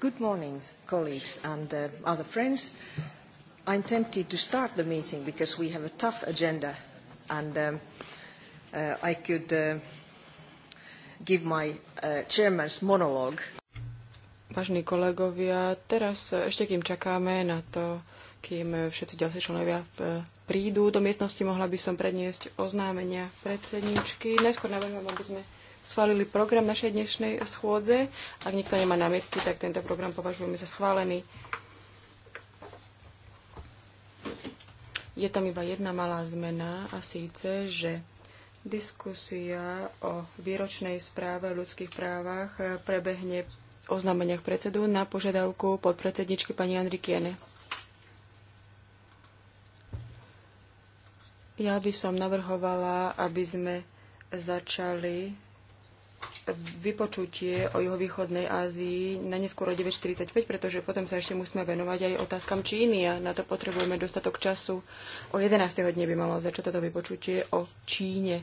Good morning, colleagues and uh, other friends. I'm tempted to start the meeting because we have a tough agenda, and um, uh, I could uh, give my uh, chairman's monologue. Vážení kolegovia, teraz uh, ešte kým čakáme na to, kým uh, všetci ďalší členovia uh, prídu do miestnosti, mohla by som predniesť oznámenia predsedničky. Najskôr navrhujem, aby sme schválili program našej dnešnej schôdze. Ak nikto nemá námietky, tak tento program považujeme za schválený. Je tam iba jedna malá zmena a síce, že diskusia o výročnej správe o ľudských právach prebehne oznámeniach predsedu na požiadavku podpredsedničky pani Kiene. Ja by som navrhovala, aby sme začali vypočutie o juhovýchodnej Ázii na neskôr 9.45, pretože potom sa ešte musíme venovať aj otázkam Číny a na to potrebujeme dostatok času. O 11. dne by malo začať toto vypočutie o Číne.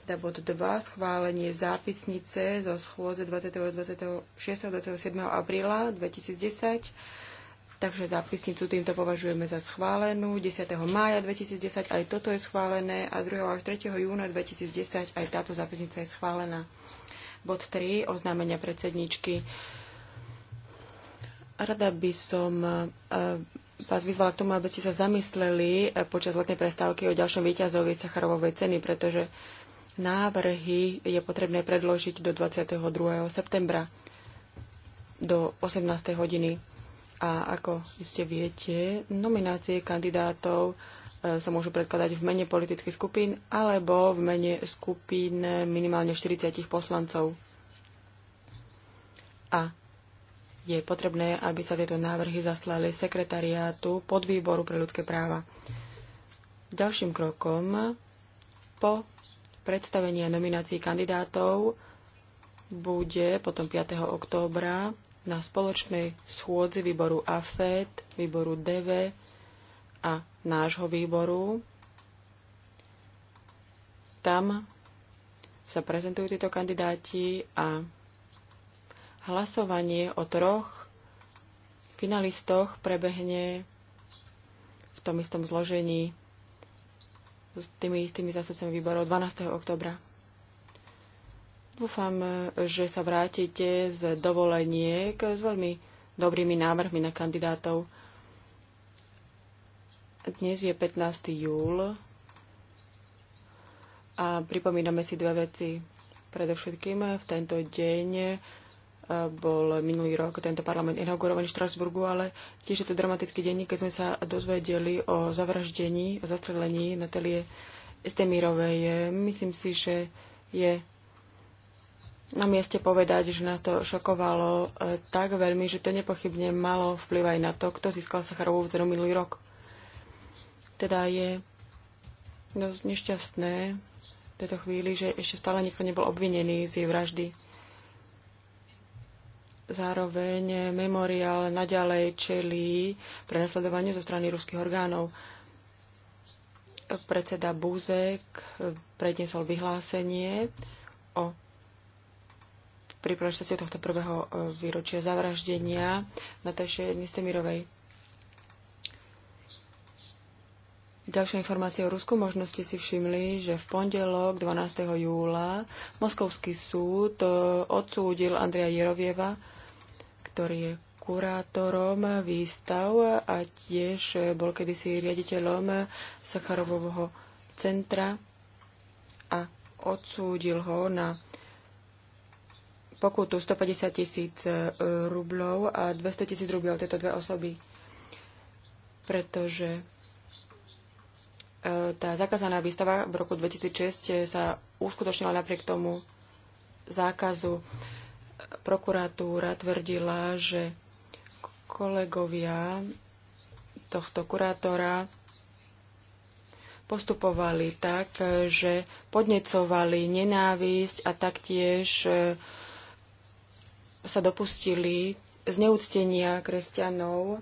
Teda bod 2, schválenie zápisnice zo schôze 20. 26. 27. apríla 2010. Takže zápisnicu týmto považujeme za schválenú. 10. mája 2010 aj toto je schválené a 2. až 3. júna 2010 aj táto zápisnica je schválená. Bod 3. Oznámenia predsedničky. Rada by som e, vás vyzvala k tomu, aby ste sa zamysleli e, počas letnej prestávky o ďalšom výťazovi Sacharovovej ceny, pretože návrhy je potrebné predložiť do 22. septembra do 18. hodiny. A ako ste viete, nominácie kandidátov sa môžu predkladať v mene politických skupín alebo v mene skupín minimálne 40 poslancov. A je potrebné, aby sa tieto návrhy zaslali sekretariátu pod výboru pre ľudské práva. Ďalším krokom po predstavení a nominácii kandidátov bude potom 5. októbra na spoločnej schôdzi výboru AFED, výboru DV a nášho výboru. Tam sa prezentujú títo kandidáti a hlasovanie o troch finalistoch prebehne v tom istom zložení s tými istými zástupcami výborov 12. oktobra. Dúfam, že sa vrátite z dovoleniek s veľmi dobrými návrhmi na kandidátov. Dnes je 15. júl a pripomíname si dve veci. Predovšetkým v tento deň e, bol minulý rok tento parlament inaugurovaný v Štrasburgu, ale tiež je to dramatický deň, keď sme sa dozvedeli o zavraždení, o zastrelení Natalie Estemírovej. Myslím si, že je na mieste povedať, že nás to šokovalo e, tak veľmi, že to nepochybne malo vplyv aj na to, kto získal Sacharovú cenu minulý rok. Teda je dosť nešťastné v tejto chvíli, že ešte stále nikto nebol obvinený z jej vraždy. Zároveň memoriál naďalej čelí prenasledovaniu zo strany ruských orgánov. Predseda Búzek predniesol vyhlásenie o pri tohto prvého e, výročia zavraždenia Nataše Nistemirovej. Ďalšie informácie o Rusku možnosti si všimli, že v pondelok 12. júla Moskovský súd e, odsúdil Andrea Jerovieva, ktorý je kurátorom výstav a tiež bol kedysi riaditeľom Sacharovovho centra a odsúdil ho na pokutu 150 tisíc e, rublov a 200 tisíc rublov tieto dve osoby, pretože tá zakázaná výstava v roku 2006 eh, sa uskutočnila napriek tomu zákazu. Prokuratúra tvrdila, že kolegovia tohto kurátora postupovali tak, že podnecovali nenávisť a taktiež eh, sa dopustili zneúctenia kresťanov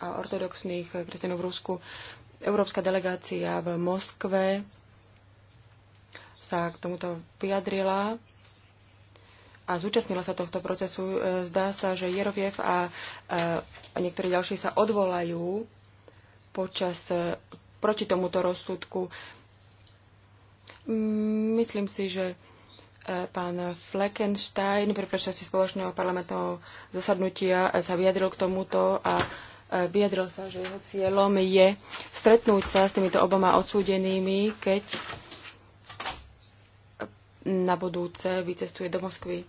a ortodoxných eh, kresťanov v Rusku. Európska delegácia v Moskve sa k tomuto vyjadrila a zúčastnila sa tohto procesu. E, zdá sa, že Jeroviev a, e, a niektorí ďalší sa odvolajú počas e, proti tomuto rozsudku. Mm, myslím si, že pán Fleckenstein pri spoločného parlamentného zasadnutia sa vyjadril k tomuto a Vyjadril sa, že jeho cieľom je stretnúť sa s týmito oboma odsúdenými, keď na budúce vycestuje do Moskvy.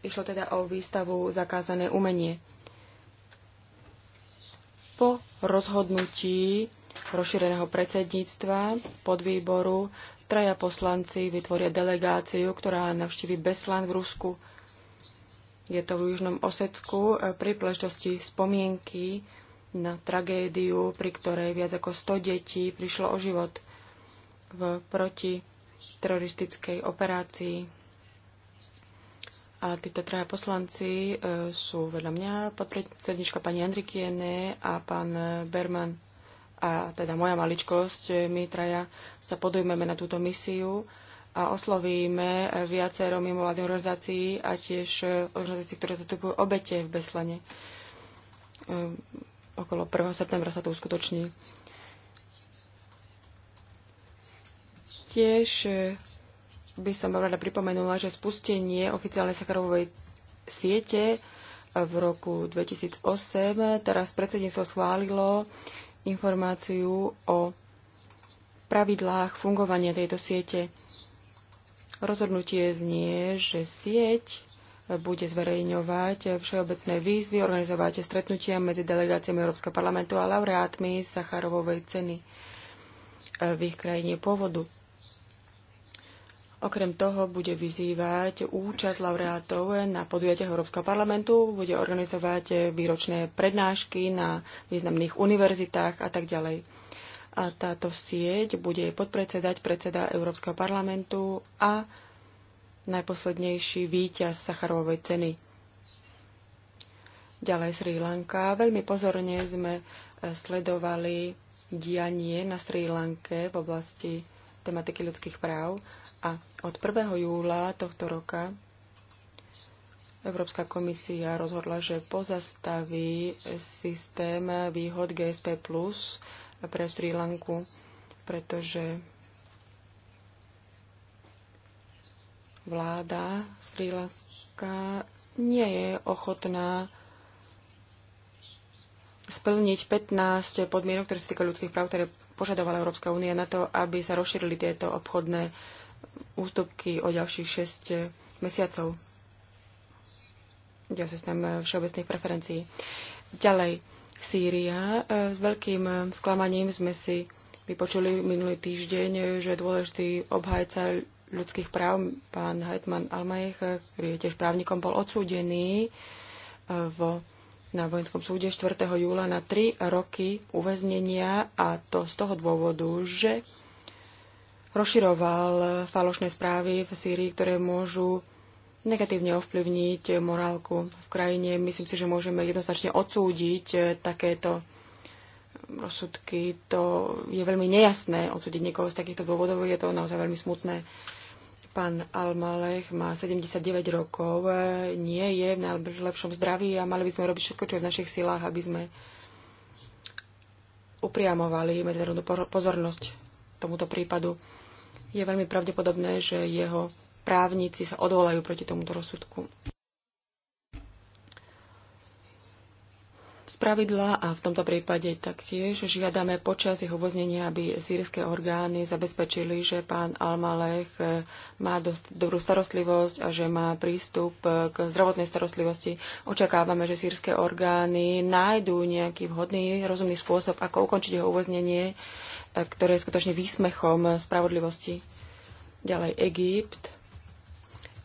Išlo teda o výstavu Zakázané umenie. Po rozhodnutí rozšíreného predsedníctva podvýboru traja poslanci vytvoria delegáciu, ktorá navštívi Beslan v Rusku. Je to v Južnom Osecku pri príležitosti spomienky na tragédiu, pri ktorej viac ako 100 detí prišlo o život v protiteroristickej operácii. A títo traja poslanci e, sú vedľa mňa podpredsednička pani Andrikiene a pán Berman. A teda moja maličkosť, e, my traja sa podujmeme na túto misiu a oslovíme viacero mimovládnych organizácií a tiež e, organizácií, ktoré zastupujú obete v Beslane. E, Okolo 1. septembra sa to uskutoční. Tiež e, by som rada pripomenula, že spustenie oficiálnej Sacharovej siete e, v roku 2008 teraz predsedníctvo schválilo informáciu o pravidlách fungovania tejto siete. Rozhodnutie znie, že sieť bude zverejňovať všeobecné výzvy, organizovať stretnutia medzi delegáciami Európskeho parlamentu a laureátmi Sacharovovej ceny e, v ich krajine pôvodu. Okrem toho bude vyzývať účasť laureátov na podujatiach Európskeho parlamentu, bude organizovať výročné prednášky na významných univerzitách a tak ďalej. A táto sieť bude podpredsedať predseda Európskeho parlamentu a najposlednejší víťaz Sacharovej ceny. Ďalej Sri Lanka. Veľmi pozorne sme e, sledovali dianie na Sri Lanke v oblasti tematiky ľudských práv a od 1. júla tohto roka Európska komisia rozhodla, že pozastaví systém výhod GSP Plus pre Sri Lanku, pretože Vláda Sri Lanka nie je ochotná splniť 15 podmienok, ktoré sa týka ľudských práv, ktoré požadovala Európska únia na to, aby sa rozšírili tieto obchodné ústupky o ďalších 6 mesiacov. Ďalší systém všeobecných preferencií. Ďalej, Sýria. E, s veľkým sklamaním sme si vypočuli minulý týždeň, že dôležitý obhajca ľudských práv, pán Hetman Almajech, ktorý je tiež právnikom, bol odsúdený e, v, na vojenskom súde 4. júla na 3 roky uväznenia a to z toho dôvodu, že rozširoval falošné správy v Sýrii, ktoré môžu negatívne ovplyvniť morálku v krajine. Myslím si, že môžeme jednoznačne odsúdiť e, takéto rozsudky. To je veľmi nejasné odsúdiť niekoho z takýchto dôvodov. Je to naozaj veľmi smutné. Pán Almalech má 79 rokov, nie je v najlepšom zdraví a mali by sme robiť všetko, čo je v našich silách, aby sme upriamovali medzinárodnú pozornosť tomuto prípadu. Je veľmi pravdepodobné, že jeho právnici sa odvolajú proti tomuto rozsudku. pravidla a v tomto prípade taktiež žiadame počas jeho voznenia, aby sírske orgány zabezpečili, že pán Almalech eh, má dosť dobrú starostlivosť a že má prístup eh, k zdravotnej starostlivosti. Očakávame, že sírske orgány nájdú nejaký vhodný, rozumný spôsob, ako ukončiť jeho uvoznenie, eh, ktoré je skutočne výsmechom spravodlivosti. Ďalej Egypt.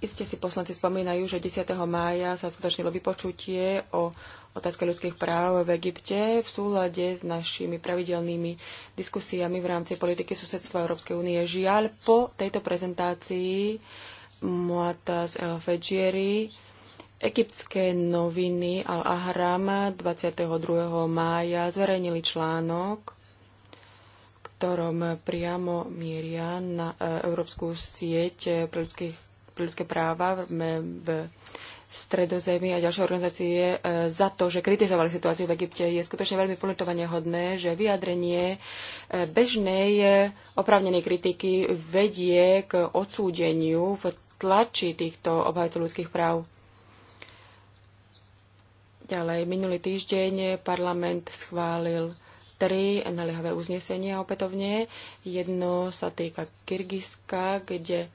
Iste si poslanci spomínajú, že 10. mája sa skutočnilo vypočutie o otázka ľudských práv v Egypte v súlade s našimi pravidelnými diskusiami v rámci politiky susedstva Európskej únie. Žiaľ, po tejto prezentácii Muatas El Fejeri egyptské noviny Al-Ahram 22. mája zverejnili článok, ktorom priamo mieria na e, Európsku sieť pre, ľudské práva v, v stredozemi a ďalšie organizácie e, za to, že kritizovali situáciu v Egypte. Je skutočne veľmi politovanie hodné, že vyjadrenie e, bežnej e, oprávnenej kritiky vedie k odsúdeniu v tlači týchto obhajcov ľudských práv. Ďalej, minulý týždeň parlament schválil tri naliehavé uznesenia opätovne. Jedno sa týka Kyrgyzska, kde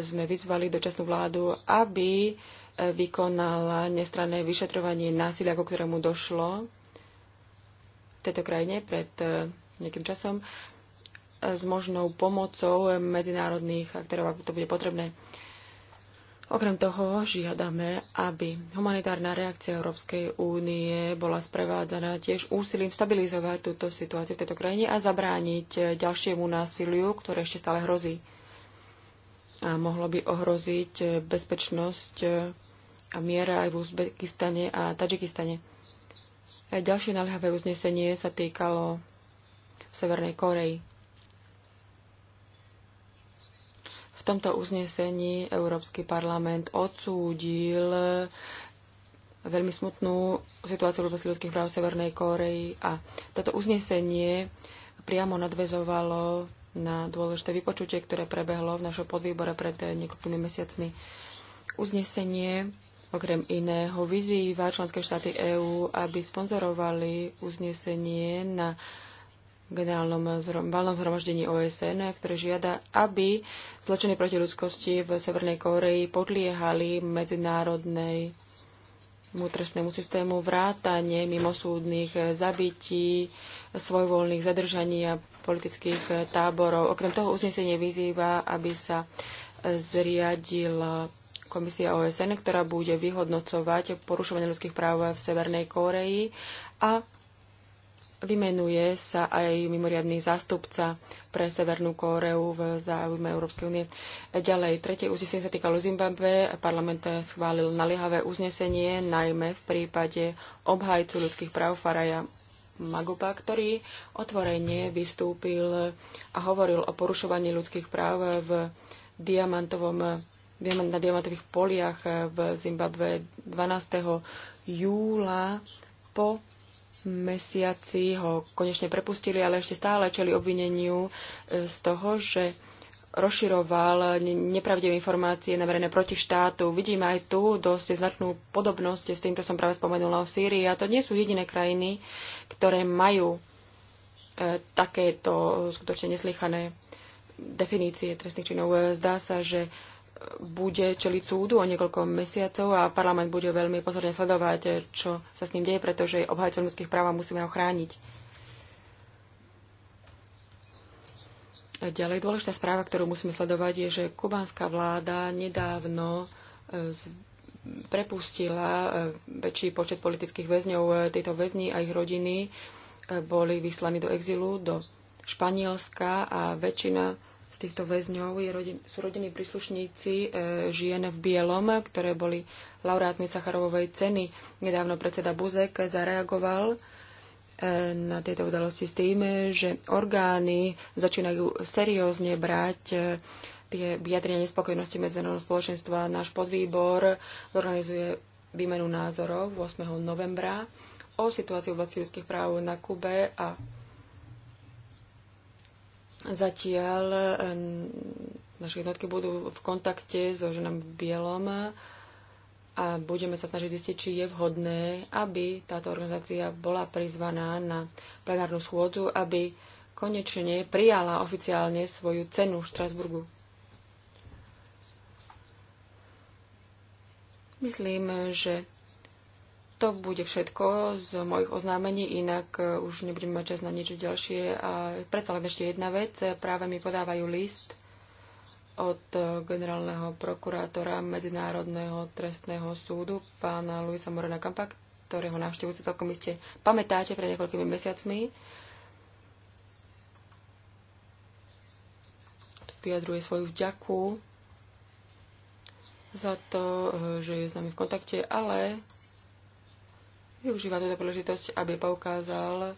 sme vyzvali dočasnú vládu, aby vykonala nestranné vyšetrovanie násilia, ku ktorému došlo v tejto krajine pred e, nejakým časom e, s možnou pomocou medzinárodných aktérov, ak to bude potrebné. Okrem toho žiadame, aby humanitárna reakcia Európskej únie bola sprevádzaná tiež úsilím stabilizovať túto situáciu v tejto krajine a zabrániť ďalšiemu násiliu, ktoré ešte stále hrozí. A mohlo by ohroziť bezpečnosť a miera aj v Uzbekistane a Tadžikistane. A ďalšie naliehavé uznesenie sa týkalo v Severnej Koreji. V tomto uznesení Európsky parlament odsúdil veľmi smutnú situáciu v oblasti ľudských práv v Severnej Koreji a toto uznesenie priamo nadvezovalo na dôležité vypočutie, ktoré prebehlo v našom podvýbore pred niekoľkými mesiacmi. Uznesenie okrem iného vyzýva členské štáty EÚ, aby sponzorovali uznesenie na generálnom valnom zhromaždení OSN, ktoré žiada, aby zločiny proti ľudskosti v Severnej Koreji podliehali medzinárodnej trestnému systému vrátanie mimosúdnych zabití, svojvoľných zadržaní a politických táborov. Okrem toho uznesenie vyzýva, aby sa zriadil komisie OSN, ktorá bude vyhodnocovať porušovanie ľudských práv v Severnej Kóreji a vymenuje sa aj mimoriadný zástupca pre Severnú Kóreu v záujme Európskej únie. Ďalej, tretie uznesenie sa týkalo Zimbabwe. Parlament schválil naliehavé uznesenie, najmä v prípade obhajcu ľudských práv Faraja Magupa, ktorý otvorene vystúpil a hovoril o porušovaní ľudských práv v diamantovom na diamantových poliach eh, v Zimbabve 12. júla po mesiaci ho konečne prepustili, ale ešte stále čeli obvineniu eh, z toho, že rozširoval nepravdivé informácie namerené proti štátu. Vidíme aj tu dosť značnú podobnosť s tým, čo som práve spomenula o Sýrii. A to nie sú jediné krajiny, ktoré majú e, takéto skutočne neslychané definície trestných činov. Zdá sa, že bude čeliť súdu o niekoľko mesiacov a parlament bude veľmi pozorne sledovať, čo sa s ním deje, pretože obhajcom ľudských práv musíme ho chrániť. Ďalej dôležitá správa, ktorú musíme sledovať, je, že kubánska vláda nedávno e, prepustila e, väčší počet politických väzňov. E, Tieto väzni a ich rodiny boli vyslaní do exilu, do Španielska a väčšina týchto väzňov je rodin, sú rodiny príslušníci e, žien v bielom, ktoré boli laureátmi Sacharovovej ceny. Nedávno predseda Buzek zareagoval e, na tieto udalosti s tým, že orgány začínajú seriózne brať e, tie vyjadrenia nespokojnosti medzinárodného spoločenstva. Náš podvýbor zorganizuje výmenu názorov 8. novembra o situácii v oblasti ľudských práv na Kube a Zatiaľ naše jednotky budú v kontakte so ženom Bielom a budeme sa snažiť zistiť, či je vhodné, aby táto organizácia bola prizvaná na plenárnu schôdzu, aby konečne prijala oficiálne svoju cenu v Štrasburgu. Myslím, že to bude všetko z mojich oznámení, inak e, už nebudem mať čas na niečo ďalšie. A predsa len ešte jedna vec. Práve mi podávajú list od e, generálneho prokurátora Medzinárodného trestného súdu, pána Luisa Morena Kampa, ktorého návštevu si celkom iste pamätáte pre niekoľkými mesiacmi. Vyjadruje svoju vďaku za to, e, že je s nami v kontakte, ale využíva túto príležitosť, aby poukázal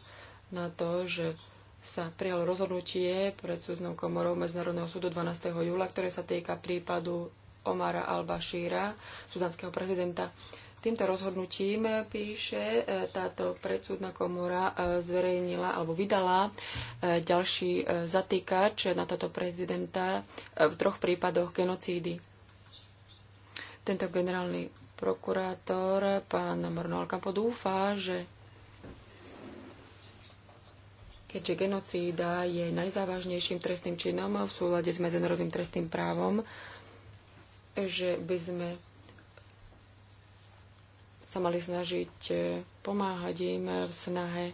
na to, že sa prijalo rozhodnutie pred súdnou komorou Medzinárodného súdu 12. júla, ktoré sa týka prípadu Omara al bashira sudanského prezidenta. Týmto rozhodnutím eh, píše eh, táto predsúdna komora eh, zverejnila alebo vydala ďalší zatýkač na táto prezidenta v troch prípadoch genocídy. Tento generálny prokurátor pán Mornolkampo dúfa, že keďže genocída je najzávažnejším trestným činom v súlade s medzinárodným trestným právom, že by sme sa mali snažiť eh, pomáhať im v snahe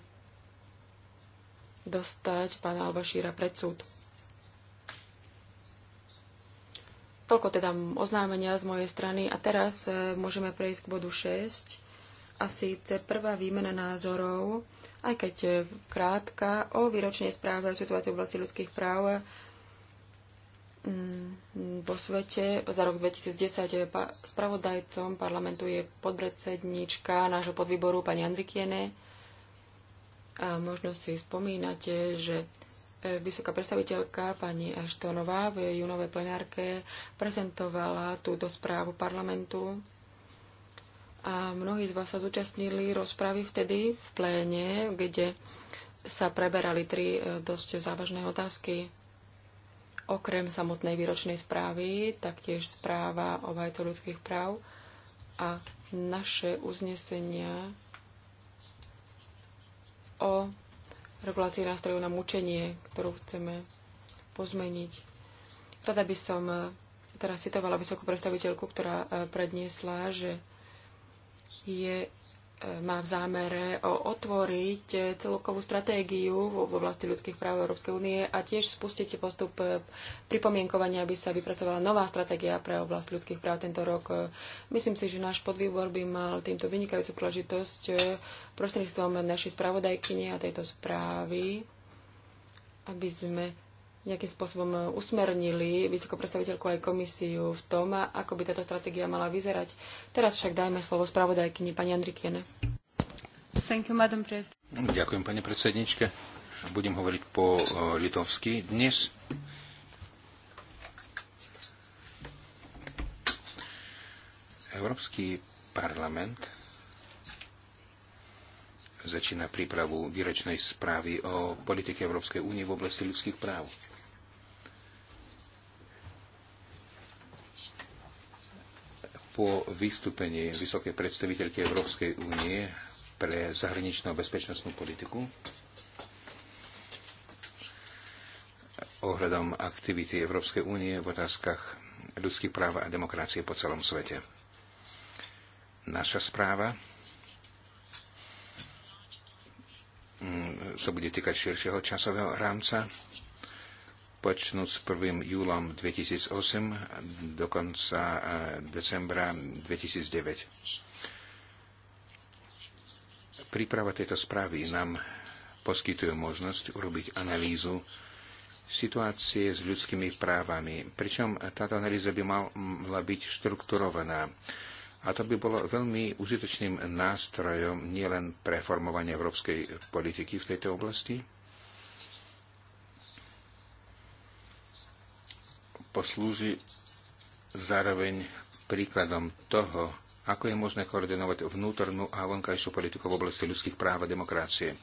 dostať pána Albašíra pred súd. Toľko teda oznámenia z mojej strany. A teraz e, môžeme prejsť k bodu 6. A síce prvá výmena názorov, aj keď e, krátka, o výročnej správe o situácii v oblasti ľudských práv mm, vo svete za rok 2010. E, spravodajcom parlamentu je podpredsedníčka nášho podvýboru pani Andrikiene. A možno si spomínate, že E, vysoká predstaviteľka pani Ashtonová v junovej plenárke prezentovala túto správu parlamentu a mnohí z vás sa zúčastnili rozpravy vtedy v pléne, kde sa preberali tri e, dosť závažné otázky. Okrem samotnej výročnej správy, taktiež správa o vajco ľudských práv a naše uznesenia o regulácie nástrojov na mučenie, ktorú chceme pozmeniť. Rada by som eh, teraz citovala vysokú predstaviteľku, ktorá eh, predniesla, že je má v zámere otvoriť celkovú stratégiu v oblasti ľudských práv Európskej únie a tiež spustiť postup pripomienkovania, aby sa vypracovala nová stratégia pre oblast ľudských práv tento rok. Myslím si, že náš podvýbor by mal týmto vynikajúcu príležitosť prostredníctvom našej spravodajkyne a tejto správy, aby sme nejakým spôsobom usmernili vysokú predstaviteľku aj komisiu v tom, ako by táto stratégia mala vyzerať. Teraz však dajme slovo spravodajkyni pani Andrikiene. You, Ďakujem, pani predsedničke. Budem hovoriť po eh, litovsky dnes. Európsky parlament začína prípravu výročnej správy o politike Európskej únie v oblasti ľudských práv. po vystúpení vysokej predstaviteľky Európskej únie pre zahraničnú a bezpečnostnú politiku ohľadom aktivity Európskej únie v otázkach ľudských práv a demokracie po celom svete. Naša správa sa bude týkať širšieho časového rámca počnúť s 1. júlom 2008 do konca eh, decembra 2009. Príprava tejto správy nám poskytuje možnosť urobiť analýzu situácie s ľudskými právami, pričom táto analýza by mala byť štrukturovaná. A to by bolo veľmi užitočným nástrojom nielen pre formovanie európskej politiky v tejto oblasti, poslúži zároveň príkladom toho, ako je možné koordinovať vnútornú a vonkajšiu politiku v oblasti ľudských práv a demokracie.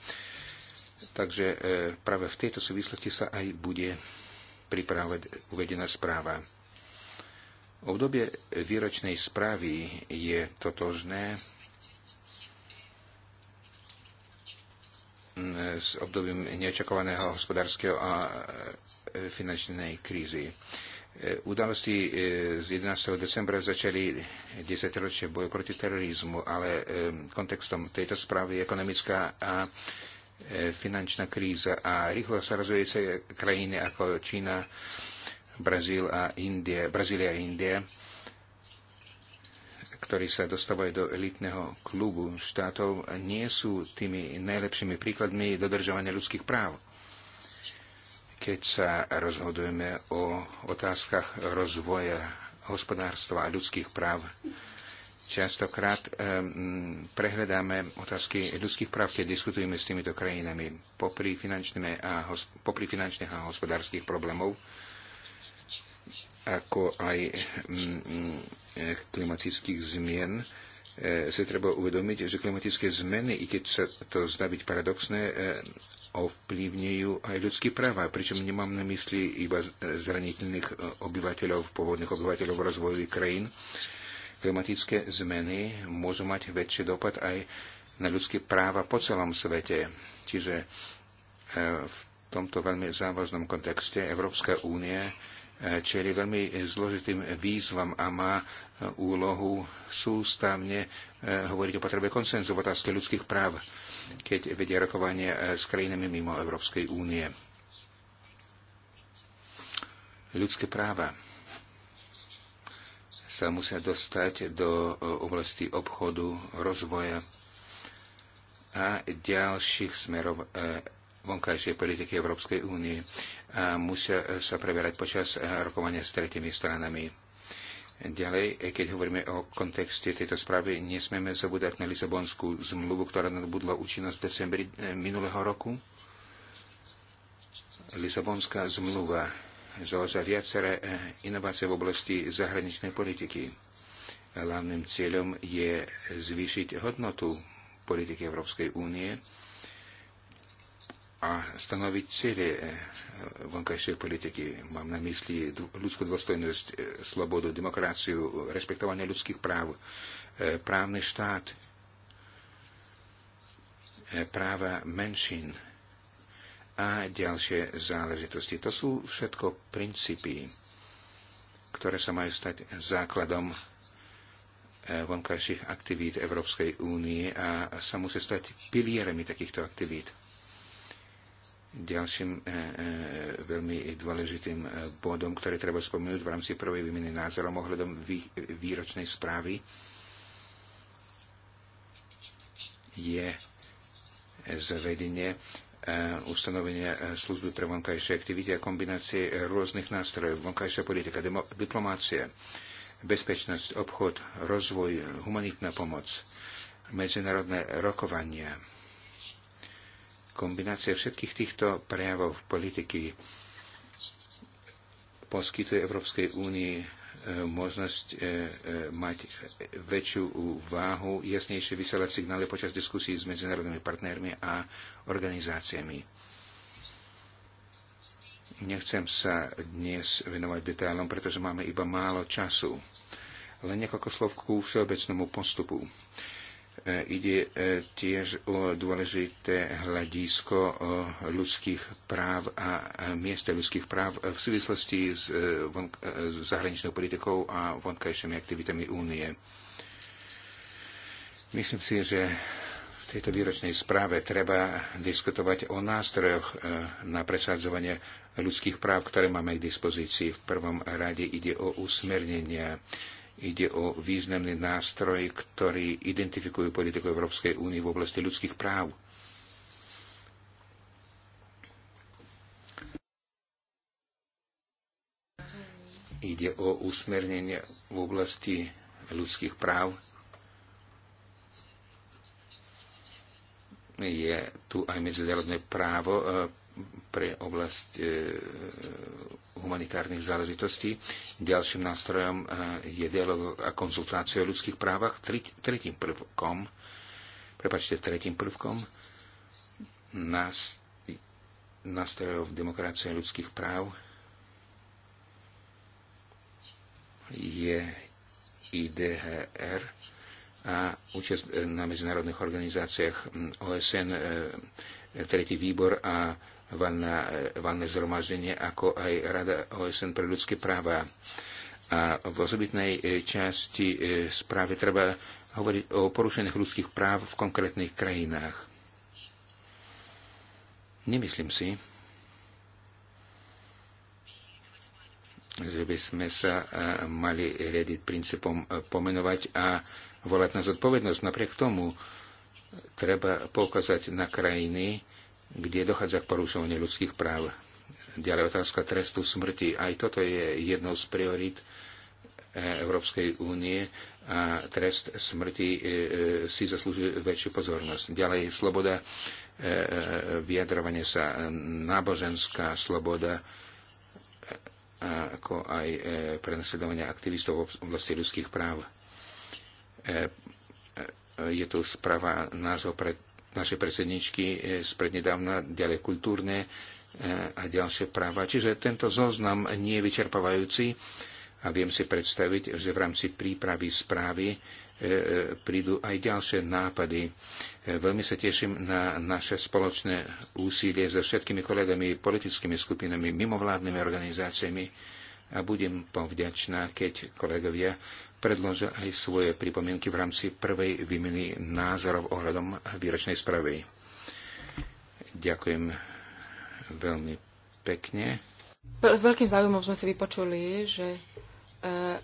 Takže e, práve v tejto súvislosti sa aj bude pripravať uvedená správa. Obdobie výročnej správy je totožné e, s obdobím neočakovaného hospodárskeho a e, finančnej krízy. Udalosti e, z 11. decembra začali 10 ročie boju proti terorizmu, ale e, kontextom tejto správy je ekonomická a e, finančná kríza a rýchlo sa rozvíjajúce krajiny ako Čína, Brazíl a Indie, Brazília a Indie, ktorí sa dostávajú do elitného klubu štátov, nie sú tými najlepšími príkladmi dodržovania ľudských práv keď sa rozhodujeme o otázkach rozvoja hospodárstva a ľudských práv, častokrát prehľadáme otázky ľudských práv, keď diskutujeme s týmito krajinami. Popri, a popri finančných a hospodárskych problémov, ako aj mm, mm, klimatických zmien, e, si treba uvedomiť, že klimatické zmeny, i keď sa to zdá byť paradoxné, e, ovplyvňujú aj ľudské práva, pričom nemám na mysli iba zraniteľných e, obyvateľov, pôvodných obyvateľov rozvojových krajín. Klimatické zmeny môžu mať väčší dopad aj na ľudské práva po celom svete. Čiže e, v tomto veľmi závažnom kontexte Európska únie e, čeli veľmi zložitým výzvam a má úlohu sústavne hovoriť o potrebe konsenzu v otázke ľudských práv keď vedie rokovanie eh, s krajinami mimo Európskej únie. Ľudské práva sa musia dostať do eh, oblasti obchodu, rozvoja a ďalších smerov eh, vonkajšej politiky Európskej únie a musia sa preberať počas rokovania s tretimi stranami Ďalej, e, keď hovoríme o kontexte tejto správy, nesmieme zabúdať na Lisabonskú zmluvu, ktorá nadobudla účinnosť v decembri e, minulého roku. Lisabonská zmluva založila viaceré e, inovácie v oblasti zahraničnej politiky. Hlavným cieľom je zvýšiť hodnotu politiky Európskej únie a stanoviť cieľe eh, vonkajšej politiky. Mám na mysli ľudskú dôstojnosť, eh, slobodu, demokraciu, rešpektovanie ľudských práv, eh, právny štát, práva menšín a ďalšie záležitosti. To sú všetko princípy, ktoré sa majú stať základom vonkajších aktivít Európskej únie a sa musí stať pilierami takýchto aktivít. Ďalším e, e, veľmi dôležitým e, bodom, ktorý treba spomenúť v rámci prvej výmeny názorom ohľadom výročnej správy, je zavedenie ustanovenia služby pre vonkajšie aktivity a kombinácie rôznych nástrojov, vonkajšia politika, diplomácie, bezpečnosť, obchod, rozvoj, humanitná pomoc, medzinárodné rokovania, Kombinácia všetkých týchto prejavov politiky poskytuje Európskej únii e, možnosť e, e, mať väčšiu váhu, jasnejšie vysielať signály počas diskusí s medzinárodnými partnermi a organizáciami. Nechcem sa dnes venovať detailom, pretože máme iba málo času. Len niekoľko slov ku všeobecnému postupu. E, ide e, tiež o dôležité hľadisko e, ľudských práv a miesta ľudských práv v súvislosti s zahraničnou politikou a vonkajšími aktivitami únie. Myslím si, že v tejto výročnej správe treba diskutovať o nástrojoch na presadzovanie ľudských práv, ktoré máme k dispozícii. V prvom rade ide o usmernenia Ide o významný nástroj, ktorý identifikuje politiku Európskej únie v oblasti ľudských práv. Ide o usmernenie v oblasti ľudských práv. Je tu aj medzinárodné právo eh, pre oblasť e, humanitárnych záležitostí. Ďalším nástrojom e, je dialog a konzultácia o ľudských právach. Tretím prvkom, prepačte, tretím prvkom nás, nástrojov demokracie a ľudských práv je IDHR a účasť e, na medzinárodných organizáciách OSN, tretí výbor a Eh, valné zhromaždenie, ako aj Rada OSN pre ľudské práva. A v osobitnej eh, časti eh, správy treba hovoriť o porušených ľudských práv v konkrétnych krajinách. Nemyslím si, že by sme sa mali riadiť princípom pomenovať a volať na zodpovednosť. Napriek tomu treba poukázať na krajiny, kde dochádza k porušovaniu ľudských práv. Ďalej otázka trestu smrti. Aj toto je jednou z priorit e, Európskej únie a trest smrti e, e, si zaslúži väčšiu pozornosť. Ďalej sloboda vyjadrovania sa, náboženská sloboda, ako aj prenasledovanie aktivistov v oblasti ľudských práv. Je tu správa nášho pred našej predsedničky sprednedávna, e, ďalej kultúrne e, a ďalšie práva. Čiže tento zoznam nie je vyčerpávajúci a viem si predstaviť, že v rámci prípravy správy e, prídu aj ďalšie nápady. Veľmi sa teším na naše spoločné úsilie so všetkými kolegami, politickými skupinami, mimovládnymi organizáciami a budem povďačná, keď kolegovia predložia aj svoje pripomienky v rámci prvej výmeny názorov ohľadom výročnej spravy. Ďakujem veľmi pekne. S veľkým záujmom sme si vypočuli, že e,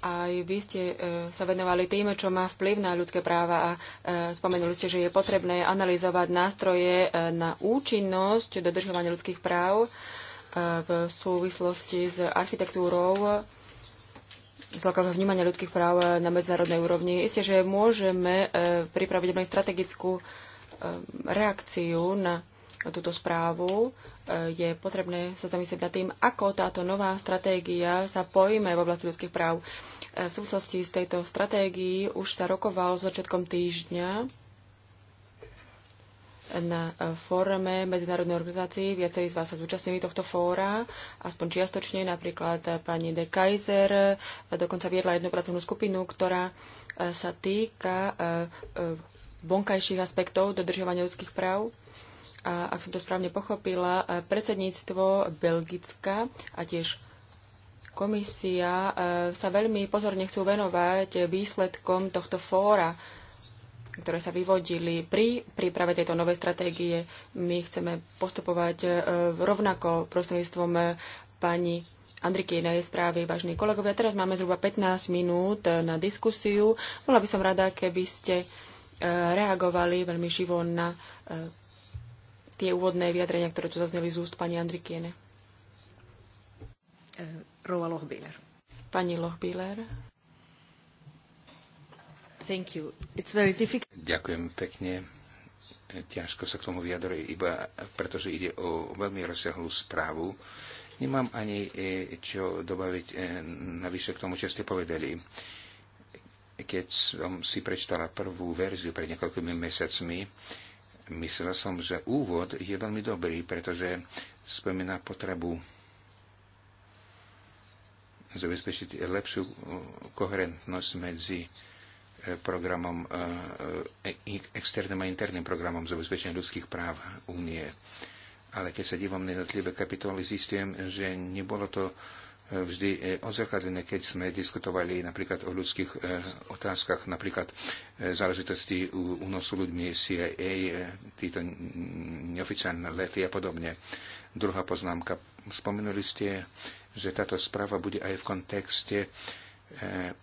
aj vy ste e, sa venovali tým, čo má vplyv na ľudské práva a e, spomenuli ste, že je potrebné analyzovať nástroje na účinnosť dodržovania ľudských práv v súvislosti s architektúrou celkového vnímania ľudských práv na medzinárodnej úrovni. Isté, že môžeme e, pripraviť aj strategickú e, reakciu na túto správu. E, je potrebné sa zamyslieť nad tým, ako táto nová stratégia sa pojme v oblasti ľudských práv. V súvislosti s tejto stratégií už sa rokovalo začiatkom týždňa na fóreme medzinárodnej organizácii. Viacerí z vás sa zúčastnili tohto fóra, aspoň čiastočne, napríklad pani De Kaiser dokonca viedla jednu pracovnú skupinu, ktorá e, sa týka e, e, vonkajších aspektov dodržovania ľudských práv. A ak som to správne pochopila, predsedníctvo Belgická a tiež komisia sa veľmi pozorne chcú venovať výsledkom tohto fóra ktoré sa vyvodili pri príprave tejto novej stratégie. My chceme postupovať e, rovnako prostredníctvom e, pani Andriky na jej správy, vážení kolegovia. Teraz máme zhruba 15 minút e, na diskusiu. Bola by som rada, keby ste reagovali veľmi živo na tie úvodné vyjadrenia, ktoré tu zazneli z úst pani Andrikiene. Rova Lohbíler. Pani Lohbíler. Ďakujem pekne. Ťažko sa k tomu vyjadruje, iba pretože ide o veľmi rozsiahlú správu. Nemám ani e, čo dobaviť e, navyše k tomu, čo ste povedali. Keď som si prečítala prvú verziu pred niekoľkými mesiacmi, myslel som, že úvod je veľmi dobrý, pretože spomína potrebu zabezpečiť lepšiu e, koherentnosť medzi E, programom, e, e, externým a interným programom zabezpečenia ľudských práv únie. Ale keď sa divom na jednotlivé kapitoly, zistím, že nebolo to vždy odzrkadlené, keď sme diskutovali napríklad o ľudských otázkach, napríklad záležitosti únosu ľuďmi CIA, títo neoficiálne lety a podobne. Druhá poznámka. Spomenuli ste, že táto správa bude aj v kontexte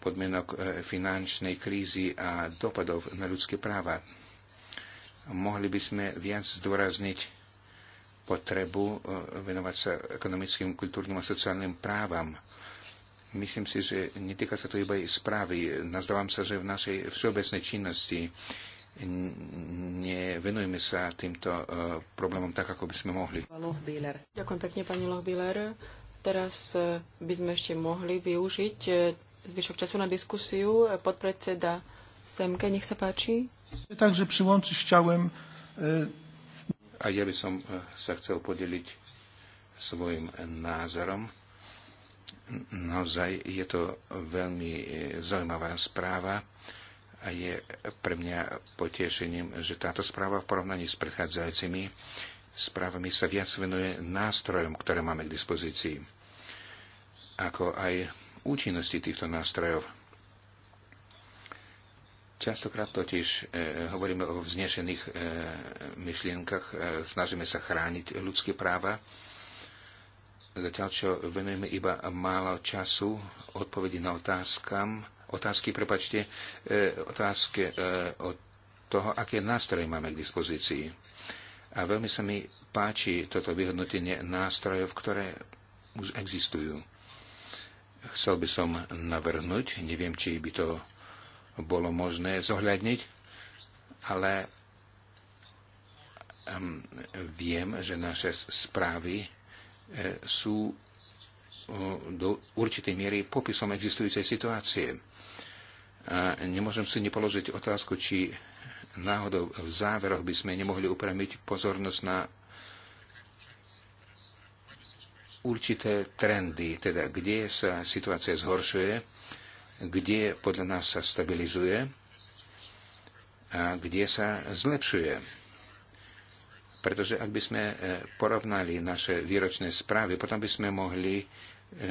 podmienok e, finančnej krízy a dopadov na ľudské práva. Mohli by sme viac zdôrazniť potrebu e, venovať sa ekonomickým, kultúrnym a sociálnym právam. Myslím si, že netýka sa to iba aj správy. Nazdávam sa, že v našej všeobecnej činnosti nevenujeme sa týmto e, problémom tak, ako by sme mohli. Ďakujem pekne, pani Lohbíler. Teraz by sme ešte mohli využiť zvyšok času na dyskusiu. Podpredseda Semke, nech sa páči. Takže přivonci chciałem... A ja by som eh, sa chcel podeliť svojim názorom. Naozaj je to veľmi eh, zaujímavá správa a je pre mňa potešením, že táto správa v porovnaní s predchádzajúcimi správami sa viac venuje nástrojom, ktoré máme k dispozícii, ako aj účinnosti týchto nástrojov. Častokrát totiž e, hovoríme o vznešených e, myšlienkach, e, snažíme sa chrániť ľudské práva, zatiaľ čo venujeme iba málo času odpovedi na otázkam, otázky, prepačte, e, otázky e, od toho, aké nástroje máme k dispozícii. A veľmi sa mi páči toto vyhodnotenie nástrojov, ktoré už existujú. Chcel by som navrhnúť, neviem, či by to bolo možné zohľadniť, ale viem, že naše správy e, sú do určitej miery popisom existujúcej situácie. A nemôžem si nepoložiť otázku, či náhodou v záveroch by sme nemohli upremiť pozornosť na určité trendy, teda kde sa situácia zhoršuje, kde podľa nás sa stabilizuje a kde sa zlepšuje. Pretože ak by sme e, porovnali naše výročné správy, potom by sme mohli e, e,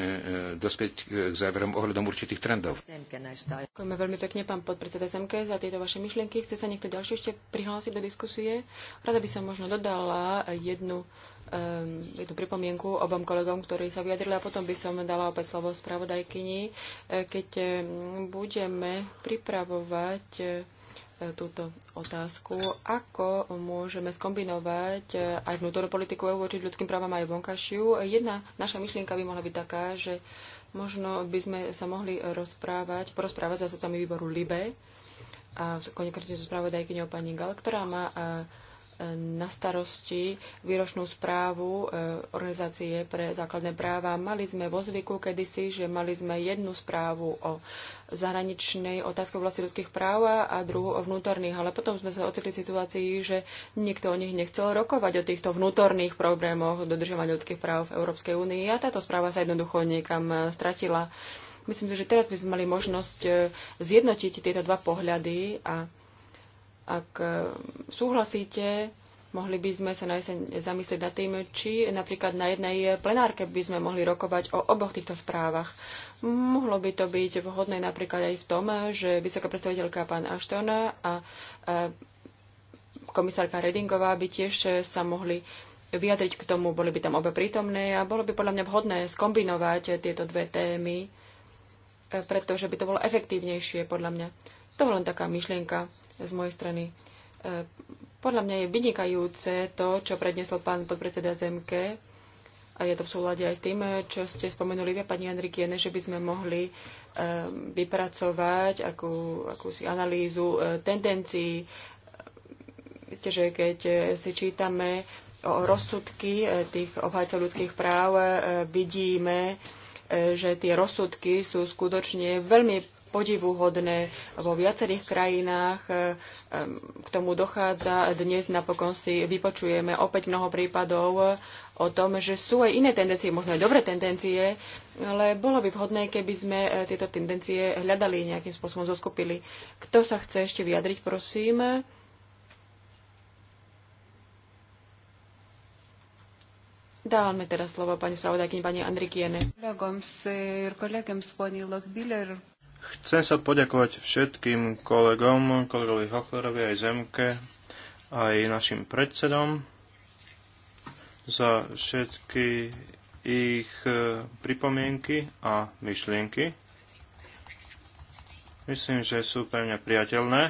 dospieť k záverom ohľadom určitých trendov. Ďakujeme veľmi pekne, pán podpredseda Zemke, za tieto vaše myšlienky. Chce sa niekto ďalší ešte prihlásiť do diskusie? Rada by som možno dodala jednu um, jednu pripomienku obom kolegom, ktorí sa vyjadrili a potom by som dala opäť slovo spravodajkyni, e, keď e, budeme pripravovať e, túto otázku, ako môžeme skombinovať aj vnútornú politiku voči ľudským právam aj vonkašiu. Jedna naša myšlienka by mohla byť taká, že možno by sme sa mohli rozprávať, porozprávať s zástupcami výboru LIBE a konkrétne so spravodajkyňou pani Gal, ktorá má na starosti výročnú správu e, Organizácie pre základné práva. Mali sme vo zvyku kedysi, že mali sme jednu správu o zahraničnej otázke v vlasti ľudských práv a druhú o vnútorných, ale potom sme sa ocitli v situácii, že nikto o nich nechcel rokovať o týchto vnútorných problémoch dodržovania ľudských práv v Európskej únii a táto správa sa jednoducho niekam e, stratila. Myslím si, že teraz by sme mali možnosť e, zjednotiť tieto dva pohľady a ak e, súhlasíte, mohli by sme sa najsen zamyslieť nad tým, či napríklad na jednej plenárke by sme mohli rokovať o oboch týchto správach. Mohlo by to byť vhodné napríklad aj v tom, že vysoká predstaviteľka pán Ashton a e, komisárka Redingová by tiež sa mohli vyjadriť k tomu, boli by tam obe prítomné a bolo by podľa mňa vhodné skombinovať tieto dve témy, e, pretože by to bolo efektívnejšie podľa mňa. To bola len taká myšlienka z mojej strany. E, podľa mňa je vynikajúce to, čo predniesol pán podpredseda Zemke a je to v súlade aj s tým, čo ste spomenuli vy, pani Andrikiene, že by sme mohli e, vypracovať akú, akúsi analýzu e, tendencií. Viete, že keď si čítame o rozsudky tých obhajcov ľudských práv, vidíme, že tie rozsudky sú skutočne veľmi podivuhodné. Vo viacerých krajinách e, e, k tomu dochádza. Dnes napokon si vypočujeme opäť mnoho prípadov e, o tom, že sú aj iné tendencie, možno aj dobré tendencie, ale bolo by vhodné, keby sme tieto tendencie hľadali, nejakým spôsobom zoskupili. Kto sa chce ešte vyjadriť, prosím? Dávame teraz slovo pani spravodajkyni pani Andrikiene. Kolegom, kolegom, pani Chcem sa poďakovať všetkým kolegom, kolegovi Hochlerovi aj Zemke, aj našim predsedom za všetky ich e, pripomienky a myšlienky. Myslím, že sú pre mňa priateľné.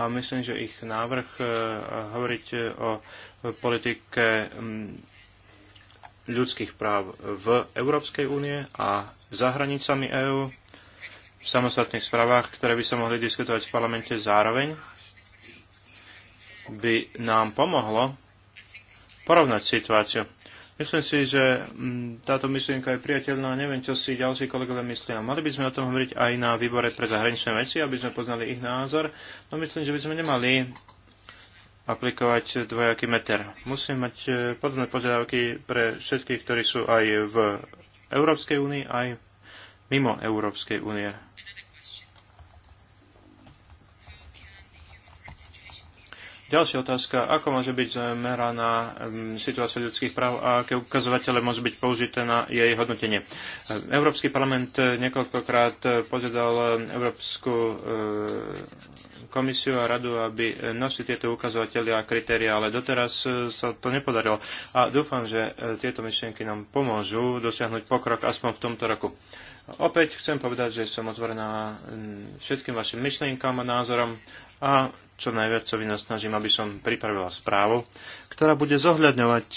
A myslím, že ich návrh e, hovoriť e, o politike ľudských práv v Európskej únie a za hranicami EÚ v samostatných správach, ktoré by sa mohli diskutovať v parlamente zároveň, by nám pomohlo porovnať situáciu. Myslím si, že mm, táto myšlienka je priateľná. Neviem, čo si ďalší kolegovia myslia. Mali by sme o tom hovoriť aj na výbore pre zahraničné veci, aby sme poznali ich názor. No myslím, že by sme nemali aplikovať dvojaký meter. Musíme mať e, podobné požiadavky pre všetkých, ktorí sú aj v Európskej únii, aj mimo Európskej únie. Ďalšia otázka, ako môže byť zameraná situácia ľudských práv a aké ukazovatele môžu byť použité na jej hodnotenie. Európsky parlament niekoľkokrát požiadal Európsku eh, komisiu a radu, aby nosili tieto ukazovatele a kritéria, ale doteraz eh, sa to nepodarilo. A dúfam, že eh, tieto myšlienky nám pomôžu dosiahnuť pokrok aspoň v tomto roku. Opäť chcem povedať, že som otvorená všetkým vašim myšlienkám a názorom a čo najviac sa vynasnažím, aby som pripravila správu, ktorá bude zohľadňovať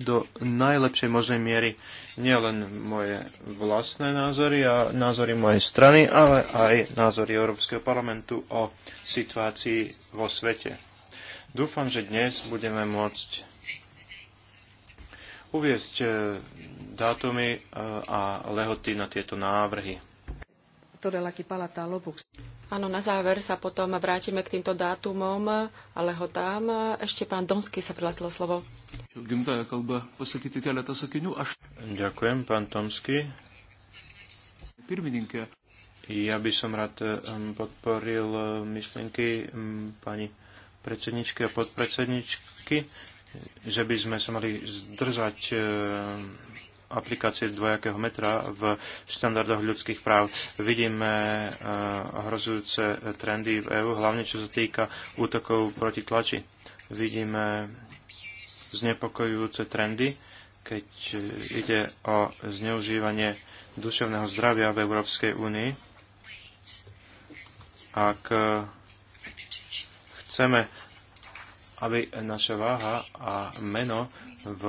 do najlepšej možnej miery nielen moje vlastné názory a názory mojej strany, ale aj názory Európskeho parlamentu o situácii vo svete. Dúfam, že dnes budeme môcť uviezť e, dátumy e, a lehoty na tieto návrhy. Áno, na záver sa potom vrátime k týmto dátumom, ale ho tam. Ešte pán Donsky sa prihlásil o slovo. Ďakujem, pán Tomsky. Ja by som rád podporil myšlienky pani predsedničky a podpredsedničky, že by sme sa mali zdržať aplikácie dvojakého metra v štandardoch ľudských práv. Vidíme eh, hrozujúce trendy v EÚ, hlavne čo sa týka útokov proti tlači. Vidíme znepokojujúce trendy, keď ide o zneužívanie duševného zdravia v Európskej únii. Ak eh, chceme, aby naša váha a meno v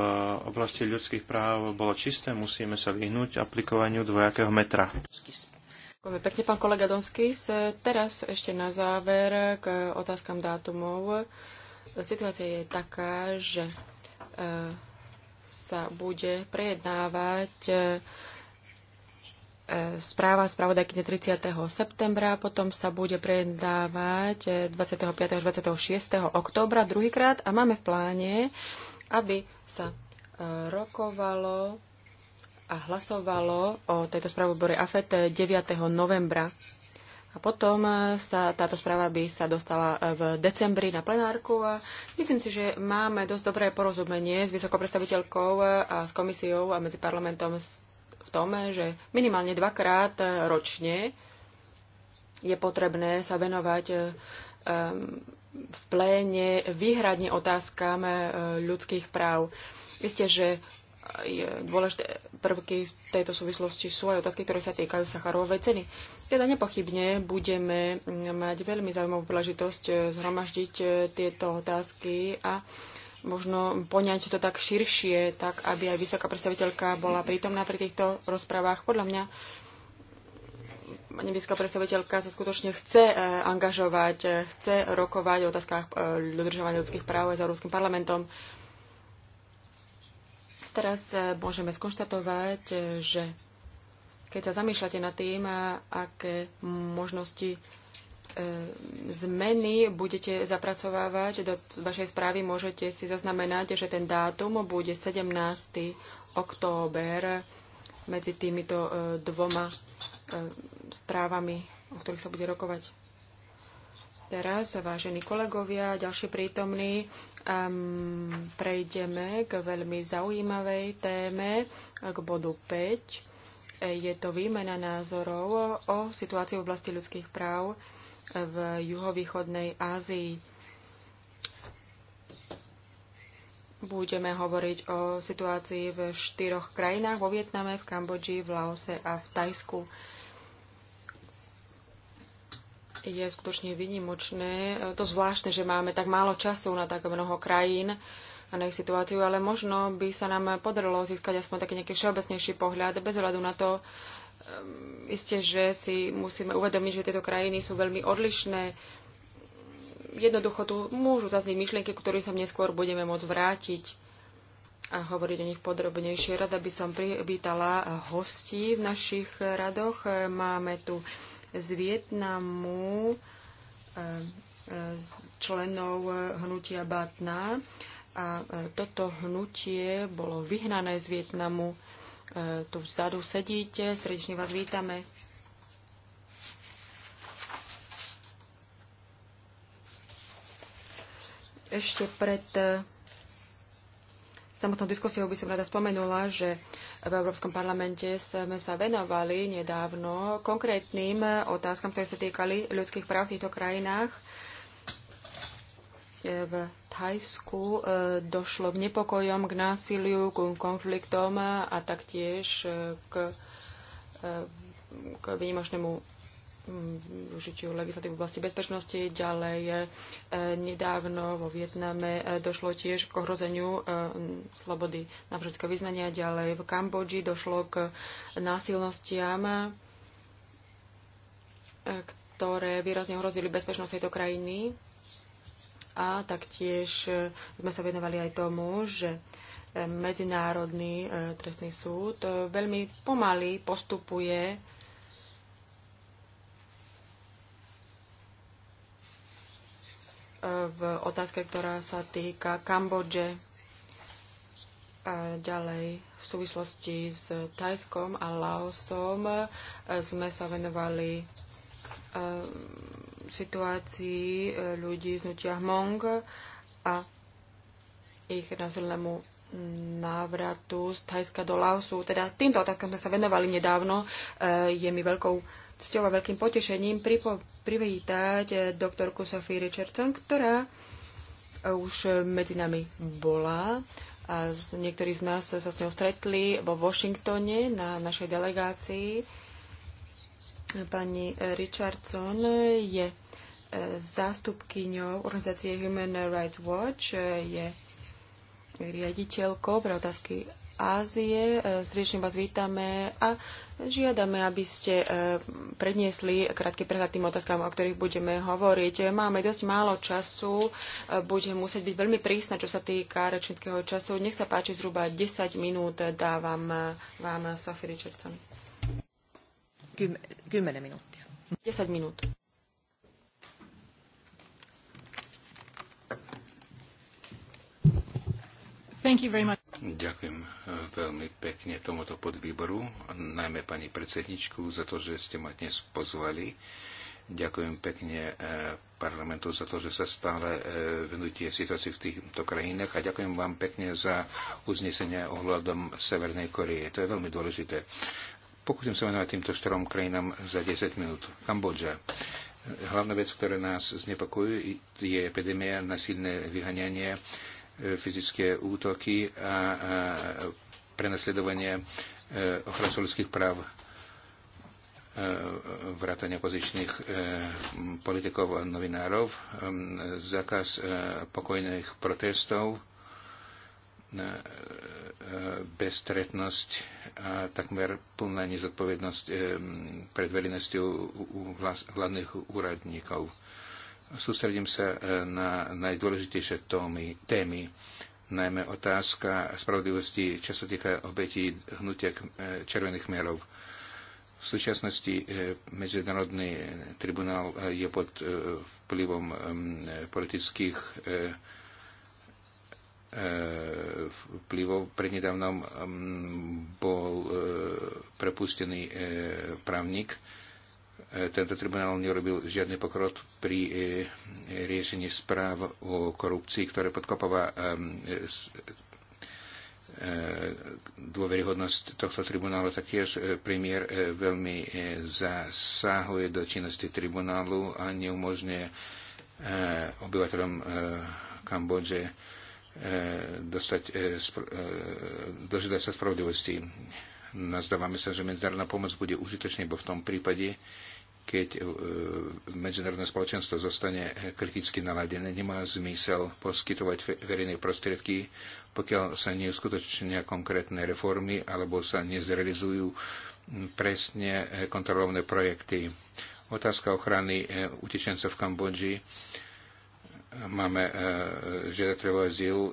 oblasti ľudských práv bolo čisté, musíme sa vyhnúť aplikovaniu dvojakého metra. Ďakujeme pekne, pán kolega Donský. Teraz ešte na záver k otázkam dátumov. Situácia je taká, že e, sa bude prejednávať e, e, správa spravodajkyne 30. septembra, potom sa bude prejednávať 25. až 26. októbra druhýkrát a máme v pláne aby sa e, rokovalo a hlasovalo o tejto správe Bory AFET 9. novembra. A potom e, sa táto správa by sa dostala e, v decembri na plenárku a myslím si, že máme dosť dobré porozumenie s vysokou predstaviteľkou a s komisiou a medzi parlamentom v tom, že minimálne dvakrát ročne je potrebné sa venovať um, v pléne výhradne otázkam e, ľudských práv. Isté, že e, dôležité prvky v tejto súvislosti sú aj otázky, ktoré sa týkajú Sacharovej ceny. Teda nepochybne budeme mm, mať veľmi zaujímavú príležitosť e, zhromaždiť tieto otázky a možno poňať to tak širšie, tak aby aj vysoká predstaviteľka bola prítomná pri týchto rozprávach. Podľa mňa nemecká predstaviteľka sa skutočne chce eh, angažovať, eh, chce rokovať o otázkach eh, dodržovania ľudských práv aj s Európskym parlamentom. Teraz môžeme skonštatovať, že keď sa zamýšľate nad tým, aké možnosti zmeny budete zapracovávať do vašej správy, môžete si zaznamenať, že ten dátum bude 17. október medzi týmito dvoma správami, o ktorých sa bude rokovať. Teraz, vážení kolegovia, ďalší prítomní, um, prejdeme k veľmi zaujímavej téme, k bodu 5. Je to výmena názorov o situácii v oblasti ľudských práv v juhovýchodnej Ázii. Budeme hovoriť o situácii v štyroch krajinách, vo Vietname, v Kambodži, v Laose a v Tajsku je skutočne vynimočné. E, to zvláštne, že máme tak málo času na tak mnoho krajín a na ich situáciu, ale možno by sa nám podarilo získať aspoň taký nejaký všeobecnejší pohľad bez hľadu na to, ehm, isté, že si musíme uvedomiť, že tieto krajiny sú veľmi odlišné. Jednoducho tu môžu zazniť myšlienky, ktorým sa neskôr budeme môcť vrátiť a hovoriť o nich podrobnejšie. Rada by som privítala hostí v našich radoch. Máme tu z Vietnamu eh, eh, členov hnutia Batna a eh, toto hnutie bolo vyhnané z Vietnamu. Tu vzadu sedíte, srdečne vás vítame. Ešte pred samotnou diskusiou by som rada spomenula, že v Európskom parlamente sme sa venovali nedávno konkrétnym otázkam, ktoré sa týkali ľudských práv v týchto krajinách. V Thajsku e, došlo k nepokojom, k násiliu, k konfliktom a taktiež e, k, e, k výnimočnému Mm, užitiu legislatívy v oblasti bezpečnosti. Ďalej e, nedávno vo Vietname e, došlo tiež k ohrozeniu e, slobody náboženského vyznania. Ďalej v Kambodži došlo k násilnostiam, ktoré výrazne ohrozili bezpečnosť tejto krajiny. A taktiež sme sa venovali aj tomu, že Medzinárodný trestný súd veľmi pomaly postupuje v otázke, ktorá sa týka Kambodže a ďalej v súvislosti s Tajskom a Laosom sme sa venovali situácii e, ľudí z Nutia Hmong a ich násilnému návratu z Tajska do Laosu. Teda týmto otázkam sme sa venovali nedávno. E, je mi veľkou cťou a veľkým potešením privítať eh, doktorku Sophie Richardson, ktorá eh, už medzi nami bola. A z, niektorí z nás sa s ňou stretli vo Washingtone na našej delegácii. Pani eh, Richardson je zástupkyňou organizácie Human Rights Watch, je riaditeľkou pre otázky Ázie. E, Srdečne vás vítame a žiadame, aby ste e, predniesli krátky prehľad tým otázkam, o ktorých budeme hovoriť. Máme dosť málo času, e, budem musieť byť veľmi prísna, čo sa týka rečnického času. Nech sa páči, zhruba 10 minút dávam vám Sophie Richardson. 10 minút. Thank you very much. Ďakujem eh, veľmi pekne tomuto podvýboru, najmä pani predsedničku, za to, že ste ma dnes pozvali. Ďakujem pekne eh, parlamentu za to, že sa stále eh, venujete situácii v týchto krajinách a ďakujem vám pekne za uznesenie ohľadom Severnej Koreje. To je veľmi dôležité. Pokúsim sa venovať týmto štyrom krajinám za 10 minút. Kambodža. Hlavná vec, ktorá nás znepokojuje, je epidémia, nasilné vyhanianie E, fyzické útoky a prenasledovanie e, ochrancov ľudských práv e, vrátania opozičných politikov a novinárov, zákaz pokojných protestov, bezstretnosť a takmer plná nezodpovednosť pred verejnosťou vládnych úradníkov. Sústredím sa e, na najdôležitejšie tómy, témy, najmä otázka spravodlivosti, čo sa týka obetí hnutia e, červených mierov. V súčasnosti e, Medzinárodný tribunál je pod vplyvom politických vplyvov. Prednedávnom bol prepustený právnik E, tento tribunál neurobil žiadny pokrok pri e, riešení správ o korupcii, ktoré podkopáva e, dôveryhodnosť tohto tribunálu. Taktiež premiér veľmi zasahuje do činnosti tribunálu a neumožňuje obyvateľom Kambodže dostať, dožívať sa spravodlivosti. Nazdávame sa, že medzinárodná pomoc bude užitočná, bo v tom prípade keď e, medzinárodné spoločenstvo zostane kriticky naladené, nemá zmysel poskytovať verejné prostriedky, pokiaľ sa neuskutočnia konkrétne reformy alebo sa nezrealizujú presne e, kontrolované projekty. Otázka ochrany e, utečencov v Kambodži. Máme žiadateľov azyl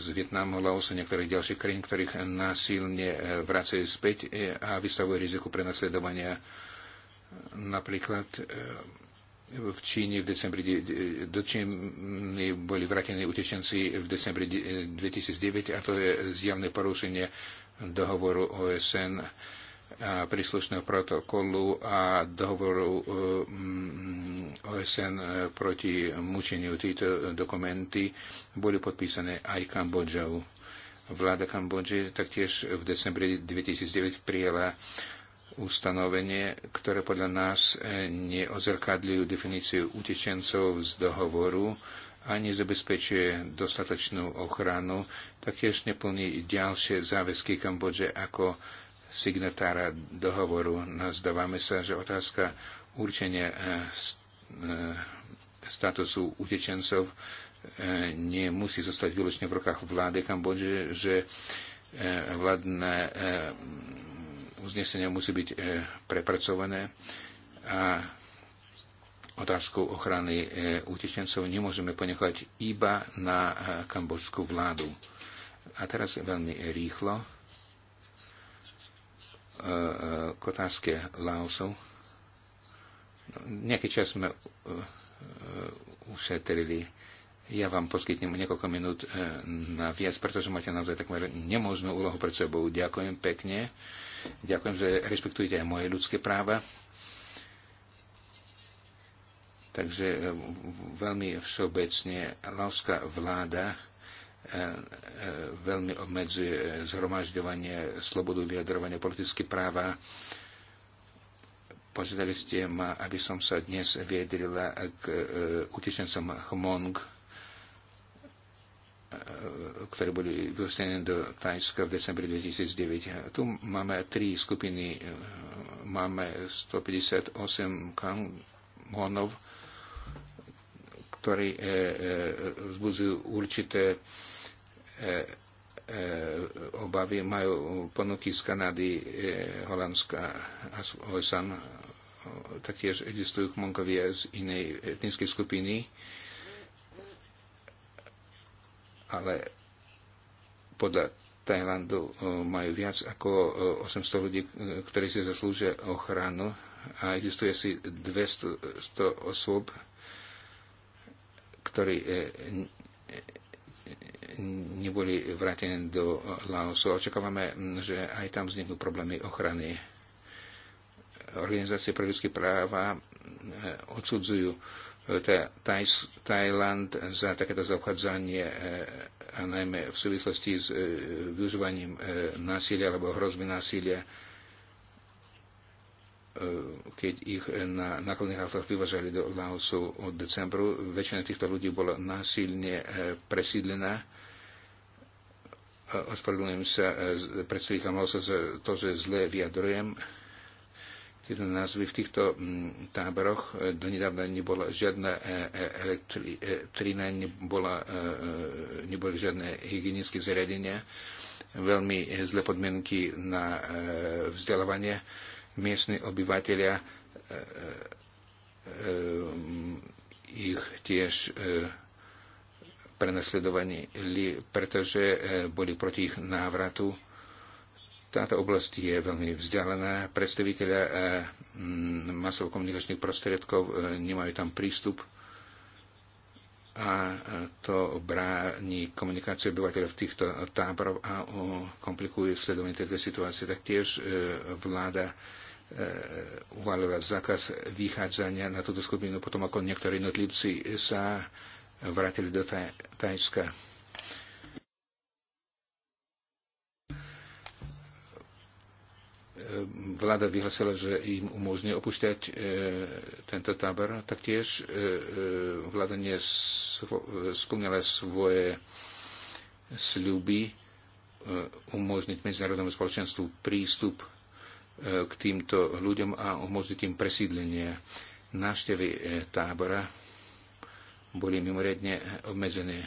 z Vietnamu, Laosu a niektorých ďalších krajín, ktorých násilne vracajú späť a vystavujú riziku prenasledovania Napríklad e, v Číne v decembri, do Číny boli vrátení utečenci v decembri 2009 a to je zjavné porušenie dohovoru OSN a príslušného protokolu a dohovoru e, mm, OSN proti mučeniu. Títo dokumenty boli podpísané aj Kambodžou. Vláda Kambodže taktiež v decembri 2009 prijela ustanovenie, ktoré podľa nás e, neozrkadľujú definíciu utečencov z dohovoru a nezabezpečuje dostatočnú ochranu, taktiež neplní ďalšie záväzky Kambodže ako signatára dohovoru. Zdávame sa, že otázka určenia e, e, statusu utečencov nemusí zostať výlučne v rukách vlády Kambodže, že vládne uznesenia musí byť e, prepracované a otázkou ochrany e, utečencov nemôžeme ponechať iba na e, kambožskú vládu. A teraz veľmi rýchlo k otázke Laosov. No, nejaký čas sme ušetrili. Ja vám poskytnem niekoľko minút na viac, pretože máte naozaj takmer nemožnú úlohu pred sebou. Ďakujem pekne. Ďakujem, že rešpektujete aj moje ľudské práva. Takže e, veľmi všeobecne laoská vláda e, e, veľmi obmedzuje zhromažďovanie, slobodu vyjadrovania, politické práva. Požiadali ste ma, aby som sa dnes viedrila k utečencom Hmong, E, ktoré boli vyhostené do Tajska v decembri 2009. Tu máme tri skupiny. E, máme 158 kangonov, ktorí e, vzbudzujú určité obavy. Majú ponuky z Kanady, Holandska a OSN. Taktiež existujú chmonkovia z inej etnickej skupiny ale podľa Tajlandu e, majú viac ako 800 e, ľudí, e, ktorí si zaslúžia ochranu a existuje asi 200 100 osôb, ktorí neboli vrátené do Laosu. Očakávame, že aj tam vzniknú problémy ochrany. Organizácie pre ľudské práva odsudzujú Tajland za takéto zaobchádzanie e, a najmä v súvislosti s e, využívaním e, násilia alebo hrozby násilia, keď ich na nákladných autách vyvážali do Laosu od decembru. Väčšina týchto ľudí bola násilne presídlená. Ospravedlňujem sa predstaviteľom Laosa za to, že zle vyjadrujem tieto názvy v týchto mm, táboroch. E, donedávna nebola žiadna e, e, elektrina, nebola, neboli žiadne hygienické zariadenia, veľmi zlé podmienky na vzdelávanie. Miestni obyvateľia ich tiež prenasledovali, pretože boli proti ich návratu táto oblasť je veľmi vzdialená. Predstaviteľa eh, masov komunikačných prostriedkov eh, nemajú tam prístup a eh, to bráni komunikáciu obyvateľov týchto táborov a komplikuje sledovanie tejto situácie. Taktiež vláda uvalila zákaz vychádzania na túto skupinu potom, ako niektorí jednotlivci sa vrátili do Tajska. vláda vyhlasila, že im umožňuje opúšťať e, tento tábor, taktiež e, e, vláda nesplňala svoje sľuby umožniť medzinárodnému spoločenstvu prístup k týmto ľuďom a umožniť im presídlenie. Návštevy tábora boli mimoriadne obmedzené.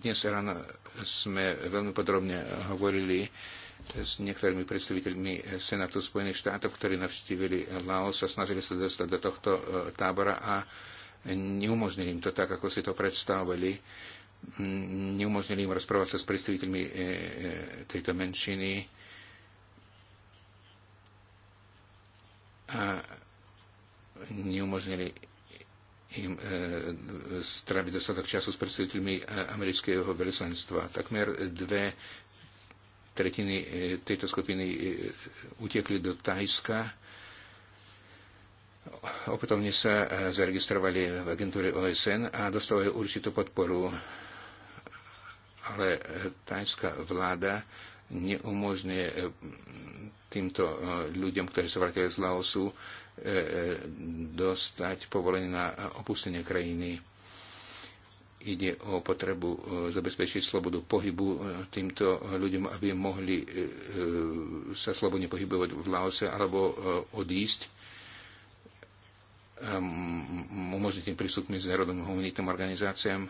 Dnes ráno sme veľmi podrobne hovorili s niektorými predstaviteľmi eh, Senátu Spojených štátov, ktorí navštívili eh, Laos a snažili sa dostať do tohto eh, tábora a neumožnili im to tak, ako si to predstavovali. Mm, neumožnili im rozprávať sa s predstaviteľmi tejto menšiny. A neumožnili im e, stráviť dostatok času s predstaviteľmi amerického veľvyslanectva. Takmer dve tretiny e, tejto skupiny e, utekli do Tajska. Opätovne sa e, zaregistrovali v agentúre OSN a dostali určitú podporu. Ale tajská vláda neumožňuje týmto ľuďom, ktorí sa vrátili z Laosu, dostať povolenie na opustenie krajiny ide o potrebu e, zabezpečiť slobodu pohybu e, týmto ľuďom, aby mohli e, sa slobodne pohybovať v Laose alebo odísť umožniť im prístup medzinárodným humanitným organizáciám.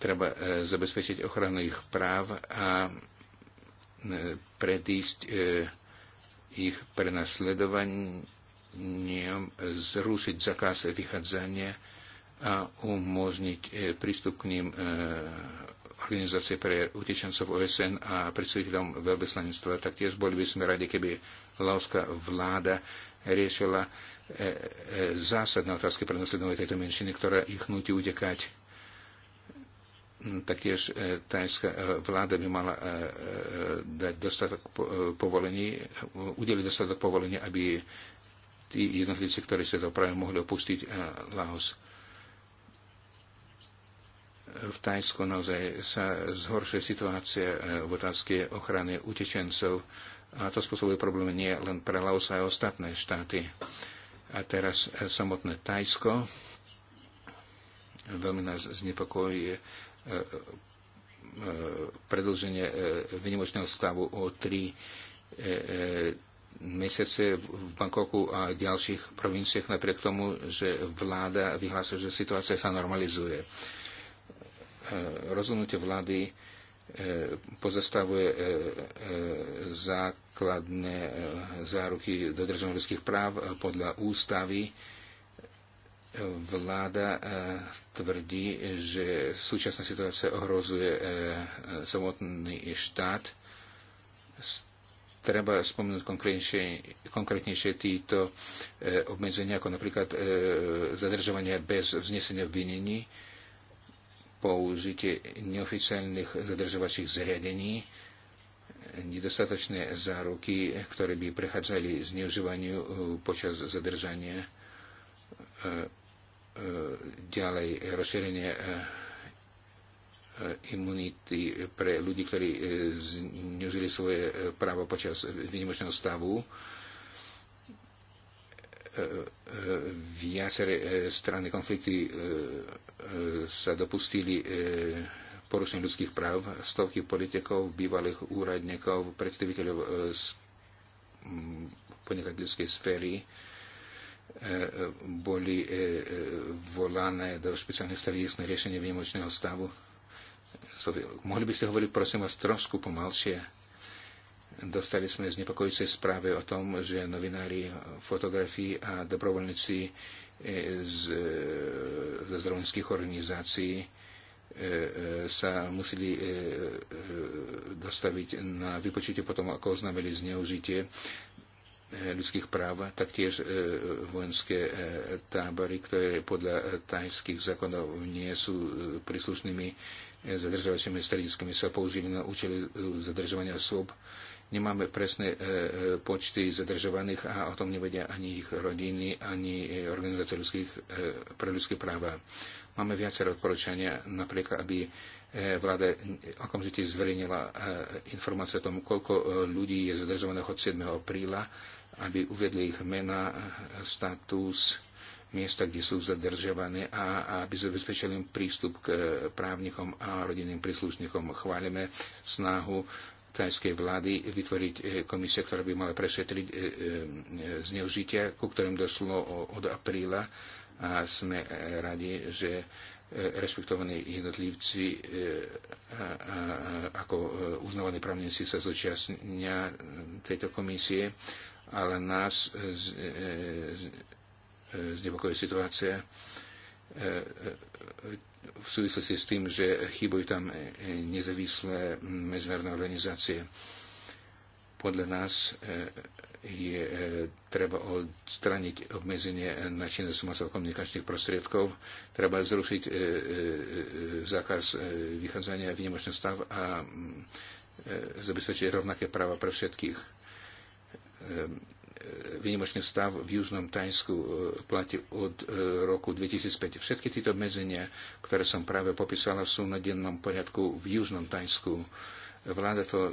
Treba zabezpečiť ochranu ich práv a predísť ich prenasledovaniam, zrušiť zakaz vychádzania a umožniť e, prístup k ním e, organizácie pre utečencov OSN a predstaviteľom veľvyslanectva. Taktiež boli by sme radi, keby laoská vláda riešila e, zásadné otázky pre nasledovanie tejto menšiny, ktorá ich nutí utekať. Taktiež tajská vláda by mala dať dostatok povolení, udeliť dostatok povolení, aby tí jednotlivci, ktorí sa to práve mohli opustiť Laos v Tajsku naozaj sa zhoršuje situácia e, v otázke ochrany utečencov a to spôsobuje problémy nie len pre Laos aj ostatné štáty. A teraz e, samotné Tajsko veľmi nás znepokojuje e, predlženie vynimočného stavu o tri mesiace v Bangkoku a ďalších provinciách napriek tomu, že vláda vyhlásila, že situácia sa normalizuje. E, rozhodnutie vlády e, pozastavuje e, základné záruky dodržania ľudských práv podľa ústavy. Vláda tvrdí, že súčasná situácia ohrozuje samotný štát. Treba spomenúť konkrétnejšie, konkrétnejšie títo obmedzenia, ako napríklad zadržovanie bez vznesenia obvinení použitie neoficiálnych zadržovacích zariadení, nedostatočné záruky, ktoré by prechádzali zneužívaniu e, počas zadržania, e, e, ďalej rozšírenie imunity pre ľudí, ktorí zneužili svoje právo počas výnimočného stavu, viaceré e, strany konflikty e, e, sa dopustili porušení ľudských práv, stovky politikov, bývalých úradníkov, predstaviteľov z podnikateľskej sféry boli volané do špeciálnych stredísk na riešenie výjimočného stavu. Mohli by ste hovoriť, prosím vás, trošku pomalšie? Dostali sme znepokojúce správy o tom, že novinári, fotografii a dobrovoľníci e, z, e, z zdravotníckých organizácií e, sa museli dostaviť na vypočutie potom, ako oznámili zneužitie ľudských práv, taktiež vojenské tábory, ktoré podľa tajských zákonov nie sú príslušnými zadržovacími strediskami, sa použili na účely zadržovania osôb Nemáme presné e, e, počty zadržovaných a o tom nevedia ani ich rodiny, ani e, organizácie ľudských, pre ľudské práva. Máme viacero odporúčania, napríklad, aby vláda okamžite zverejnila informácie o tom, koľko ľudí je zadržovaných od 7. apríla, aby uvedli ich mena, status, miesta, kde sú zadržované a aby zabezpečili im prístup k právnikom a rodinným príslušníkom. Chválime snahu tajskej vlády vytvoriť e, komisiu, ktorá by mala presvetliť e, e, zneužitia, ku ktorým došlo od apríla a sme radi, že respektovaní jednotlivci ako uznávaní právnici sa zúčastnia tejto komisie, ale nás znepokojuje situácia v súvislosti s tým, že chýbajú tam e, e, nezávislé medzinárodné organizácie. Podľa nás e, je treba odstraniť obmedzenie na činnosť masových komunikačných prostriedkov, treba zrušiť zákaz vychádzania v nemočný stav a mm, zabezpečiť rovnaké práva pre všetkých výnimočný stav v Južnom Tajsku e, platí od e, roku 2005. Všetky tieto obmedzenia, ktoré som práve popísala, sú na dennom poriadku v Južnom Tajsku. Vláda to e,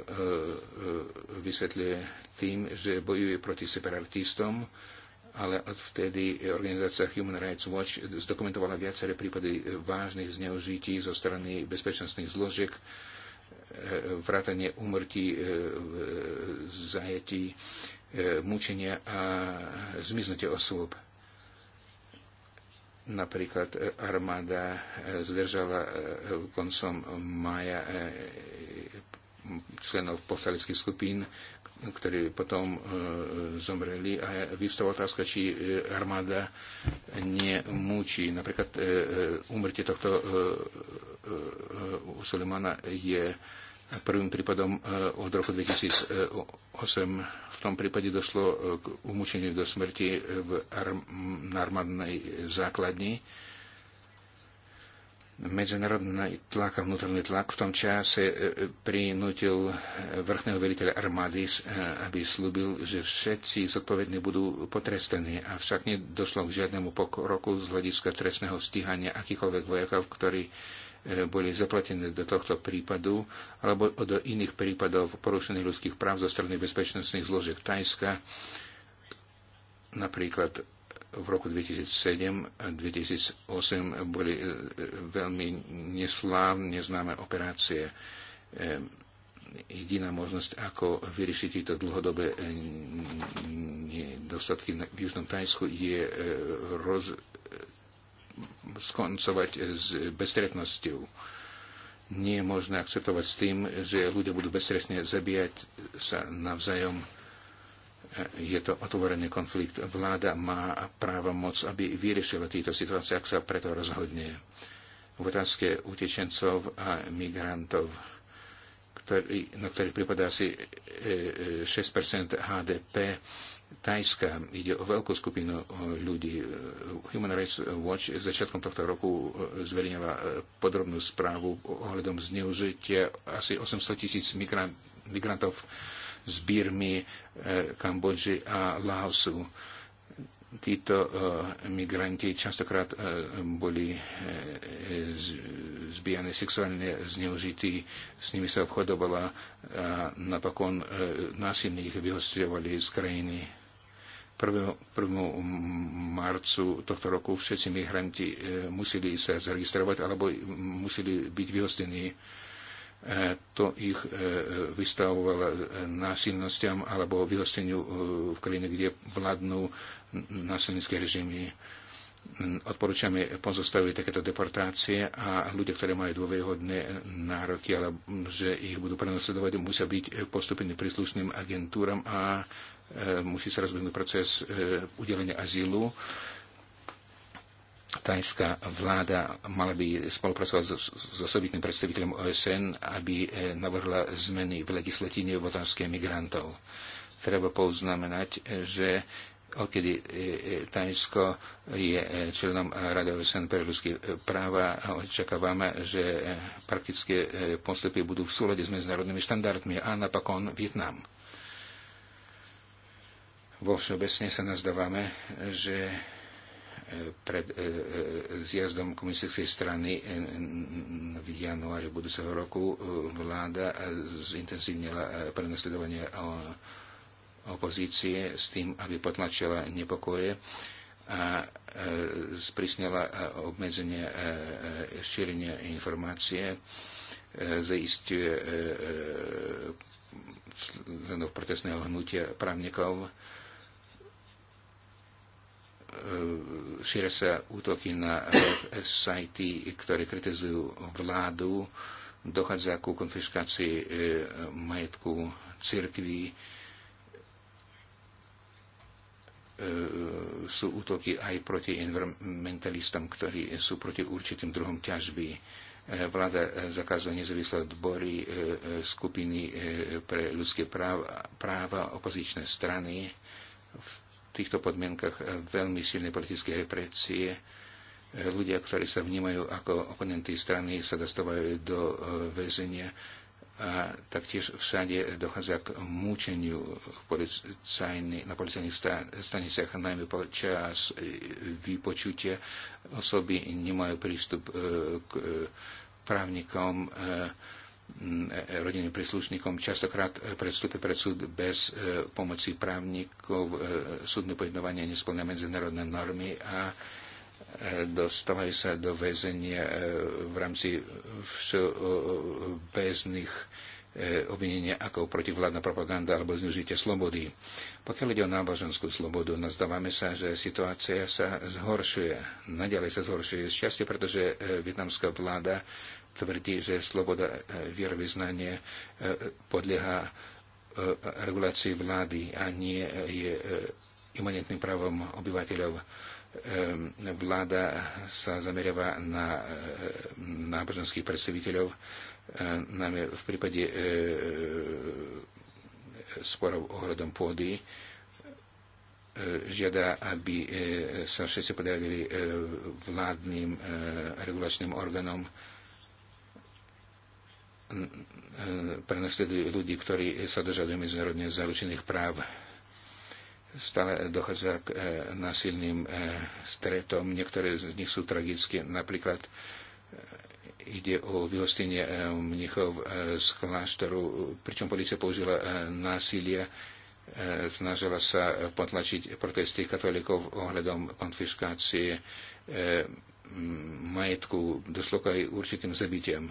vysvetľuje tým, že bojuje proti separatistom, ale odvtedy organizácia Human Rights Watch zdokumentovala viaceré prípady vážnych zneužití zo strany bezpečnostných zložiek, vrátanie umrtí, zajetí E, mučenia a zmiznutie osôb. Napríklad e, armáda e, zdržala koncom maja členov poslaneckých skupín, ktorí potom zomreli a vyvstala otázka, či armáda nemúči. Napríklad umrtie tohto Sulemana je prvým prípadom od roku 2000 8 v tom prípade došlo e, k umúčeniu do smrti e, v armádnej základni. Medzinárodný tlak a vnútorný tlak v tom čase e, prinútil vrchného veliteľa armády, aby slúbil, že všetci zodpovední budú potrestaní. Avšak nedošlo k žiadnemu pokroku z hľadiska trestného stíhania akýchkoľvek vojakov, ktorí E, boli zaplatené do tohto prípadu alebo do iných prípadov porušených ľudských práv zo strany bezpečnostných zložiek Tajska. Napríklad v roku 2007 a 2008 boli e, veľmi neslávne známe operácie. E, jediná možnosť, ako vyriešiť tieto dlhodobé nedostatky v Južnom Tajsku, je roz, skoncovať s bezstretnosťou. Nie je možné akceptovať s tým, že ľudia budú bezstresne zabíjať sa navzájom. Je to otvorený konflikt. Vláda má právo moc, aby vyriešila tieto situácie, ak sa preto rozhodne. V otázke utečencov a migrantov ktorý, na ktorých pripadá asi 6 e, e, HDP, Tajska. Ide o veľkú skupinu e, ľudí. E, Human Rights Watch začiatkom tohto roku e, zverejnila podrobnú správu ohľadom zneužitia asi 800 tisíc migrantov z Birmy, Kambodži a Laosu. Títo migranti častokrát boli zbijaní sexuálne zneužití, s nimi sa obchodovala a napokon násilne ich vyhostiovali z krajiny 1. marcu tohto roku všetci migranti e, museli sa zaregistrovať alebo museli byť vyhostení. E, to ich e, vystavovalo násilnostiam alebo vyhosteniu v krajine, kde vládnu násilnické režimy odporúčame pozostaviť takéto deportácie a ľudia, ktorí majú dôveryhodné nároky, ale že ich budú prenasledovať, musia byť postupení príslušným agentúram a e, musí sa rozbehnúť proces e, udelenia azylu. Tajská vláda mala by spolupracovať s osobitným predstaviteľom OSN, aby e, navrhla zmeny v legislatíne v otázke migrantov treba poznamenať, že odkedy e, e, Tajsko je e, členom Rady OSN pre ľudské práva a očakávame, že praktické postupy budú v súlade s medzinárodnými štandardmi a napokon Vietnam. Vo všeobecne sa nazdávame, že pred zjazdom komunistickej strany v januári budúceho roku vláda zintenzívnila prenasledovanie opozície s tým, aby potlačila nepokoje a e, sprísnila e, obmedzenie e, šírenia informácie, zaistuje členov protestného hnutia právnikov, šíria sa útoky na sajty, ktoré kritizujú vládu, dochádza ku konfiškácii majetku cirkví, E, sú útoky aj proti environmentalistom, ktorí sú proti určitým druhom ťažby. E, vláda zakázala nezávislé odbory, e, skupiny pre ľudské práva, práva opozičné strany. V týchto podmienkach veľmi silné politické represie. Ľudia, ktorí sa vnímajú ako oponenty strany, sa dostávajú do väzenia a taktiež všade dochádza k múčeniu policajný, na policajných staniciach, najmä počas vypočutia. Osoby nemajú prístup e, k e, právnikom, e, rodinným príslušníkom, častokrát predstúpi pred súd bez pomoci právnikov, súdne pojednovanie nesplňa medzinárodné normy a dostali sa do väzenia e, v rámci bezných e, obvinenia ako protivládna propaganda alebo zneužitie slobody. Pokiaľ ide o náboženskú slobodu, nazdávame sa, že situácia sa zhoršuje. Naďalej sa zhoršuje. Šťastie, pretože e, vietnamská vláda tvrdí, že sloboda vierovýznania podlieha regulácii vlády a nie je imanentným právom obyvateľov vláda sa zameriava na náboženských predstaviteľov, najmä v prípade sporov ohľadom pôdy. Žiada, aby sa všetci podarili vládnym regulačným orgánom prenasledujú ľudí, ktorí sa dožadujú medzinárodne zaručených práv stále dochádza k e, násilným e, stretom. Niektoré z nich sú tragické. Napríklad e, ide o vyhostenie mnichov z kláštoru, pričom policia použila násilie, snažila sa potlačiť protesty katolíkov ohľadom konfiškácie majetku, došlo aj určitým zabitiem.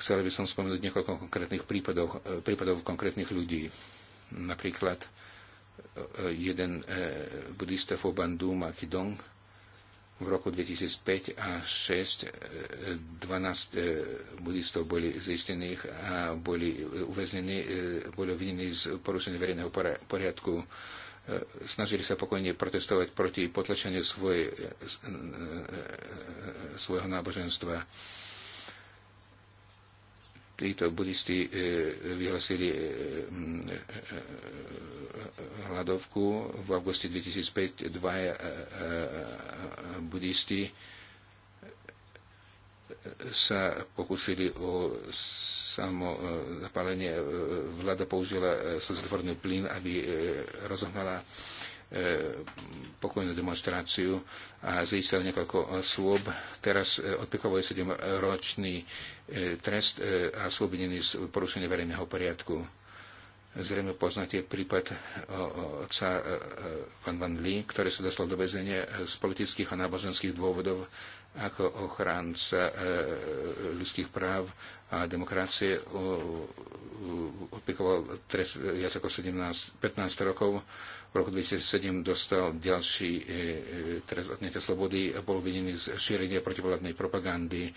Chcel by som spomenúť niekoľko konkrétnych prípadov, prípadov konkrétnych ľudí Napríklad eh, jeden eh, buddhista Fobandu Makidong v roku 2005 a 2006 12 eh, buddhistov boli zistených a boli uväznení, boli obvinení z porušenia verejného poriadku. Snažili sa pokojne protestovať proti potlačeniu svoj, svojho náboženstva títo budisti e, vyhlasili e, e, hladovku. v auguste 2005 dvaja budisti sa pokúsili o samo zapálenie. Vláda použila slzotvorný plyn, aby rozohnala pokojnú demonstráciu a získal niekoľko slôb. Teraz odpekoval 7-ročný E, trest e, a slobodený z porušenia verejného poriadku. Zrejme poznáte prípad e, otca Van Van Lee, ktorý sa dostal do väzenia z politických a náboženských dôvodov ako ochránca ľudských práv a demokracie odpikoval trest viac ako 17, 15 rokov. V roku 2007 dostal ďalší trest odnete slobody a bol vinený z šírenia protivládnej propagandy.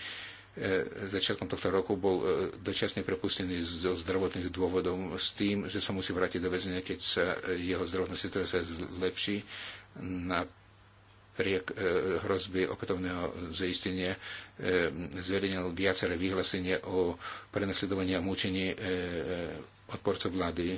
E, začiatkom tohto roku bol e, dočasne prepustený zo zdravotných dôvodov s tým, že sa musí vrátiť do väzenia, keď sa e, jeho zdravotná situácia zlepší na priek hrozby opätovného zaistenia zverejnil viaceré vyhlásenie o prenasledovaní a mučení odporcov vlády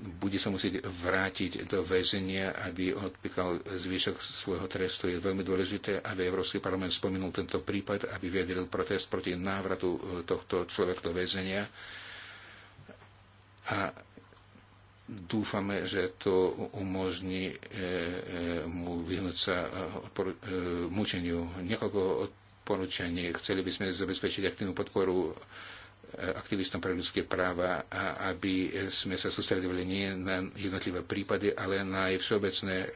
bude sa musieť vrátiť do väzenia, aby odpíkal zvyšok svojho trestu. Je veľmi dôležité, aby Európsky parlament spomenul tento prípad, aby vyjadril protest proti návratu e, tohto človeka do väzenia. A dúfame, že to umožní e, e, mu vyhnúť sa mučeniu. Niekoľko odporúčaní. Chceli by sme zabezpečiť aktívnu podporu aktivistom pre ľudské práva, a aby sme sa sústredovali nie na jednotlivé prípady, ale na aj všeobecné e,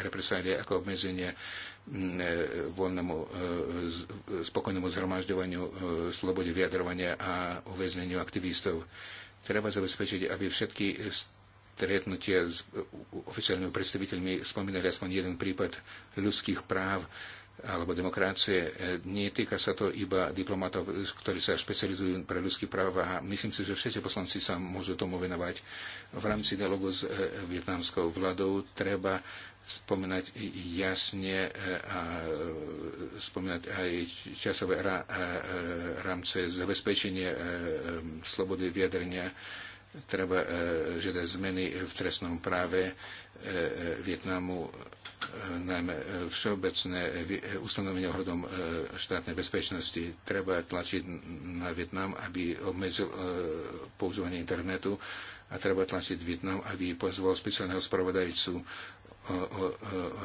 represálie ako obmedzenie e, voľnému e, spokojnému zhromažďovaniu, slobode vyjadrovania a uväzneniu aktivistov. Treba zabezpečiť, aby všetky stretnutia s oficiálnymi predstaviteľmi spomínali aspoň jeden prípad ľudských práv, alebo demokracie. Nie týka sa to iba diplomatov, ktorí sa špecializujú pre ľudské práva a myslím si, že všetci poslanci sa môžu tomu venovať. V rámci dialogu s e, vietnamskou vládou treba spomínať jasne e, a spomínať aj časové e, rámce zabezpečenie slobody vyjadrenia treba e, žiadať zmeny v trestnom práve e, e, Vietnamu, najmä všeobecné ustanovenie ohľadom štátnej bezpečnosti. Treba tlačiť na Vietnam, aby obmedzil používanie internetu a treba tlačiť Vietnam, aby pozval speciálneho spravodajcu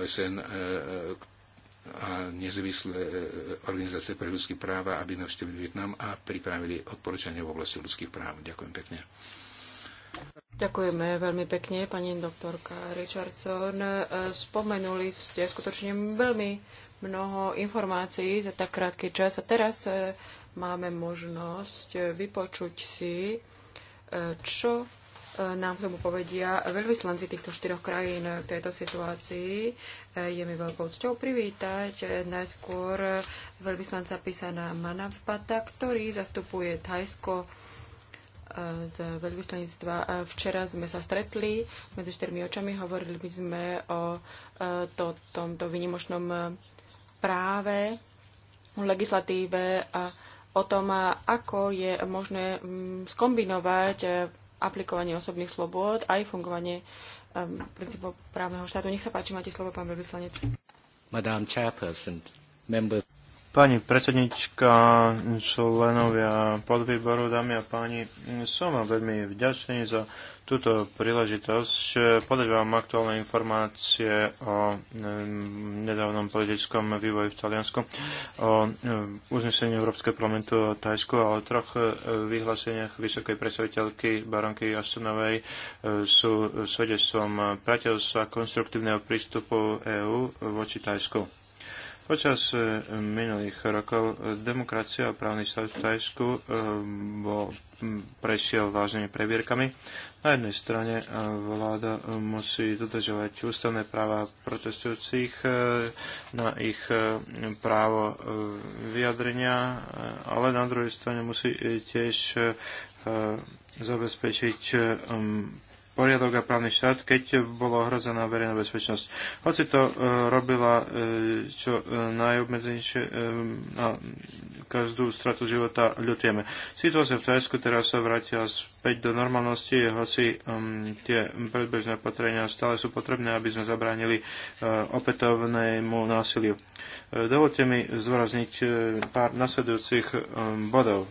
OSN a nezávislé organizácie pre ľudské práva, aby navštívili Vietnam a pripravili odporúčania v oblasti ľudských práv. Ďakujem pekne. Ďakujeme veľmi pekne, pani doktorka Richardson. E, spomenuli ste skutočne veľmi mnoho informácií za tak krátky čas a teraz e, máme možnosť vypočuť si, e, čo nám k tomu povedia veľvyslanci týchto štyroch krajín v tejto situácii. Je mi veľkou cťou privítať najskôr veľvyslanca písaná Manavpata, ktorý zastupuje Thajsko z veľvyslanectva. Včera sme sa stretli medzi štyrmi očami, hovorili by sme o e, to, tomto vynimočnom e, práve, legislatíve a o tom, ako je možné mm, skombinovať e, aplikovanie osobných slobôd aj fungovanie princípov právneho štátu. Nech sa páči, máte slovo, pán veľvyslanec. Madame Chairperson, members... Pani predsednička, členovia podvýboru, dámy a páni, som vám veľmi vďačný za túto príležitosť podať vám aktuálne informácie o mm, nedávnom politickom vývoji v Taliansku, o mm, uznesení Európskeho parlamentu o Tajsku a o troch e, vyhláseniach vysokej predstaviteľky baronky Aštenovej e, sú svedectvom priateľstva konstruktívneho prístupu EÚ voči Tajsku. Počas e, minulých rokov e, demokracia a právny štát v Tajsku e, bol prešiel vážnymi previerkami. Na jednej strane vláda musí dodržovať ústavné práva protestujúcich na ich právo vyjadrenia, ale na druhej strane musí tiež zabezpečiť poriadok a právny štát, keď bolo ohrozená verejná bezpečnosť. Hoci to e, robila e, čo e, najobmedzenejšie, e, na každú stratu života ľutieme. Situácia v Tajsku teraz sa vrátila späť do normálnosti, hoci um, tie predbežné opatrenia stále sú potrebné, aby sme zabránili e, opätovnému násiliu. E, dovolte mi zvorazniť e, pár nasledujúcich e, bodov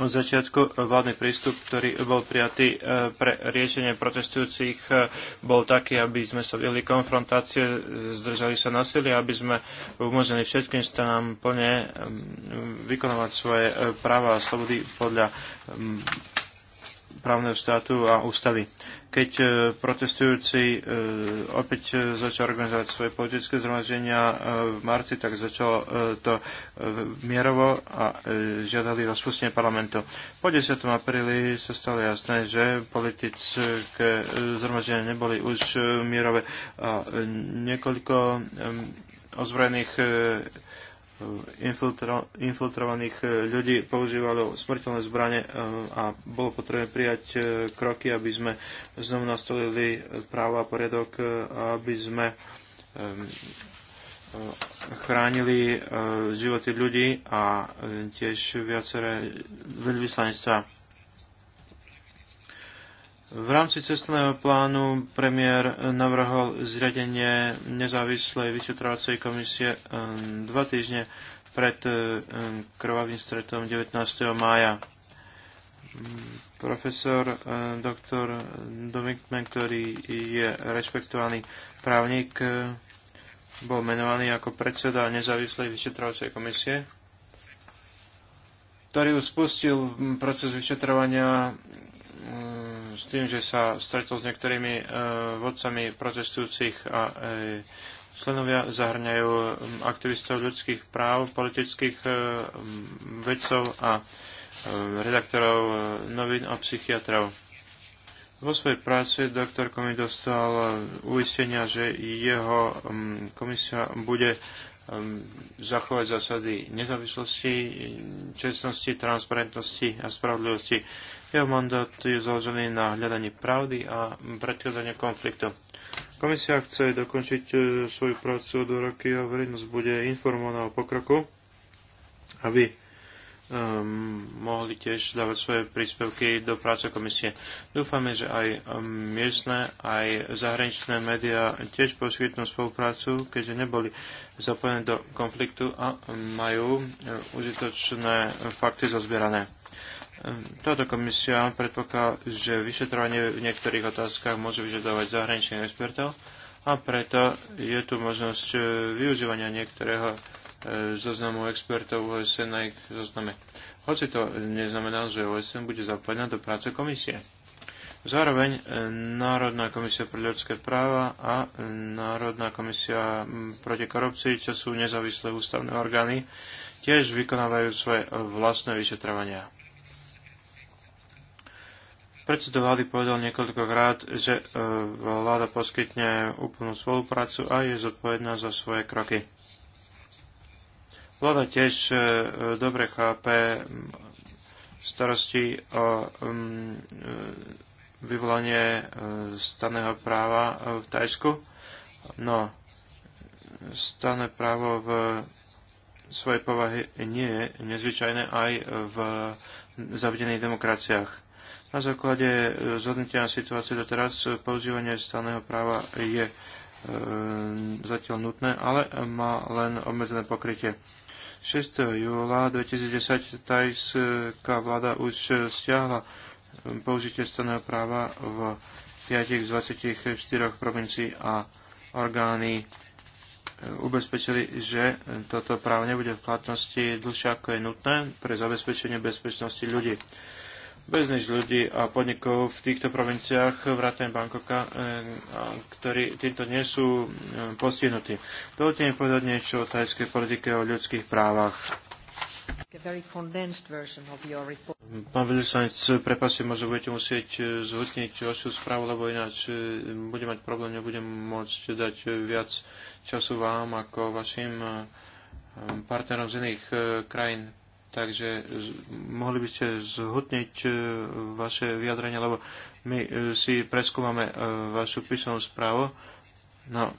od začiatku vládny prístup, ktorý bol prijatý e, pre riešenie protestujúcich, e, bol taký, aby sme sa vyhli konfrontácie, zdržali sa nasilie, aby sme umožnili všetkým stranám plne vykonovať svoje e, práva a slobody podľa právneho štátu a ústavy. Keď e, protestujúci e, opäť e, začal organizovať svoje politické zhromaždenia v marci, tak začalo to mierovo a žiadali rozpustenie parlamentu. Po 10. apríli sa stalo jasné, že politické zhromaždenia neboli už mierové. A niekoľko ozbrojených infiltro, infiltrovaných e, ľudí používalo smrteľné zbranie e, a bolo potrebné prijať e, kroky, aby sme znovu nastolili právo a poriadok, aby sme chránili životy ľudí a tiež viaceré veľvyslanectvá v rámci cestného plánu premiér navrhol zriadenie nezávislej vyšetrovacej komisie ehm, dva týždne pred ehm, krvavým stretom 19. mája. Profesor ehm, doktor Domikman, ktorý je rešpektovaný právnik, bol menovaný ako predseda nezávislej vyšetrovacej komisie, ktorý spustil proces vyšetrovania s tým, že sa stretol s niektorými e, vodcami protestujúcich a e, členovia zahrňajú aktivistov ľudských práv, politických e, vedcov a redaktorov novín a psychiatrov. Vo svojej práci doktor Komi dostal uistenia, že jeho komisia bude zachovať zásady nezávislosti, čestnosti, transparentnosti a spravodlivosti. Jeho mandát je založený na hľadaní pravdy a predchádzanie konfliktu. Komisia chce dokončiť e, svoju prácu o dva roky a verejnosť bude informovaná o pokroku, aby um, mohli tiež dávať svoje príspevky do práce komisie. Dúfame, že aj ehm, miestne, aj zahraničné médiá tiež poskytnú spoluprácu, keďže neboli zapojené do konfliktu a majú e, užitočné fakty zozbierané. Táto komisia predpokladá, že vyšetrovanie v niektorých otázkach môže vyžadovať zahraničných expertov a preto je tu možnosť e, využívania niektorého e, zoznamu expertov OSN na ich zozname. Hoci to neznamená, že OSN bude zapojená do práce komisie. Zároveň e, Národná komisia pre ľudské práva a Národná komisia proti korupcii, čo sú nezávislé ústavné orgány, tiež vykonávajú svoje vlastné vyšetrovania. Predseda vlády povedal niekoľkokrát, že e, vláda poskytne úplnú spoluprácu a je zodpovedná za svoje kroky. Vláda tiež e, dobre chápe starosti o mm, e, vyvolanie staného práva v Tajsku. No, stané právo v svojej povahy nie je nezvyčajné aj v zavedených demokraciách na základe e, zhodnotenia situácie doteraz e, používanie stavného práva je e, zatiaľ nutné, ale má len obmedzené pokrytie. 6. júla 2010 tajská vláda už stiahla e, použitie stavného práva v 5 z 24 provincií a orgány ubezpečili, že toto právo nebude v platnosti dlhšie ako je nutné pre zabezpečenie bezpečnosti ľudí bežných ľudí a podnikov v týchto provinciách, vrátane Bankoka, eh, ktorí týmto nie sú eh, postihnutí. Dovolte mi povedať niečo o tajskej politike o ľudských právach. Pán veľvyslanec, prepasím, možno budete musieť eh, zhutniť vašu správu, lebo ináč budem mať problém, nebudem môcť dať viac času vám ako vašim partnerom z iných krajín. Takže mohli by ste zhutniť e, vaše vyjadrenie, lebo my e, si preskúmame e, vašu písomnú správu. No.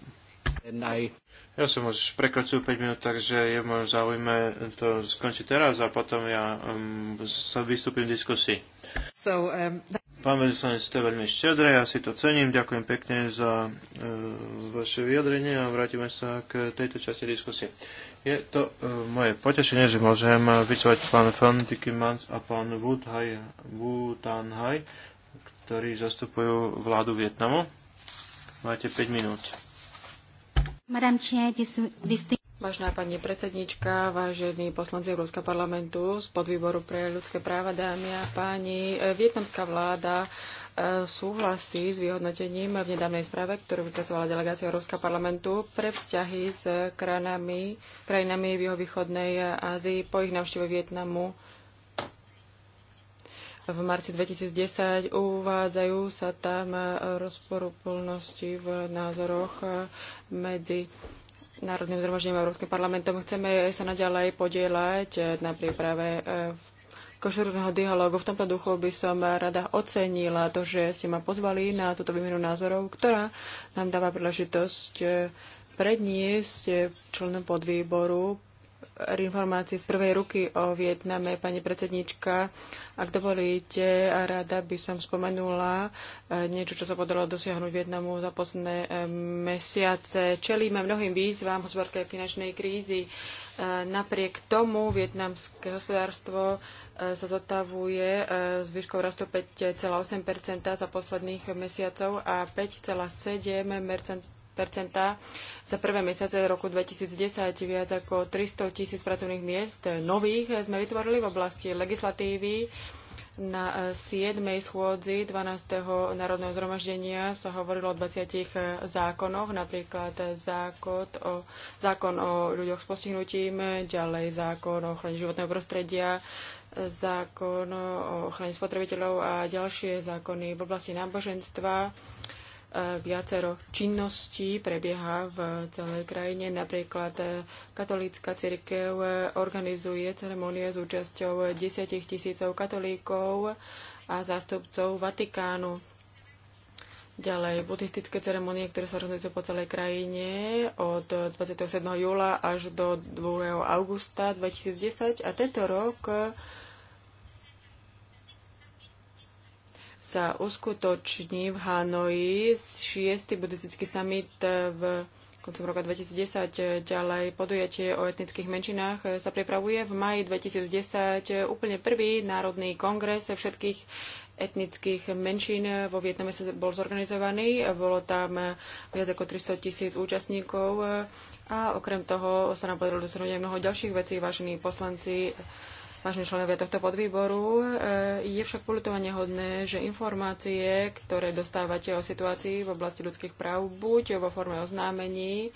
Ja som už prekročil 5 minút, takže je v mojom záujme to skončiť teraz a potom ja um, sa vystúpim v diskusii. So, um, that... Pán veľvyslanec, ste veľmi štedré, ja si to cením, ďakujem pekne za vaše vyjadrenie a vrátime sa k tejto časti diskusie. Je to uh, moje potešenie, že môžem e, vycovať pán Fan Dikimans a pán Wuthai, Wutanhai, ktorí zastupujú vládu Vietnamu. Máte 5 minút. Vážená pani predsednička, vážení poslanci Európskeho parlamentu z podvýboru pre ľudské práva, dámy a páni, e, vietnamská vláda súhlasí s vyhodnotením v nedávnej správe, ktorú vypracovala delegácia Európskeho parlamentu pre vzťahy s krajinami, krajinami v východnej Ázii po ich navštíve Vietnamu v marci 2010. Uvádzajú sa tam rozporuplnosti v názoroch medzi Národným zhromaždením Európskym parlamentom. Chceme sa naďalej podielať na príprave v eh, košerného dialogu. V tomto duchu by som rada ocenila to, že ste ma pozvali na túto výmenu názorov, ktorá nám dáva príležitosť eh, predniesť eh, členom podvýboru informácie z prvej ruky o Vietname, pani predsednička. Ak dovolíte, rada by som spomenula eh, niečo, čo sa podalo dosiahnuť Vietnamu za posledné mesiace. Čelíme mnohým výzvam hospodárskej finančnej krízy. E, napriek tomu vietnamské hospodárstvo e, sa zotavuje e, výškou rastu 5,8 za posledných mesiacov a 5,7 za prvé mesiace roku 2010 viac ako 300 tisíc pracovných miest nových sme vytvorili v oblasti legislatívy na 7. E, schôdzi 12. národného zhromaždenia sa hovorilo o 20 e, zákonoch, napríklad zákon o, zákon o ľuďoch s postihnutím, ďalej zákon o ochrane životného prostredia, zákon o ochrane spotrebiteľov a ďalšie zákony v oblasti náboženstva E, viacero činností prebieha v celej krajine. Napríklad e, katolícka cirkev e, organizuje ceremonie s účasťou 10 tisícov katolíkov a zástupcov Vatikánu. Ďalej, buddhistické ceremonie, ktoré sa rozhodujú po celej krajine od 27. júla až do 2. augusta 2010. A tento rok sa uskutoční v Hanoji 6. buddhistický summit v koncom roka 2010. Ďalej podujatie o etnických menšinách sa pripravuje v maji 2010 úplne prvý národný kongres všetkých etnických menšín vo Vietname sa bol zorganizovaný. Bolo tam viac ako 300 tisíc účastníkov a okrem toho sa nám podarilo dosiahnuť aj mnoho ďalších vecí, vážení poslanci vážne členovia tohto podvýboru. Eh, je však politovanie hodné, že informácie, ktoré dostávate o situácii v oblasti ľudských práv, buď vo forme oznámení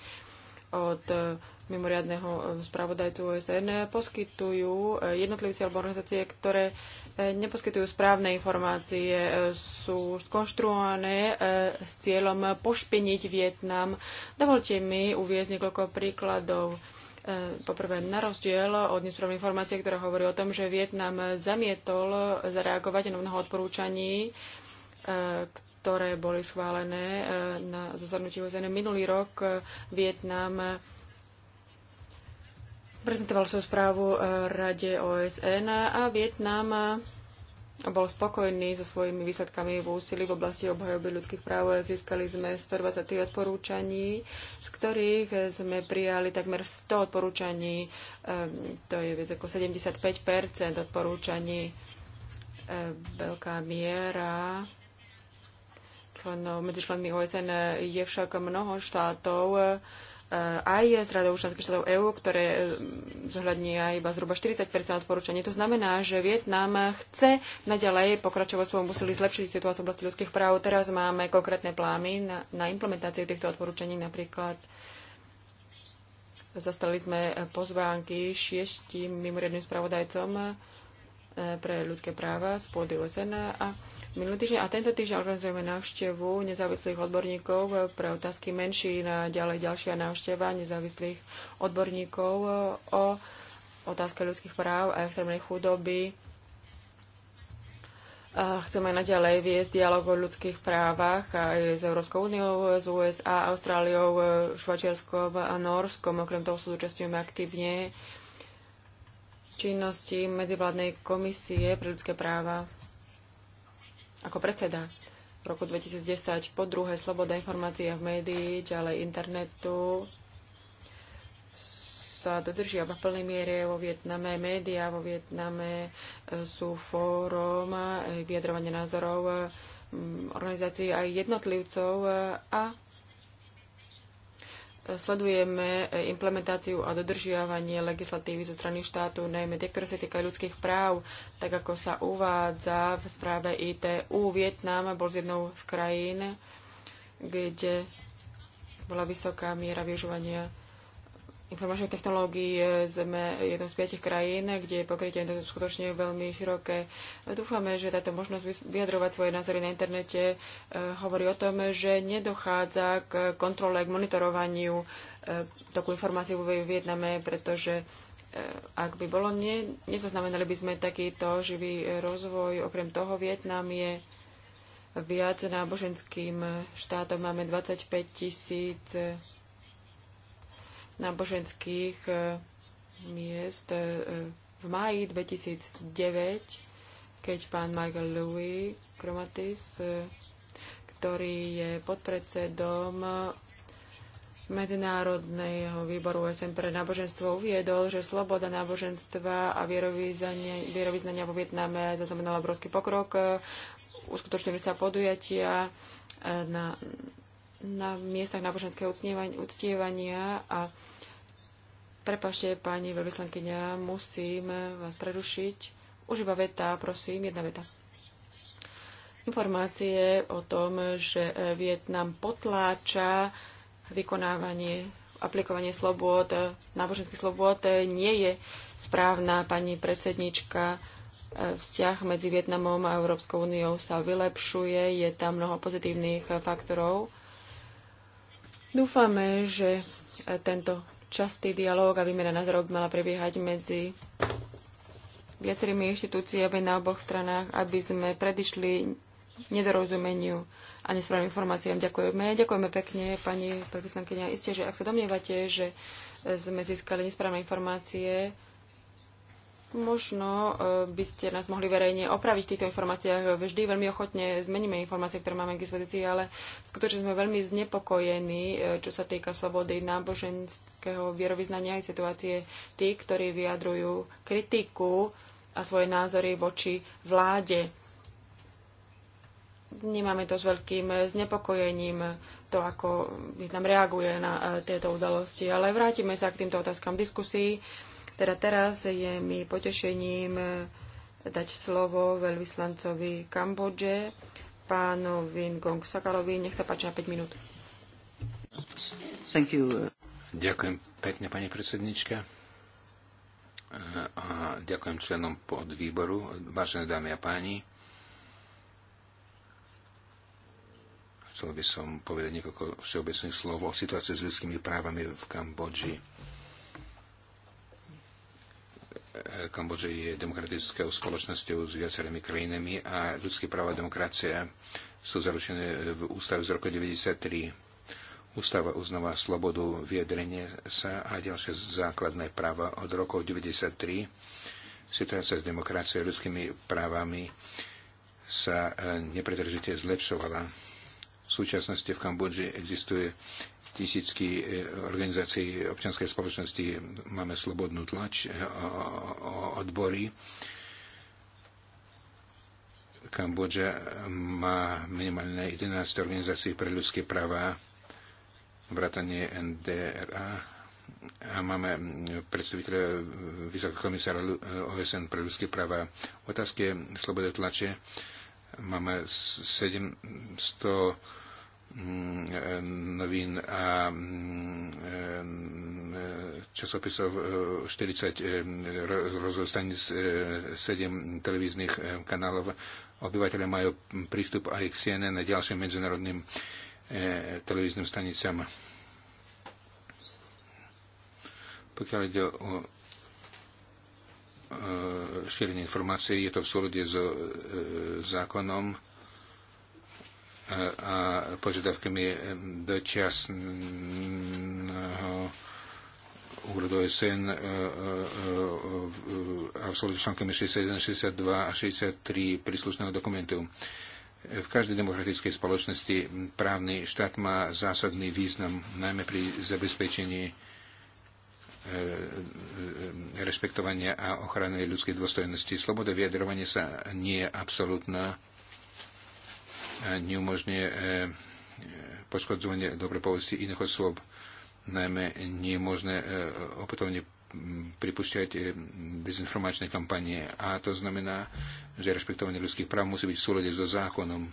od eh, mimoriadného eh, spravodajcu OSN, poskytujú jednotlivci alebo organizácie, ktoré neposkytujú správne informácie, sú skonštruované s cieľom pošpiniť Vietnam. Dovolte mi uviezť niekoľko príkladov Poprvé, na rozdiel od nesprávnej informácie, ktorá hovorí o tom, že Vietnam zamietol zareagovať na mnoho odporúčaní, e, ktoré boli schválené e, na zasadnutí OSN minulý rok. E, Vietnam prezentoval svoju správu Rade OSN a Vietnam bol spokojný so svojimi výsledkami v úsilí v oblasti obhajoby ľudských práv. Získali sme 123 odporúčaní, z ktorých sme prijali takmer 100 odporúčaní, to je viac ako 75 odporúčaní. Veľká miera členov, medzi členmi OSN je však mnoho štátov, Eh, aj z radou účastných štátov EÚ, ktoré eh, aj iba zhruba 40 odporúčaní. To znamená, že Vietnam chce naďalej pokračovať svojom úsilí zlepšiť situáciu v oblasti ľudských práv. Teraz máme konkrétne plány na, na implementáciu týchto odporúčaní. Napríklad zastali sme pozvánky šiestim mimoriadným spravodajcom eh, pre ľudské práva z pôdy OSN a minulý týždeň a tento týždeň organizujeme návštevu nezávislých odborníkov pre otázky menší na ďalej ďalšia návšteva nezávislých odborníkov o otázke ľudských práv a extrémnej chudoby. Chceme naďalej viesť dialog o ľudských právach aj s Európskou úniou, s USA, Austráliou, Švačiarskom a Norskom. Okrem toho sa zúčastňujeme aktívne činnosti medzivládnej komisie pre ľudské práva ako predseda v roku 2010. Po druhé, sloboda informácií v médií, ďalej internetu sa dodržiava v plnej miere vo Vietname. Média vo Vietname e, sú fórom e, vyjadrovania názorov organizácií aj jednotlivcov e, a sledujeme e, implementáciu a dodržiavanie legislatívy zo strany štátu, najmä tie, ktoré sa týkajú ľudských práv, tak ako sa uvádza v správe ITU. Vietnam bol z jednou z krajín, kde bola vysoká miera využívania informačných technológií sme e, jednou z piatich krajín, kde je pokrytie internetu skutočne veľmi široké. Dúfame, že táto možnosť vyjadrovať svoje názory na internete e, hovorí o tom, že nedochádza k kontrole, k monitorovaniu e, toku informácií vo Vietname, pretože ak by bolo, nie, nezaznamenali by sme takýto živý rozvoj. Okrem toho, Vietnam je viac náboženským štátom. Máme 25 tisíc 000 náboženských e, miest e, v máji 2009, keď pán Michael Louis Kromatis, e, ktorý je podpredsedom Medzinárodného výboru OSN pre náboženstvo uviedol, že sloboda náboženstva a vierovýznania vo Vietname zaznamenala obrovský pokrok. Uskutočnili sa podujatia na na miestach náboženského uctievania a prepašte, pani veľvyslankyňa, musím vás prerušiť. Už iba veta, prosím, jedna veta. Informácie o tom, že Vietnam potláča vykonávanie, aplikovanie slobôd, náboženských slobôd, nie je správna, pani predsednička vzťah medzi Vietnamom a Európskou úniou sa vylepšuje, je tam mnoho pozitívnych faktorov, Dúfame, že e, tento častý dialóg a výmena názorov mala prebiehať medzi viacerými inštitúciami na oboch stranách, aby sme predišli nedorozumeniu a nesprávnym informáciám. Ďakujeme. Ďakujeme pekne, pani predvyslankyňa. Isté, že ak sa domnievate, že e, sme získali nesprávne informácie, Možno e, by ste nás mohli verejne opraviť v týchto informáciách. Vždy veľmi ochotne zmeníme informácie, ktoré máme k dispozícii, ale skutočne sme veľmi znepokojení, e, čo sa týka slobody náboženského vierovýznania aj situácie tých, ktorí vyjadrujú kritiku a svoje názory voči vláde. Vnímame to s veľkým znepokojením to, ako Vietnam reaguje na e, tieto udalosti, ale vrátime sa k týmto otázkam diskusii. diskusii teda teraz je mi potešením e, dať slovo veľvyslancovi Kambodže, pánovi Ngong Sakalovi. Nech sa páči na 5 minút. Thank you. Ďakujem pekne, pani predsednička. E, a ďakujem členom podvýboru, vážené dámy a páni. Chcel by som povedať niekoľko všeobecných slov o situácii s ľudskými právami v Kambodži Kambodža je demokratickou spoločnosťou s viacerými krajinami a ľudské práva a demokracia sú zaručené v ústave z roku 1993. Ústava uznáva slobodu vyjadrenia sa a ďalšie základné práva od roku 1993. Situácia s demokraciou a ľudskými právami sa eh, nepretržite zlepšovala. V súčasnosti v Kambodži existuje tisícky e, organizácií občianskej spoločnosti, máme slobodnú tlač, e, odbory. Kambodža má minimálne 11 organizácií pre ľudské práva, vrátanie NDRA, a máme predstaviteľa Vysokého komisára OSN pre ľudské práva. Otázky slobody tlače máme 700 Mm, novín a mm, e, časopisov 40 rozhostaní z 7 televíznych e, kanálov. Obyvateľe majú prístup aj k CNN a ďalším medzinárodným e, televíznym stanicám. Pokiaľ ide o šírenie informácií, je to v súlade s zákonom a požiadavkami dočasného úradu SN e, e, e, a v súlade článkami 61, 62 a 63 príslušného dokumentu. V každej demokratickej spoločnosti právny štát má zásadný význam, najmä pri zabezpečení rešpektovania a ochrany ľudskej dôstojnosti. Sloboda vyjadrovania sa nie je absolútna neumožňuje eh, eh, poškodzovanie dobrej povesti iných osôb. Najmä nie je možné eh, opätovne mm, pripúšťať dezinformačné kampanie. A to znamená, že rešpektovanie ľudských práv musí byť v súlade so zákonom.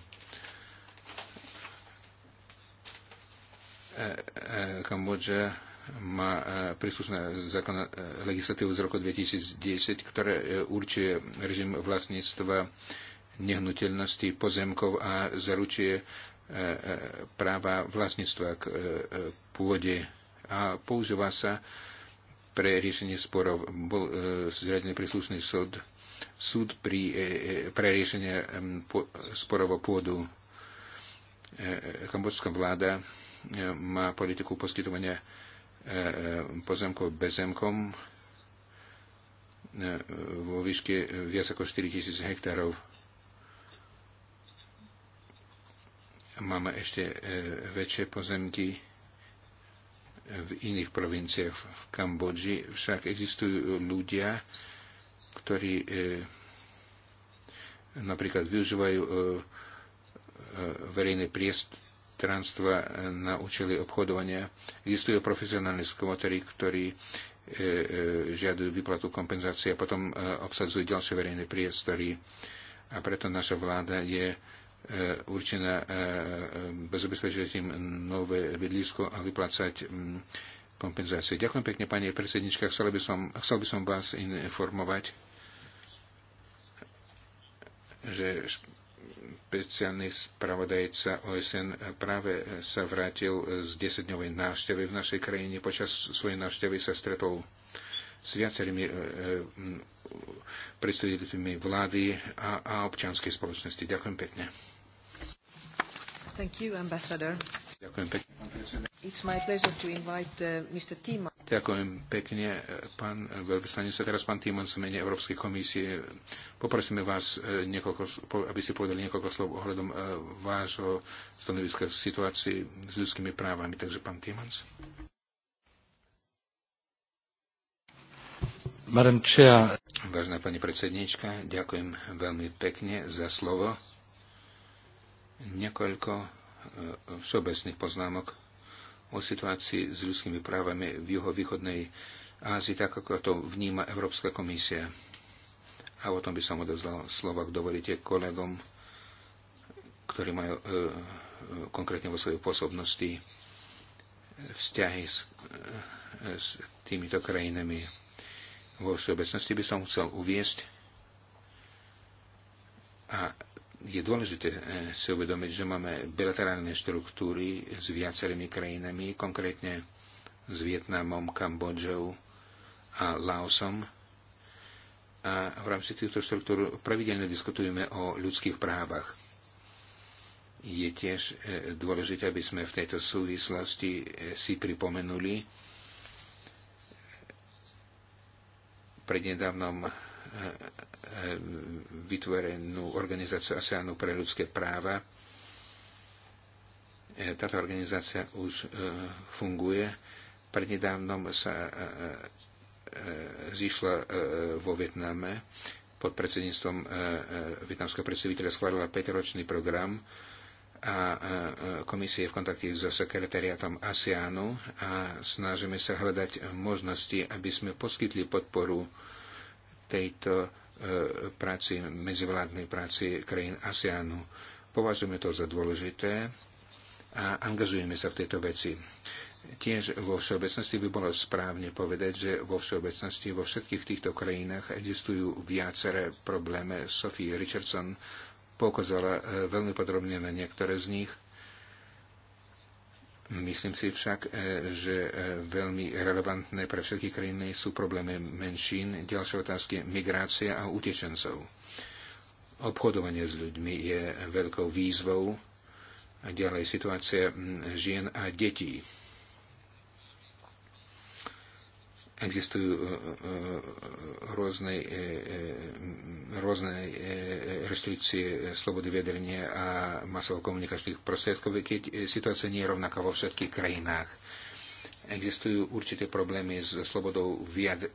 Kambodža má príslušná zákon, legislatívu z roku 2010, ktorá určuje režim vlastníctva nehnuteľnosti pozemkov a zaručuje e, e, práva vlastníctva k e, pôde a používa sa pre riešenie sporov. Bol zriadený príslušný súd, súd pri, pre riešenie sporov o pôdu. Kambodská vláda má politiku poskytovania pozemkov bezemkom vo výške viac ako 4 tisíc hektárov Máme ešte e, väčšie pozemky v iných provinciách v Kambodži, však existujú ľudia, ktorí e, napríklad využívajú e, verejné priestranstva na účely obchodovania. Existujú profesionálni skvotery, ktorí žiadajú vyplatu kompenzácie a potom obsadzujú ďalšie verejné priestory. A preto naša vláda je E, určená e, e, bezobezpečujúcim nové bydlisko a vyplácať kompenzácie. Ďakujem pekne, pani predsednička. Chcel by som, chcel by som vás informovať, že špeciálny spravodajca OSN práve sa vrátil z 10-dňovej návštevy v našej krajine. Počas svojej návštevy sa stretol s viacerými predstaviteľmi vlády a, a občianskej spoločnosti. Ďakujem pekne. Thank you, ambassador. Ďakujem pekne, pán predseda. It's my pleasure to invite uh, Mr. Timon. Ďakujem pekne, uh, pán veľvyslanec. A teraz pán Timon z mene Európskej komisie. Poprosíme vás, uh, niekoľko, aby ste povedali niekoľko slov ohľadom uh, vášho stanoviska situácii s ľudskými právami. Takže pán Timons. Vážená pani predsedníčka, ďakujem veľmi pekne za slovo. Niekoľko e, všeobecných poznámok o situácii s ľudskými právami v juhovýchodnej Ázii, tak ako to vníma Európska komisia. A o tom by som odovzdal slovo, ak dovolíte, kolegom, ktorí majú e, e konkrétne vo svojej pôsobnosti e, vzťahy s, e, s týmito krajinami. Vo všeobecnosti by som chcel uviesť a je dôležité eh, si uvedomiť, že máme bilaterálne štruktúry s viacerými krajinami, konkrétne s Vietnamom, Kambodžou a Laosom. A v rámci týchto štruktúr pravidelne diskutujeme o ľudských právach. Je tiež eh, dôležité, aby sme v tejto súvislosti eh, si pripomenuli prednedávnom vytvorenú organizáciu ASEANu pre ľudské práva. E, táto organizácia už e, funguje. Prednedávnom sa e, zišla vo Vietname pod predsedníctvom vietnamského predstaviteľa schválila 5-ročný program a komisie je v kontakte so sekretariatom ASEANu a snažíme sa hľadať možnosti, aby sme poskytli podporu tejto e, práci, medzivládnej práci krajín ASEANu. Považujeme to za dôležité a angažujeme sa v tejto veci. Tiež vo všeobecnosti by bolo správne povedať, že vo všeobecnosti vo všetkých týchto krajinách existujú viaceré problémy. Sophie Richardson poukázala e, veľmi podrobne na niektoré z nich Myslím si však, e, že e, veľmi relevantné pre všetky krajiny sú problémy menšín, ďalšie otázky migrácia a utečencov. Obchodovanie s ľuďmi je veľkou výzvou, ďalej situácia žien a detí existujú e, e, e, rôzne, rôzne reštrikcie slobody vedenia a masovo-komunikačných prostriedkov, keď situácia nie je rovnaká vo všetkých krajinách. Existujú určité problémy s slobodou vyjad,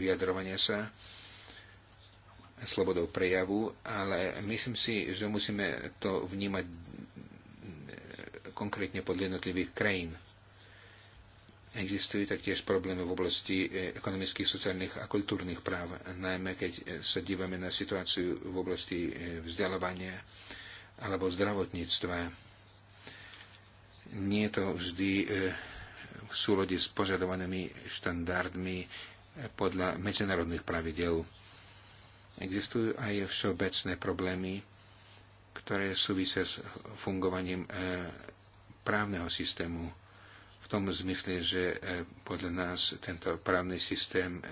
vyjadrovania sa, slobodou prejavu, ale myslím si, že musíme to vnímať konkrétne pod jednotlivých krajín Existujú taktiež problémy v oblasti e, ekonomických, sociálnych a kultúrnych práv, najmä keď e, sa dívame na situáciu v oblasti e, vzdelávania alebo zdravotníctva. Nie je to vždy v súlode s požadovanými štandardmi podľa medzinárodných pravidel. Existujú aj všeobecné problémy, ktoré súvisia s fungovaním právneho systému tom zmysle, že e, podľa nás tento právny systém e,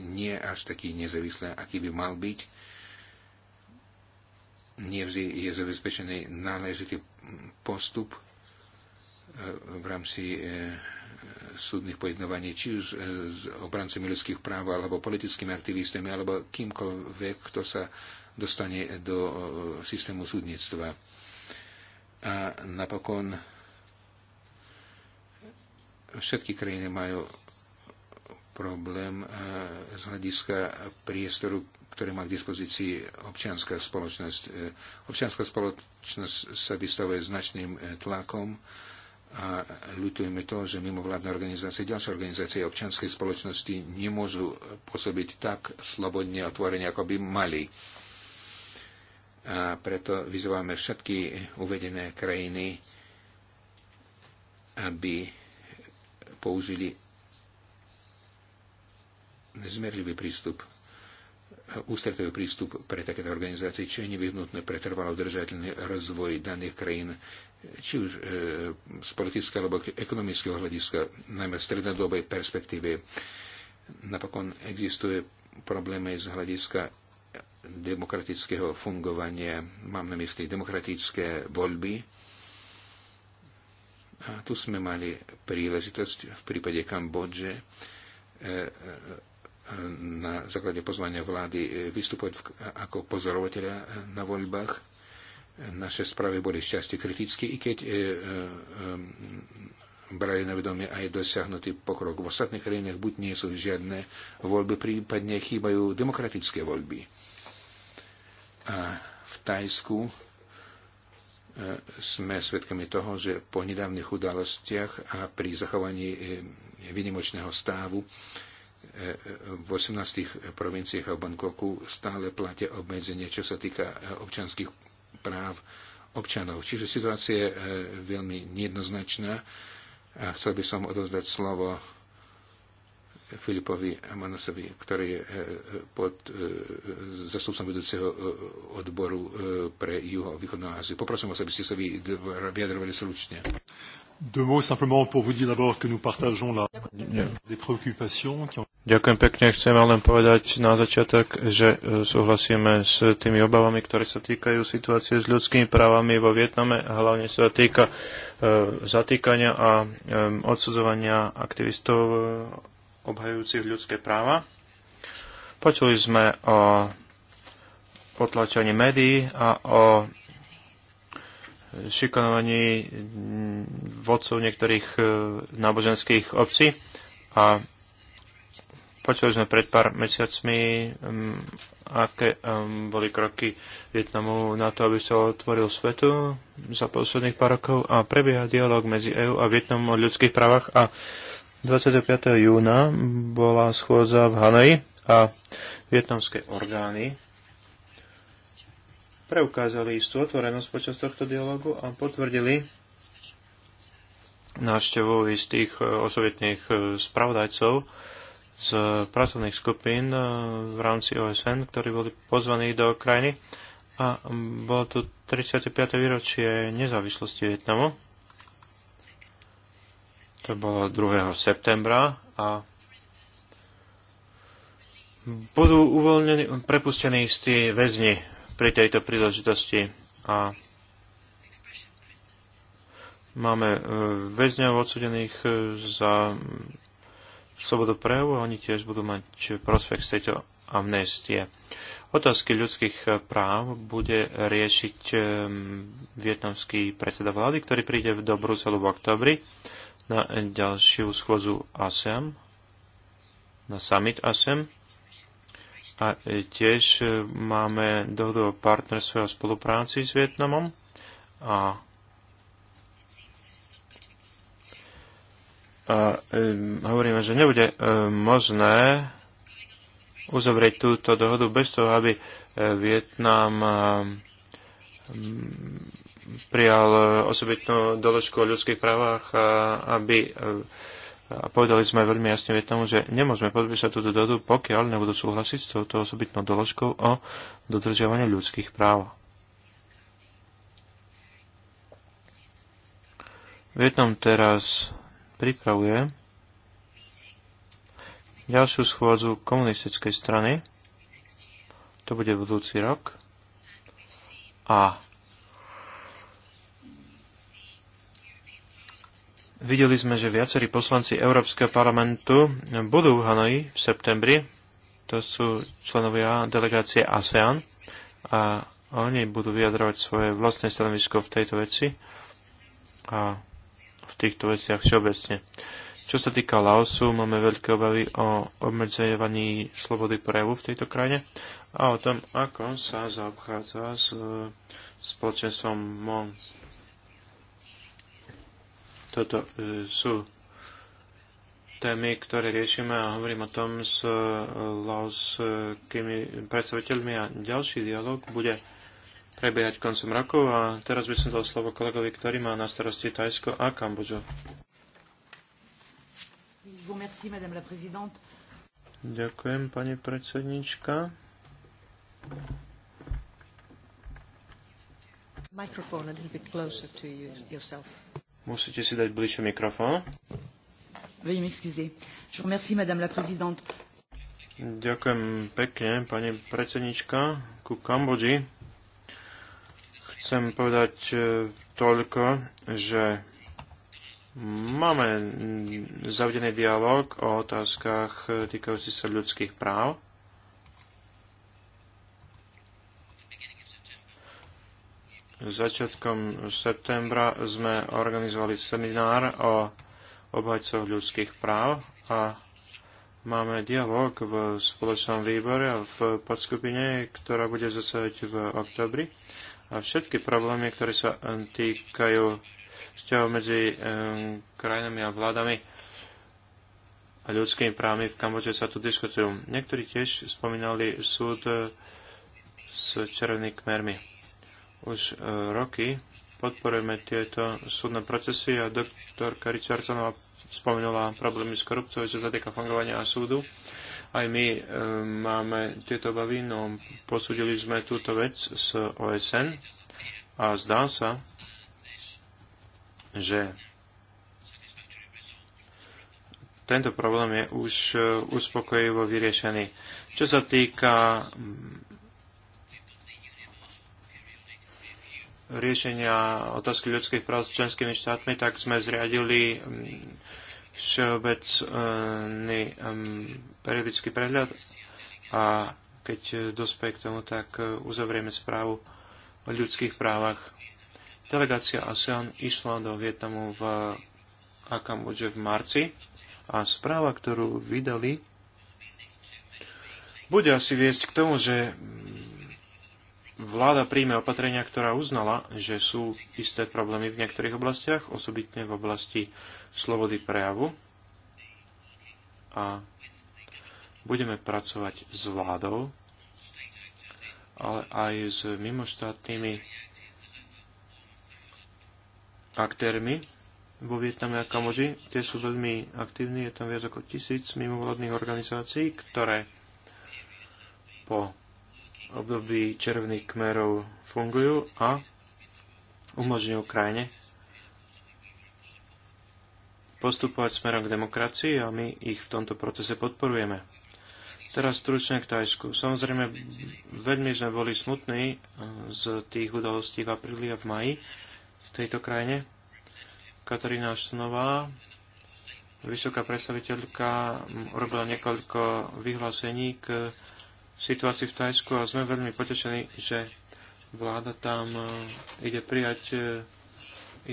nie je až taký nezávislý, aký by mal byť. Nevždy je zabezpečený náležitý postup e, v rámci súdnych pojednovaní, či už s obrancami ľudských práv, alebo politickými aktivistami, alebo kýmkoľvek, kto sa dostane do systému súdnictva. A napokon Všetky krajiny majú problém eh, z hľadiska priestoru, ktoré má k dispozícii občianská spoločnosť. Eh, občianská spoločnosť sa vystavuje značným eh, tlakom a ľutujeme to, že mimovládne organizácie, ďalšie organizácie občianskej spoločnosti nemôžu pôsobiť tak slobodne a otvorene, ako by mali. A preto vyzývame všetky uvedené krajiny, aby použili nezmerlivý prístup, ústretový prístup pre takéto organizácie, čo je nevyhnutné pre trvalo udržateľný rozvoj daných krajín, či už e, z politického alebo ekonomického hľadiska, najmä v strednodobej perspektíve. Napokon existuje problémy z hľadiska demokratického fungovania, mám na mysli demokratické voľby, a tu sme mali príležitosť v prípade Kambodže e, e, e, na základe pozvania vlády vystúpať ako pozorovateľa na voľbách. Naše správy boli šťastie kritické, i keď brali na vedomie aj dosiahnutý pokrok. V ostatných krajinách buď nie sú žiadne voľby, prípadne chýbajú demokratické voľby. A v Tajsku sme svedkami toho, že po nedávnych udalostiach a pri zachovaní eh, vynimočného stávu eh, v 18 provinciách a v Bangkoku stále platia obmedzenie, čo sa týka eh, občanských práv občanov. Čiže situácia je veľmi nejednoznačná. A chcel by som odozdať slovo Filipovi Amanosovi, ktorý je e, pod e, zastupcom vedúceho e, odboru e, pre juho východnú Áziu. Poprosím vás, aby ste sa vyjadrovali slučne. Deux mots simplement pour vous dire d'abord que nous partageons la des préoccupations qui ont Ďakujem pekne. Chcem len povedať na začiatok, že súhlasíme s tými obavami, ktoré sa týkajú situácie s ľudskými právami vo Vietname. Hlavne sa týka e, zatýkania a e, odsudzovania aktivistov obhajujúcich ľudské práva. Počuli sme o potlačení médií a o šikanovaní vodcov niektorých e, náboženských obcí a počuli sme pred pár mesiacmi, aké boli kroky Vietnamu na to, aby sa otvoril svetu za posledných pár rokov a prebieha dialog medzi EÚ a Vietnamom o ľudských právach a 25. júna bola schôdza v Hanoji a vietnamské orgány preukázali istú otvorenosť počas tohto dialogu a potvrdili návštevu istých e, osobitných e, spravodajcov z pracovných skupín e, v rámci OSN, ktorí boli pozvaní do krajiny. A bolo tu 35. výročie nezávislosti Vietnamu to bolo 2. septembra a budú uvoľnení, prepustení istí väzni pri tejto príležitosti a máme e, väzňov odsudených e, za slobodu prejavu a oni tiež budú mať prospekt z tejto amnestie. Otázky ľudských práv bude riešiť e, vietnamský predseda vlády, ktorý príde do Bruselu v oktobri na ďalšiu schôzu ASEM, na summit ASEM. A tiež máme dohodu o partnerstve a spolupráci s Vietnamom. A, a e, hovoríme, že nebude e, možné uzavrieť túto dohodu bez toho, aby Vietnam prijal e, osobitnú doložku o ľudských právach, aby e, a povedali sme veľmi jasne Vietnamu, že nemôžeme podpísať túto dohodu, pokiaľ nebudú súhlasiť s touto osobitnou doložkou o dodržiavaní ľudských práv. Vietnam teraz pripravuje ďalšiu schôdzu komunistickej strany. To bude budúci rok. A Videli sme, že viacerí poslanci Európskeho parlamentu budú v Hanoji v septembri. To sú členovia delegácie ASEAN a oni budú vyjadrovať svoje vlastné stanovisko v tejto veci a v týchto veciach všeobecne. Čo sa týka Laosu, máme veľké obavy o obmedzovaní slobody prejavu v tejto krajine a o tom, ako sa zaobchádza s spoločenstvom Hmong. Toto e, sú témy, ktoré riešime a hovorím o tom s e, laoskými predstaviteľmi a ďalší dialog bude prebiehať koncom roku a teraz by som dal slovo kolegovi, ktorý má na starosti Tajsko a Kambodžu. Ďakujem, pani predsednička. Microphone a little bit closer to you, yourself. Musíte si dať bližšie mikrofón. Ďakujem pekne, pani predsednička, ku Kambodži. Chcem povedať e, toľko, že máme zavedený dialog o otázkach e, týkajúcich sa ľudských práv Začiatkom septembra sme organizovali seminár o obhajcoch ľudských práv a máme dialog v spoločnom výbore a v podskupine, ktorá bude zasadať v oktobri. A všetky problémy, ktoré sa týkajú vzťahov medzi um, krajinami a vládami a ľudskými právmi v Kambodže sa tu diskutujú. Niektorí tiež spomínali súd s červenými kmermi už e, roky podporujeme tieto súdne procesy a doktorka Richardsonová spomenula problémy s korupciou, čo sa týka fungovania súdu. Aj my e, máme tieto obavy, no posúdili sme túto vec s OSN a zdá sa, že tento problém je už e, uspokojivo vyriešený. Čo sa týka riešenia otázky ľudských práv s členskými štátmi, tak sme zriadili mm, všeobecný mm, periodický prehľad a keď dospeje k tomu, tak e, uzavrieme správu o ľudských právach. Delegácia ASEAN išla do Vietnamu v a Kambodže v marci a správa, ktorú vydali, bude asi viesť k tomu, že mm, vláda príjme opatrenia, ktorá uznala, že sú isté problémy v niektorých oblastiach, osobitne v oblasti slobody prejavu. A budeme pracovať s vládou, ale aj s mimoštátnymi aktérmi vo Vietname a Kamoži. Tie sú veľmi aktívni, je tam viac ako tisíc mimovládnych organizácií, ktoré po období červených kmerov fungujú a umožňujú krajine postupovať smerom k demokracii a my ich v tomto procese podporujeme. Teraz stručne k Tajsku. Samozrejme, veľmi sme boli smutní e, z tých udalostí v apríli a v maji v tejto krajine. Katarína Štunová, vysoká predstaviteľka, urobila niekoľko vyhlásení k situácii v Tajsku a sme veľmi potešení, že vláda tam e, ide prijať e,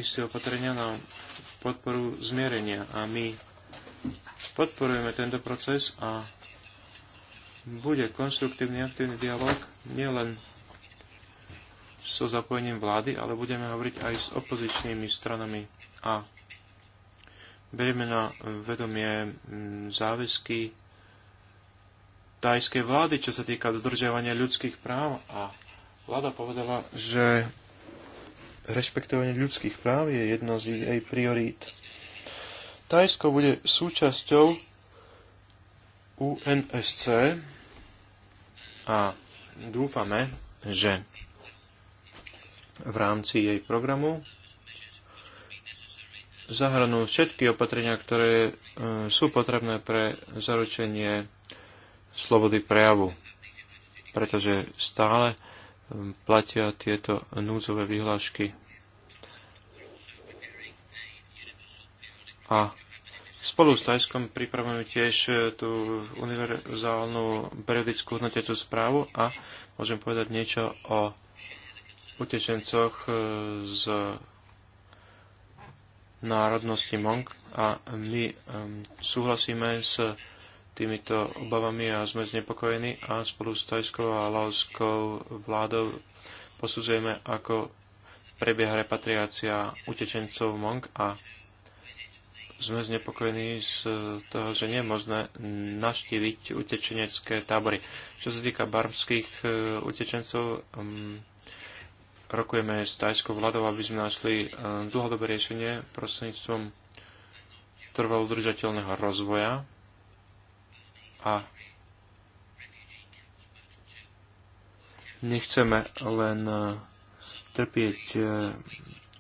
isté opatrenia na podporu zmierenia a my podporujeme tento proces a bude konstruktívny aktívny dialog nielen so zapojením vlády, ale budeme hovoriť aj s opozičnými stranami a berieme na vedomie záväzky tajskej vlády, čo sa týka dodržiavania ľudských práv a vláda povedala, že rešpektovanie ľudských práv je jedna z jej priorít. Tajsko bude súčasťou UNSC a dúfame, že v rámci jej programu zahrnú všetky opatrenia, ktoré e, sú potrebné pre zaručenie slobody prejavu, pretože stále um, platia tieto núzové vyhlášky. A Spolu s Tajskom pripravujeme tiež e, tú univerzálnu periodickú hodnotiacu správu a môžem povedať niečo o utečencoch e, z národnosti Mong a my e, súhlasíme s týmito obavami a sme znepokojení a spolu s tajskou a laoskou vládou posudzujeme, ako prebieha repatriácia utečencov Mong a sme znepokojení z toho, že nie je možné naštíviť utečenecké tábory. Čo sa týka barmských e, utečencov, mm, rokujeme s tajskou vládou, aby sme našli e, dlhodobé riešenie prostredníctvom trvalo udržateľného rozvoja a nechceme len e, trpieť e,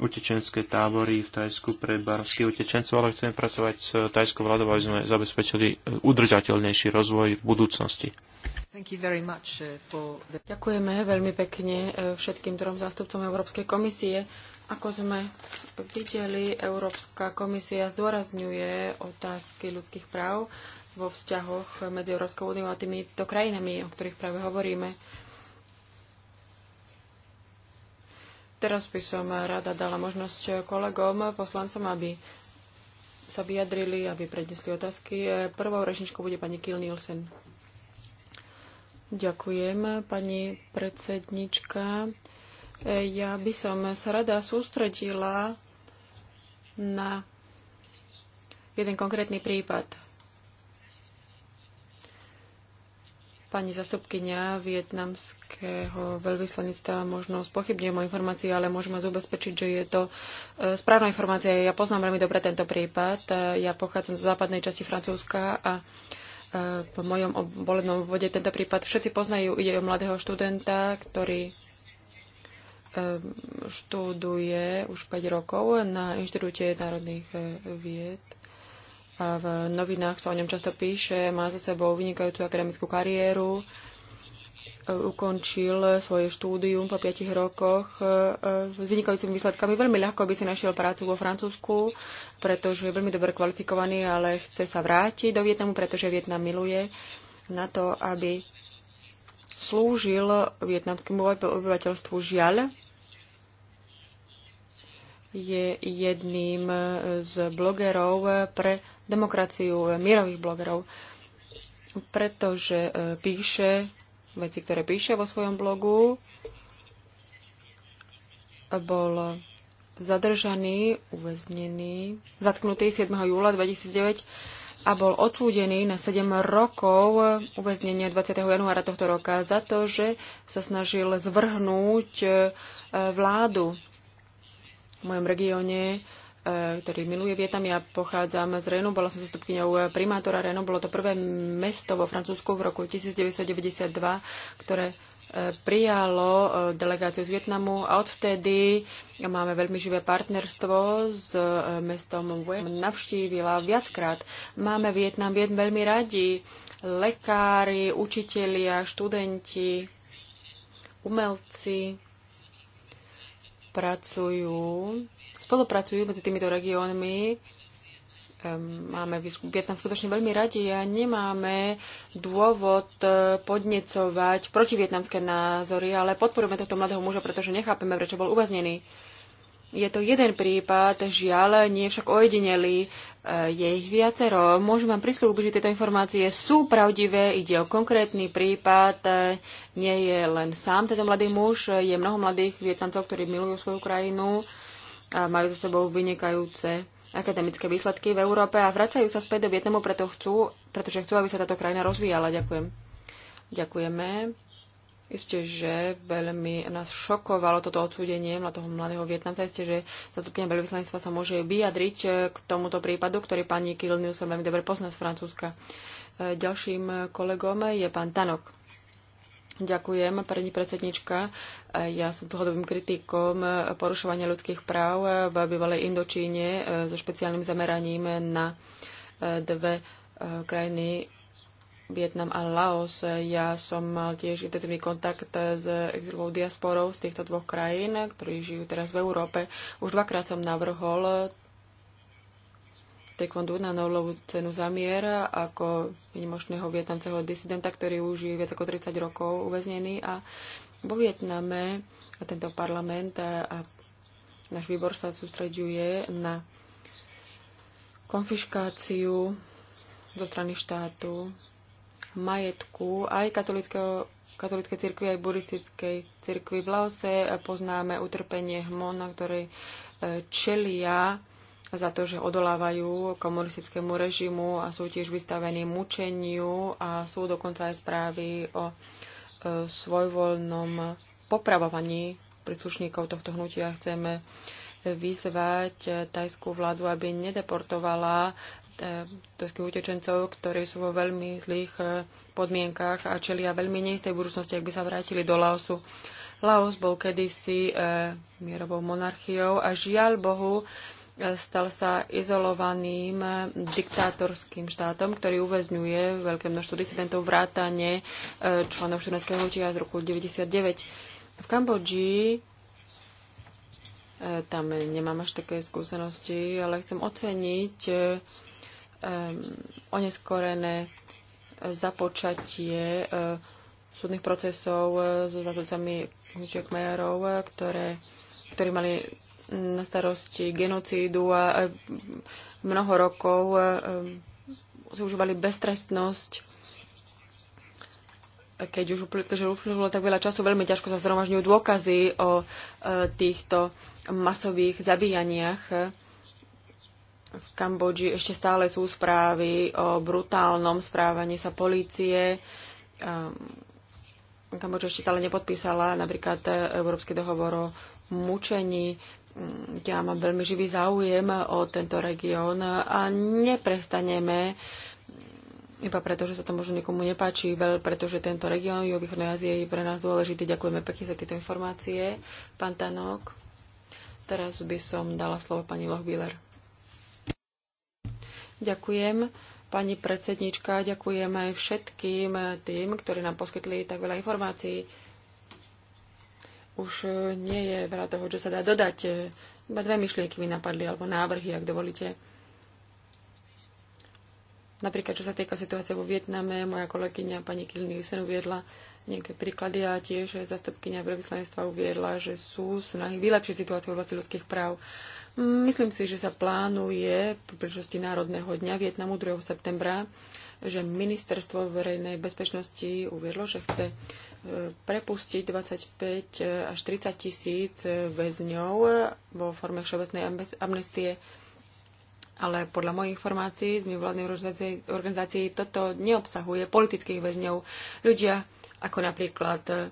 utečenské tábory v Tajsku pre barovských utečencov, ale chceme pracovať s tajskou vládou, aby sme zabezpečili e, udržateľnejší rozvoj v budúcnosti. Ďakujeme veľmi pekne všetkým trom zástupcom Európskej komisie. Ako sme videli, Európska komisia zdôrazňuje otázky ľudských práv vo vzťahoch medzi Európskou úniou a týmito krajinami, o ktorých práve hovoríme. Teraz by som rada dala možnosť kolegom, poslancom, aby sa vyjadrili, aby prednesli otázky. Prvou rečničkou bude pani Kiel Nielsen. Ďakujem, pani predsednička. Ja by som sa rada sústredila na jeden konkrétny prípad. pani zastupkynia vietnamského veľvyslanectva možno spochybňuje moju informáciu, ale môžem vás ubezpečiť, že je to e, správna informácia. Ja poznám veľmi dobre tento prípad. E, ja pochádzam z západnej časti Francúzska a e, v mojom volebnom vode tento prípad všetci poznajú. Ide o mladého študenta, ktorý študuje už 5 rokov na Inštitúte národných vied v novinách sa o ňom často píše, má za sebou vynikajúcu akademickú kariéru, ukončil svoje štúdium po 5 rokoch e, e, s vynikajúcimi výsledkami. Veľmi ľahko by si našiel prácu vo Francúzsku, pretože je veľmi dobre kvalifikovaný, ale chce sa vrátiť do Vietnamu, pretože Vietnam miluje na to, aby slúžil vietnamskému obyvateľstvu žiaľ. Je jedným z blogerov pre demokraciu, mierových blogerov, pretože e, píše veci, ktoré píše vo svojom blogu. Bol zadržaný, uväznený, zatknutý 7. júla 2009 a bol odsúdený na 7 rokov uväznenia 20. januára tohto roka za to, že sa snažil zvrhnúť e, vládu v mojom regióne E, ktorý miluje Vietnam. Ja pochádzam z Renu, bola som zastupkyňou primátora Renu. Bolo to prvé mesto vo Francúzsku v roku 1992, ktoré e, prijalo e, delegáciu z Vietnamu a odvtedy máme veľmi živé partnerstvo s mestom Hue. Navštívila viackrát. Máme Vietnam veľmi radi. Lekári, učitelia, študenti, umelci pracujú, spolupracujú medzi týmito regiónmi. Máme Vietnam skutočne veľmi radi a nemáme dôvod eh, podnecovať protivietnamské názory, ale podporujeme tohto mladého muža, pretože nechápeme, prečo bol uväznený. Je to jeden prípad, žiaľ, nie však ojedineli e, Je ich viacero. Môžem vám prislúbiť, že tieto informácie sú pravdivé, ide o konkrétny prípad. E, nie je len sám tento mladý muž, je mnoho mladých Vietnamcov, ktorí milujú svoju krajinu a majú za sebou vynikajúce akademické výsledky v Európe a vracajú sa späť do Vietnamu, preto chcú, pretože chcú, aby sa táto krajina rozvíjala. Ďakujem. Ďakujeme. Isté, že veľmi nás šokovalo toto odsúdenie na toho mladého Vietnamca. Isté, že zastupkynia veľvyslanectva sa môže vyjadriť eh, k tomuto prípadu, ktorý pani Kill Nielsen veľmi dobre pozná z Francúzska. Eh, ďalším kolegom je pán Tanok. Ďakujem, pani predsednička. Eh, ja som dlhodobým kritikom porušovania ľudských práv v bývalej Indočíne so špeciálnym zameraním na dve krajiny Vietnam a Laos. Ja som mal tiež intenzívny kontakt s exilovou diasporou z týchto dvoch krajín, ktorí žijú teraz v Európe. Už dvakrát som navrhol taekwondo na Nobelovú cenu za mier ako vynimočného vietnamceho disidenta, ktorý už je viac ako 30 rokov uväznený a vo Vietname a tento parlament a, a náš výbor sa sústreďuje na konfiškáciu zo strany štátu majetku aj katolického katolíckej cirkvi aj buddhistickej cirkvi. V Laose poznáme utrpenie hmon, na ktorej čelia za to, že odolávajú komunistickému režimu a sú tiež vystavení mučeniu a sú dokonca aj správy o e, svojvoľnom popravovaní príslušníkov tohto hnutia. Chceme vyzvať tajskú vládu, aby nedeportovala Eh, turských utečencov, ktorí sú vo veľmi zlých eh, podmienkách a čelia veľmi neistej budúcnosti, ak by sa vrátili do Laosu. Laos bol kedysi eh, mierovou monarchiou a žiaľ Bohu stal sa izolovaným diktátorským štátom, ktorý uväzňuje veľké množstvo disidentov vrátane členov študentského hnutia z roku 1999. V Kambodži tam nemám až také skúsenosti, ale chcem oceniť oneskorené e, započatie e, súdnych procesov e, so zástupcami hnučiek Majarov, ktoré, ktorí mali na starosti genocídu a mnoho rokov zúžovali beztrestnosť. Keď už uplynulo tak veľa času, veľmi ťažko sa zhromažňujú dôkazy o týchto masových zabíjaniach v Kambodži ešte stále sú správy o brutálnom správaní sa polície. Ehm, Kambodža ešte stále nepodpísala napríklad e, Európsky dohovor o mučení. Mm, ja mám veľmi živý záujem o tento región a neprestaneme mm, iba preto, že sa to možno nikomu nepáči, pretože tento región Juhovýchodnej Ázie je pre nás dôležitý. Ďakujeme pekne za tieto informácie. Pán Tanok, teraz by som dala slovo pani Lohbíler. Ďakujem, pani predsednička, ďakujem aj všetkým tým, ktorí nám poskytli tak veľa informácií. Už nie je veľa toho, čo sa dá dodať. Iba dve myšlienky mi napadli, alebo návrhy, ak dovolíte. Napríklad, čo sa týka situácie vo Vietname, moja kolegyňa pani Kilny sen uviedla nejaké príklady a tiež zastupkynia veľvyslanectva uviedla, že sú snahy vylepšiť situáciu v oblasti ľudských práv. Myslím si, že sa plánuje po príležitosti Národného dňa Vietnamu 2. septembra, že Ministerstvo verejnej bezpečnosti uviedlo, že chce e, prepustiť 25 až 30 tisíc väzňov vo forme všeobecnej amnestie. Ale podľa mojich informácií z nevládnej organizácií toto neobsahuje politických väzňov. Ľudia ako napríklad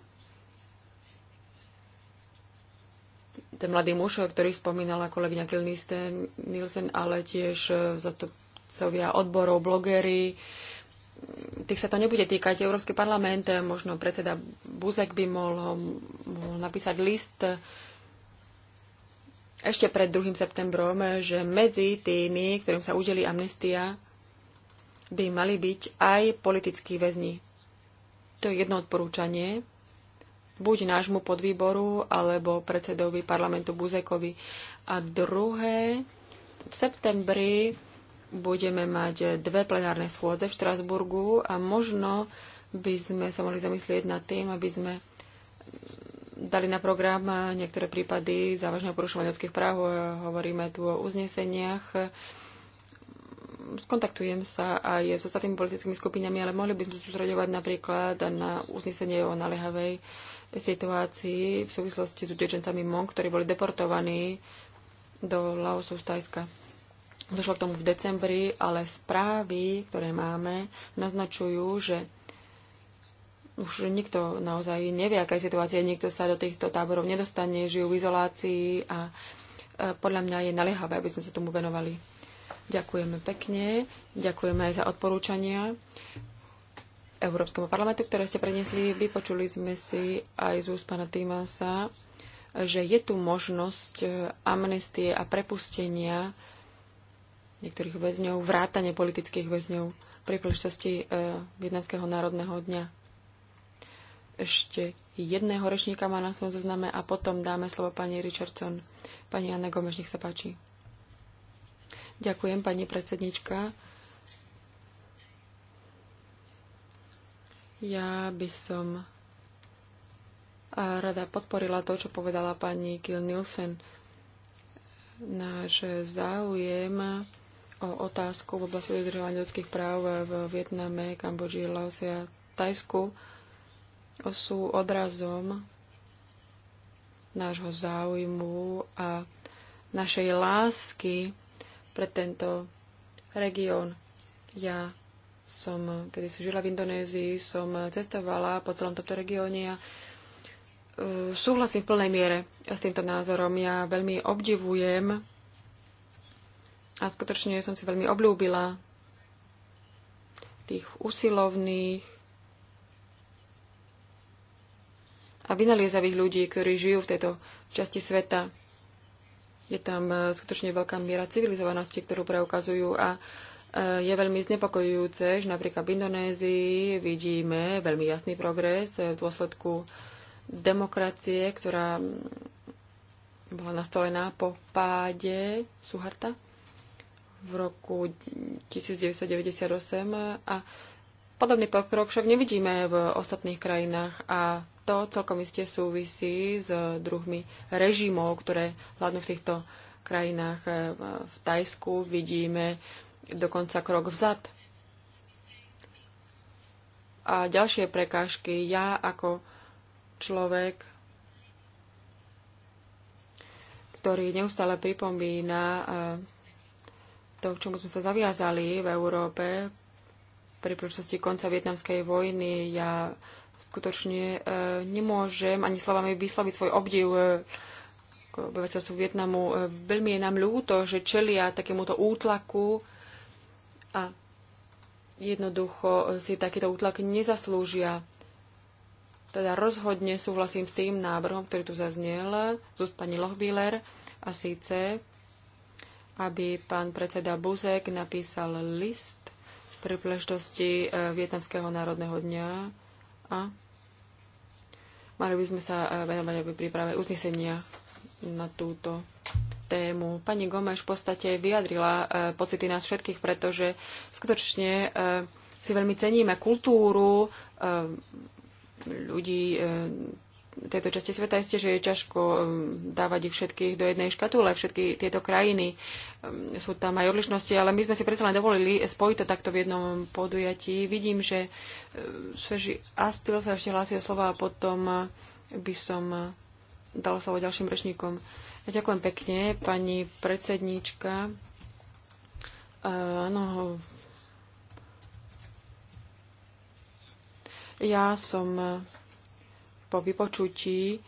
ten mladý muž, ktorý spomínala kolegyňa Kilniste Nielsen, ale tiež zastupcovia odborov, blogery. Tých sa to nebude týkať. Európsky parlament, možno predseda Buzek by mohol, mohol napísať list ešte pred 2. septembrom, že medzi tými, ktorým sa udeli amnestia, by mali byť aj politickí väzni. To je jedno odporúčanie buď nášmu podvýboru alebo predsedovi parlamentu Buzekovi. A druhé, v septembri budeme mať dve plenárne schôdze v Štrasburgu a možno by sme sa mohli zamyslieť nad tým, aby sme dali na program niektoré prípady závažného porušovania ľudských práv. Hovoríme tu o uzneseniach. Skontaktujem sa aj s ostatnými politickými skupinami, ale mohli by sme sa napríklad na uznesenie o naliehavej situácii v súvislosti s utečencami Mong, ktorí boli deportovaní do Laosu z Tajska. Došlo k tomu v decembri, ale správy, ktoré máme, naznačujú, že už nikto naozaj nevie, aká je situácia, nikto sa do týchto táborov nedostane, žijú v izolácii a e, podľa mňa je naliehavé, aby sme sa tomu venovali. Ďakujeme pekne, ďakujeme aj za odporúčania. Európskemu parlamentu, ktoré ste prednesli. Vypočuli sme si aj z úst pána Týmasa, že je tu možnosť e, amnestie a prepustenia niektorých väzňov, vrátane politických väzňov pri príležitosti e, Vietnamského národného dňa. Ešte jedného rečníka má na svojom zozname a potom dáme slovo pani Richardson. Pani Anna Gomeš, nech sa páči. Ďakujem, pani predsednička. Ja by som rada podporila to, čo povedala pani Gil Nielsen. Náš záujem o otázku v oblasti dodržovania ľudských práv v Vietname, Kambodži, Laose a Tajsku sú odrazom nášho záujmu a našej lásky pre tento región. Ja som si žila v Indonézii, som cestovala po celom tomto regióne a e, súhlasím v plnej miere s týmto názorom. Ja veľmi obdivujem a skutočne som si veľmi obľúbila tých usilovných a vynaliezavých ľudí, ktorí žijú v tejto časti sveta. Je tam e, skutočne veľká miera civilizovanosti, ktorú preukazujú a je veľmi znepokojujúce, že napríklad v Indonézii vidíme veľmi jasný progres v dôsledku demokracie, ktorá bola nastolená po páde Suharta v roku 1998 a podobný pokrok však nevidíme v ostatných krajinách a to celkom iste súvisí s druhmi režimov, ktoré vládnu v týchto krajinách. V Tajsku vidíme dokonca krok vzad. A ďalšie prekážky, ja ako človek, ktorý neustále pripomína e, to, k čomu sme sa zaviazali v Európe pri príležitosti konca vietnamskej vojny. Ja skutočne e, nemôžem ani slovami vysloviť svoj obdiv e, k obyvateľstvu Vietnamu. Veľmi je nám ľúto, že čelia takémuto útlaku a jednoducho si takýto útlak nezaslúžia. Teda rozhodne súhlasím s tým návrhom, ktorý tu zaznel úst pani Lochbíler a síce, aby pán predseda Buzek napísal list pri príležitosti e, Vietnamského národného dňa a mali by sme sa e, venovať pri príprave uznesenia na túto tému. Pani Gomeš v podstate vyjadrila e, pocity nás všetkých, pretože skutočne e, si veľmi ceníme kultúru e, ľudí tejto časti sveta. Isté, že je ťažko dávať ich všetkých do jednej škatule, všetky tieto krajiny. Sú tam aj odlišnosti, ale my sme si predsa len dovolili spojiť to takto v jednom podujatí. Vidím, že Sveži Astil sa ešte hlási o slova a potom by som dala slovo ďalším rečníkom. Ja Ďakujem pekne, pani predsedníčka. Uh, no, ja som po vypočutí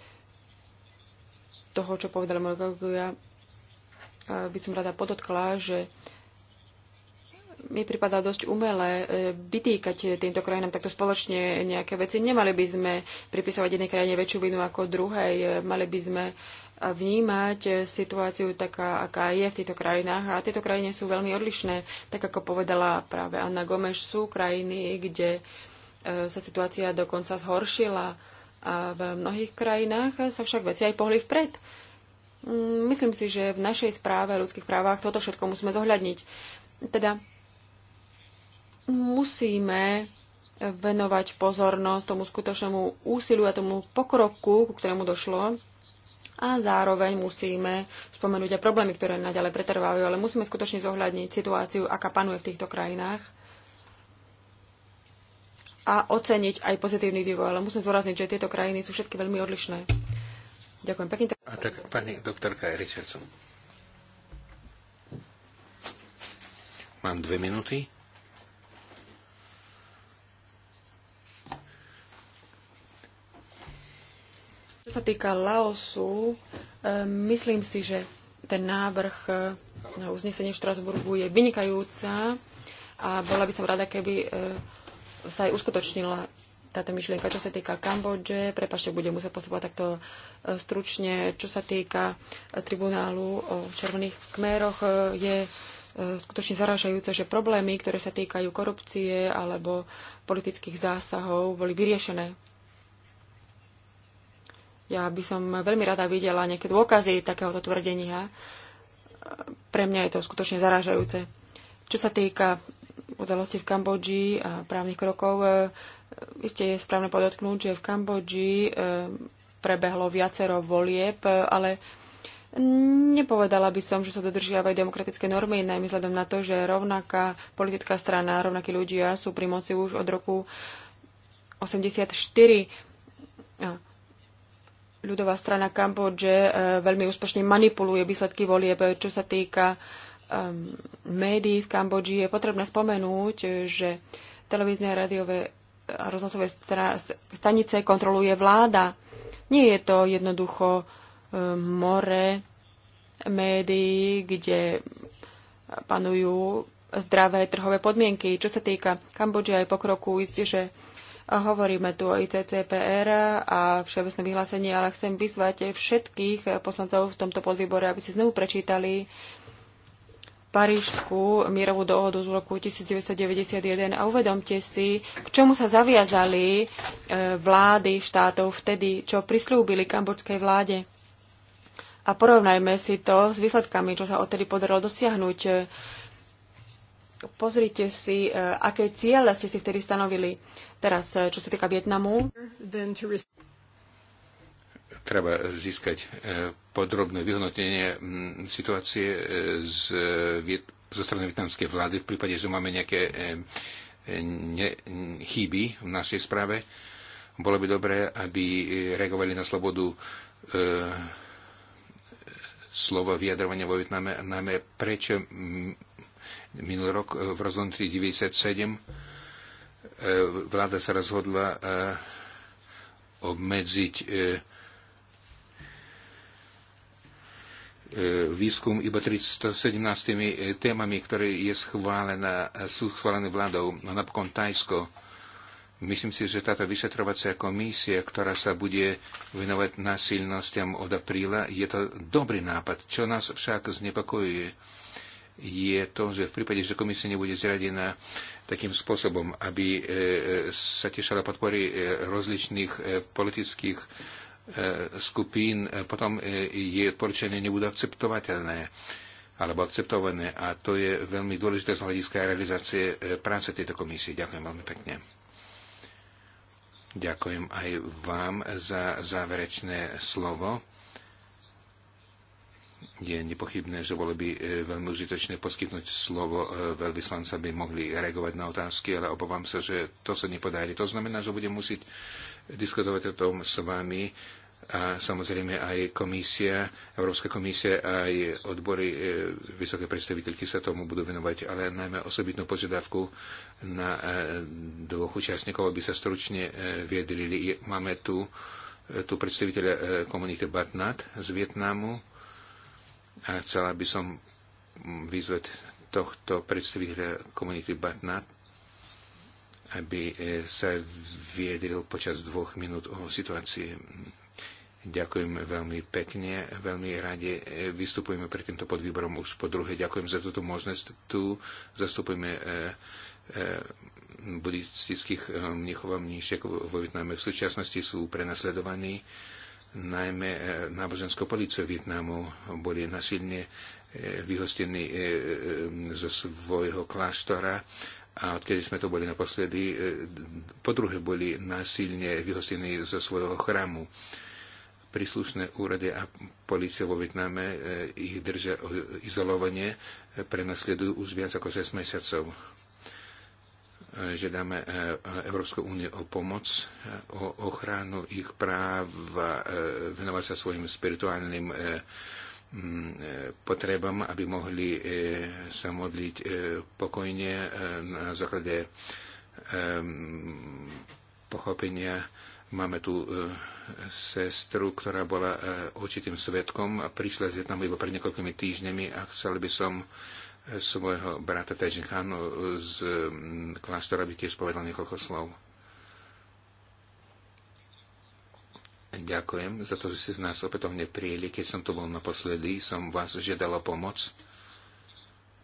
toho, čo povedala moji kolegovia, by som rada podotkla, že mi pripadá dosť umelé e, vytýkať týmto krajinám takto spoločne nejaké veci. Nemali by sme pripisovať jednej krajine väčšiu vinu ako druhej. E, mali by sme vnímať situáciu taká, aká je v týchto krajinách. A tieto krajiny sú veľmi odlišné. Tak ako povedala práve Anna Gomeš, sú krajiny, kde e, sa situácia dokonca zhoršila. A v mnohých krajinách sa však veci aj pohli vpred. Mm, myslím si, že v našej správe o ľudských právach toto všetko musíme zohľadniť. Teda musíme venovať pozornosť tomu skutočnému úsiliu a tomu pokroku, ku ktorému došlo. A zároveň musíme spomenúť aj problémy, ktoré naďalej pretrvávajú, ale musíme skutočne zohľadniť situáciu, aká panuje v týchto krajinách a oceniť aj pozitívny vývoj. Ale musím zdôrazniť, že tieto krajiny sú všetky veľmi odlišné. Ďakujem pekne. A tak pani doktorka Richardson. Mám dve minúty. Čo sa týka Laosu, e, myslím si, že ten návrh e, na uznesenie v Štrasburgu je vynikajúca a bola by som rada, keby e, sa aj uskutočnila táto myšlienka, čo sa týka Kambodže, prepašte, budem musieť postupovať takto stručne, čo sa týka tribunálu o červených kmeroch, je skutočne zaražajúce, že problémy, ktoré sa týkajú korupcie alebo politických zásahov, boli vyriešené ja by som veľmi rada videla nejaké dôkazy takéhoto tvrdenia. Pre mňa je to skutočne zarážajúce. Čo sa týka udalosti v Kambodži a právnych krokov, e, iste je správne podotknúť, že v Kambodži e, prebehlo viacero volieb, e, ale Nepovedala by som, že sa dodržiavajú demokratické normy, najmä vzhľadom na to, že rovnaká politická strana, rovnakí ľudia sú pri moci už od roku 84 ľudová strana Kambodže eh, veľmi úspešne manipuluje výsledky volieb, eh, čo sa týka um, médií v Kambodži. Je potrebné spomenúť, eh, že televízne a rádiové a rozhlasové stanice kontroluje vláda. Nie je to jednoducho um, more médií, kde panujú zdravé trhové podmienky. Čo sa týka Kambodže aj pokroku, isté, že Hovoríme tu o ICCPR a všeobecné vyhlásenie, ale chcem vyzvať všetkých poslancov v tomto podvýbore, aby si znovu prečítali Parížskú mierovú dohodu z roku 1991 a uvedomte si, k čomu sa zaviazali e, vlády štátov vtedy, čo prislúbili kambočskej vláde. A porovnajme si to s výsledkami, čo sa odtedy podarilo dosiahnuť pozrite si, e, aké ciele ste si vtedy stanovili teraz, e, čo sa týka Vietnamu. Treba získať e, podrobné vyhodnotenie situácie z, zo strany vietnamskej vlády v prípade, že máme nejaké ne, chyby v našej správe. Bolo by dobré, aby reagovali na slobodu e, slova vyjadrovania vo Vietname, najmä prečo minulý rok e, v rozhodnutí 97 e, vláda sa rozhodla e, obmedziť výskum iba 317 témami, ktoré je schválená, sú schválené vládou. No napokon Tajsko. Myslím si, že táto vyšetrovacia komisia, ktorá sa bude venovať násilnostiam od apríla, je to dobrý nápad. Čo nás však znepokojuje, je to, že v prípade, že komisia nebude zradená takým spôsobom, aby e, e, sa tešala podpory e, rozličných politických skupín, potom jej odporúčania nebude akceptovateľné alebo akceptované a to je veľmi dôležité z hľadiska realizácie práce tejto komisie. Ďakujem veľmi pekne. Ďakujem aj vám za záverečné slovo. Je nepochybné, že bolo by e, veľmi užitočné poskytnúť slovo e, veľvyslanca, by mohli reagovať na otázky, ale obávam sa, že to sa nepodarí. To znamená, že budem musieť diskutovať o tom s vami a samozrejme aj komisia, Európska komisia, aj odbory e, vysoké predstaviteľky sa tomu budú venovať, ale najmä osobitnú požiadavku na e, dvoch účastníkov, aby sa stručne e, viedrili. Máme tu, e, tu predstaviteľa e, komunity Batnat z Vietnamu, a chcela by som vyzvať tohto predstaviteľa komunity Batnat, aby e, sa viedril počas dvoch minút o situácii. Ďakujem veľmi pekne, veľmi rade vystupujeme pred týmto podvýborom už po druhé. Ďakujem za túto možnosť. Tu zastupujeme e, e, buddhistických mnichov a mníšek vo Vietname. V súčasnosti sú prenasledovaní najmä e, náboženskou policiou Vietnamu boli nasilne e, vyhostení e, zo svojho kláštora a odkedy sme to boli naposledy, po druhé boli násilne vyhostení zo svojho chrámu. Príslušné úrady a policia vo Vietname ich držia izolovanie, prenasledujú už viac ako 6 mesiacov Eh, že dáme eh, Európsku úniu o pomoc, eh, o ochranu ich práv, venovať sa svojim spirituálnym mm, potrebám, aby mohli sa modliť pokojne na základe mm, pochopenia. Máme tu sestru, ktorá bola určitým svetkom a prišla z Vietnamu iba pred niekoľkými týždňami a chcel by som svojho brata Tajžikánu z mm, kláštora by tiež povedal niekoľko slov. Ďakujem za to, že ste z nás opätovne prijeli. Keď som tu bol naposledy, som vás o pomoc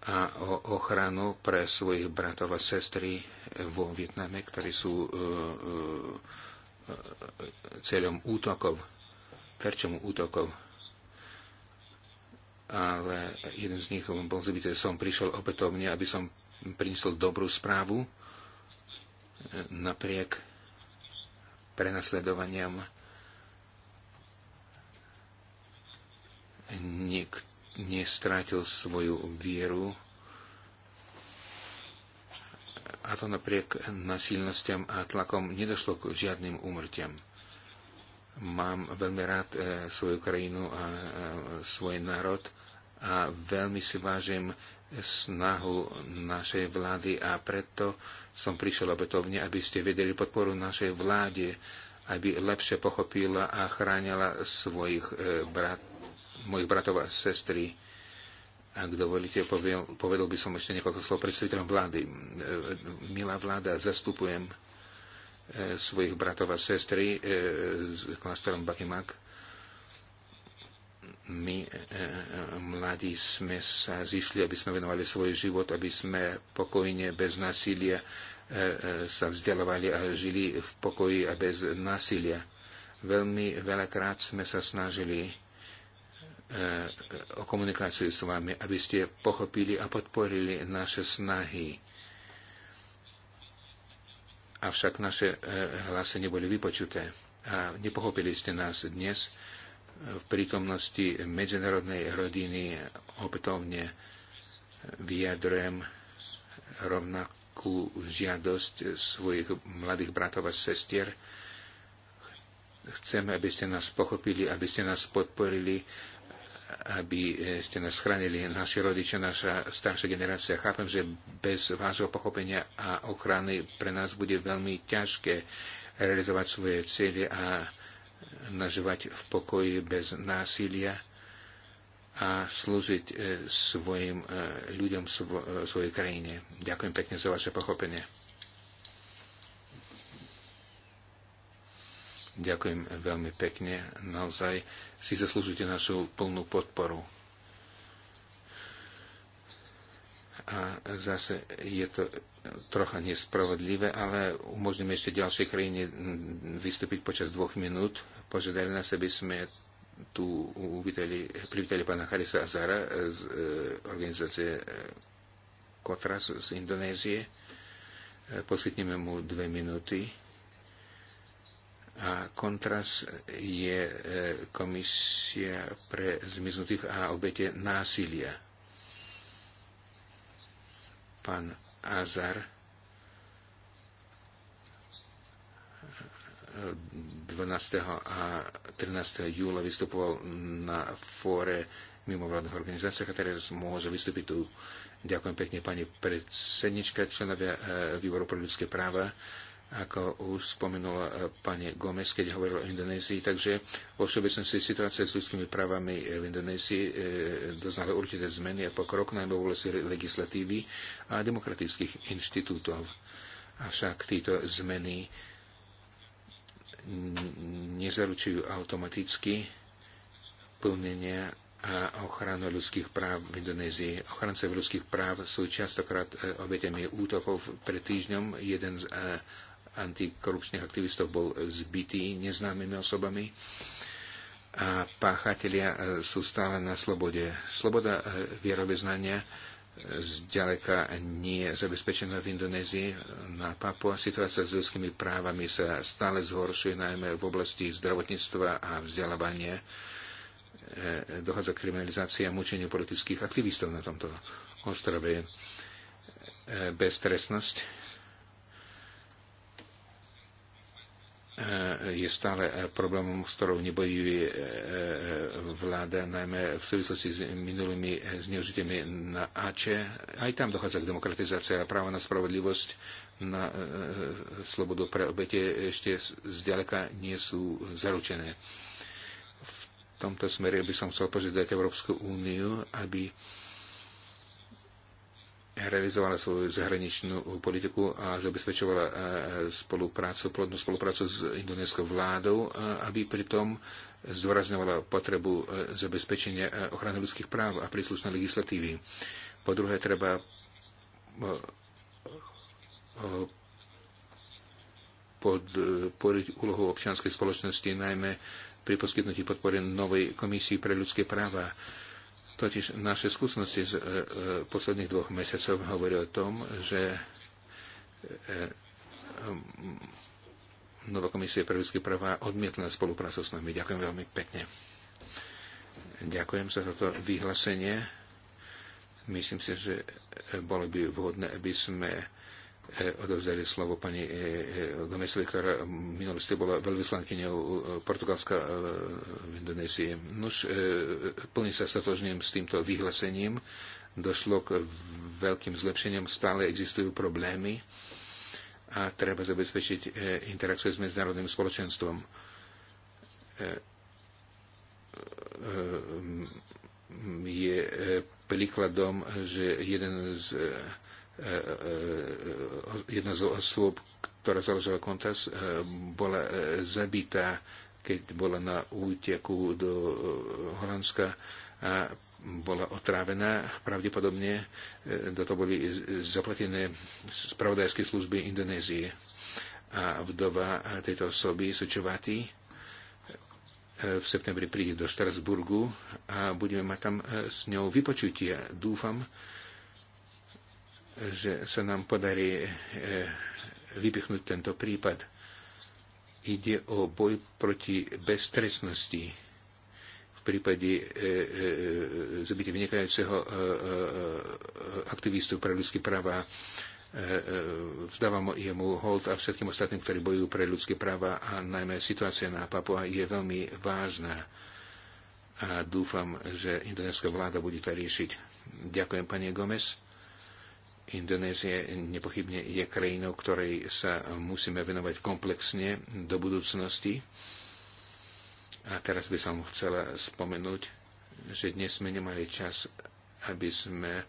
a o ochranu pre svojich bratov a sestry vo Vietname, ktorí sú uh, e, uh, e, e, cieľom útokov, terčom útokov ale jeden z nich bol že Som prišiel opätovne, aby som priniesol dobrú správu e, napriek prenasledovaniam nik nestrátil svoju vieru a to napriek nasilnostiam a tlakom nedošlo k žiadnym úmrtiam. Mám veľmi rád e, svoju krajinu a e, svoj národ a veľmi si vážim snahu našej vlády a preto som prišiel obetovne, aby ste vedeli podporu našej vláde, aby lepšie pochopila a chránila svojich e, brat, mojich bratov a sestry. Ak dovolíte, povedal, povedal by som ešte niekoľko slov predstaviteľom vlády. E, milá vláda, zastupujem e, svojich bratov a sestry s klasterom Bakimak my, e, e, mladí, sme sa zišli, aby sme venovali svoj život, aby sme pokojne, bez násilia e, e, sa vzdelovali a žili v pokoji a bez násilia. Veľmi veľakrát sme sa snažili e, o komunikáciu s vami, aby ste pochopili a podporili naše snahy. Avšak naše e, hlasy neboli vypočuté a nepochopili ste nás dnes v prítomnosti medzinárodnej rodiny opätovne vyjadrujem rovnakú žiadosť svojich mladých bratov a sestier. Chceme, aby ste nás pochopili, aby ste nás podporili, aby ste nás chránili, naši rodičia, naša staršia generácia. Chápem, že bez vášho pochopenia a ochrany pre nás bude veľmi ťažké realizovať svoje cieľe a nažívať v pokoji bez násilia a slúžiť e, svojim e, ľuďom, svo, e, svojej krajine. Ďakujem pekne za vaše pochopenie. Ďakujem veľmi pekne. Naozaj si zaslúžite našu plnú podporu. A zase je to trocha nespravodlivé, ale umožníme ešte ďalšej krajine vystúpiť počas dvoch minút. Požiadali nás, aby sme tu uvítali, privítali pána Harisa Azara z e, organizácie e, Kotras z Indonézie. E, poskytneme mu dve minúty. A Kontras je e, komisia pre zmiznutých a obete násilia. Pán Azar 12. a 13. júla vystupoval na fóre mimovládnych organizácií, ktoré môže vystúpiť tu. Ďakujem pekne pani predsednička, členovia e, výboru pro ľudské práva ako už spomenula e, pani Gomez, keď hovorila o Indonézii. Takže vo všeobecnosti situácia s ľudskými právami e, v Indonézii doznala určité zmeny a pokrok najmä v oblasti legislatívy a demokratických inštitútov. Avšak títo zmeny e, nezaručujú automaticky plnenia a ochranu ľudských práv v Indonézii. Ochrancov ľudských práv sú častokrát e, obetemi útokov. Pred týždňom jeden z e, antikorupčných aktivistov bol zbytý neznámymi osobami a páchatelia e, sú stále na slobode. Sloboda vierovyznania zďaleka nie je zabezpečená v Indonézii. Na Papua situácia s ľudskými právami sa stále zhoršuje, najmä v oblasti zdravotníctva a vzdelávania. E, dochádza kriminalizácia a mučeniu politických aktivistov na tomto ostrove. E, beztrestnosť E, je stále e, problémom, s ktorou nebojuje e, vláda, najmä v súvislosti s minulými zneužitiami na Ače. Aj tam dochádza k demokratizácii a práva na spravodlivosť, na slobodu pre obete ešte zďaleka nie sú zaručené. V tomto smere by som chcel požiadať Európsku úniu, aby realizovala svoju zahraničnú politiku a zabezpečovala e, spoluprácu, plodnú spoluprácu s indonéskou vládou, e, aby pritom zdôrazňovala potrebu e, zabezpečenia ochrany ľudských práv a príslušnej legislatívy. Po druhé, treba podporiť úlohu občianskej spoločnosti, najmä pri poskytnutí podpory novej komisii pre ľudské práva Totiž naše skúsenosti z e, e, posledných dvoch mesiacov hovorí o tom, že e, Nová komisia pre ľudské práva odmietla spoluprácu s nami. Ďakujem veľmi pekne. Ďakujem za toto vyhlásenie. Myslím si, že bolo by vhodné, aby sme Eh, odovzdali slovo pani eh, eh, Gomesovi, ktorá v minulosti bola veľvyslankyňou Portugalska v Indonésii. Nuž, plne sa statožňujem s týmto vyhlasením. Došlo k veľkým zlepšeniam, stále existujú problémy a treba zabezpečiť interakciu s medzinárodným spoločenstvom je príkladom, že jeden z E, e, e, jedna z osôb, ktorá založila kontas, bola zabitá, keď bola na úteku do Holandska a bola otrávená. Pravdepodobne do toho boli zaplatené spravodajské služby Indonézie. A vdova tejto osoby, Sučovati, v septembri príde do Štrasburgu a budeme mať tam s ňou vypočutie. Dúfam, že sa nám podarí e, vypichnúť tento prípad. Ide o boj proti beztresnosti v prípade e, e, zabitia vynikajúceho aktivistu pre ľudské práva vzdávam jemu hold a všetkým ostatným, ktorí bojujú pre ľudské práva a najmä situácia na Papua je veľmi vážna a dúfam, že indonéska vláda bude to riešiť. Ďakujem, pani Gomez. Indonézia nepochybne je krajinou, ktorej sa musíme venovať komplexne do budúcnosti. A teraz by som chcela spomenúť, že dnes sme nemali čas, aby sme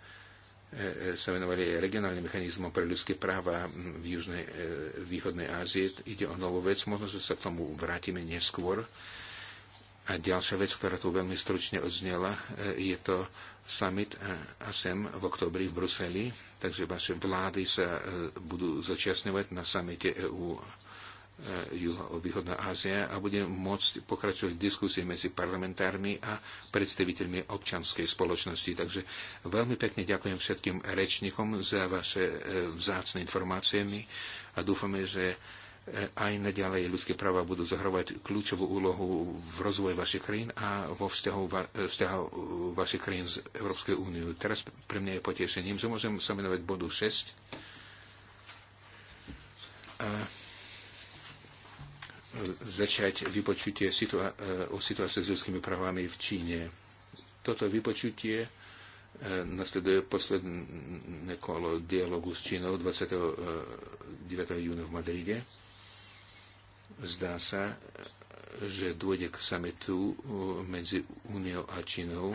e, sa venovali regionálnym mechanizmom pre ľudské práva v Južnej, e, východnej Ázie. Ide o novú vec, možno, že sa k tomu vrátime neskôr. A ďalšia vec, ktorá tu veľmi stručne odznela, e, je to summit e, ASEM v oktobri v Bruseli, takže vaše vlády sa e, budú zúčastňovať na samite EU Juho-Východná Ázia a bude môcť pokračovať diskusie medzi parlamentármi a predstaviteľmi občanskej spoločnosti. Takže veľmi pekne ďakujem všetkým rečníkom za vaše vzácne informácie a dúfame, že aj naďalej ľudské práva budú zohrávať kľúčovú úlohu v rozvoji vašich krajín a vo vzťahu, va, vzťahu uh, vašich krajín z Európskej úniu. Teraz pre mňa je potešením, že môžem sa menovať bodu 6. A začať vypočutie situa- uh, o situácii s ľudskými právami v Číne. Toto vypočutie uh, nasleduje posledné kolo dialogu s Čínou 29. júna v Madride Zdá sa, že dôjde k sametu uh, medzi Úniou a Čínou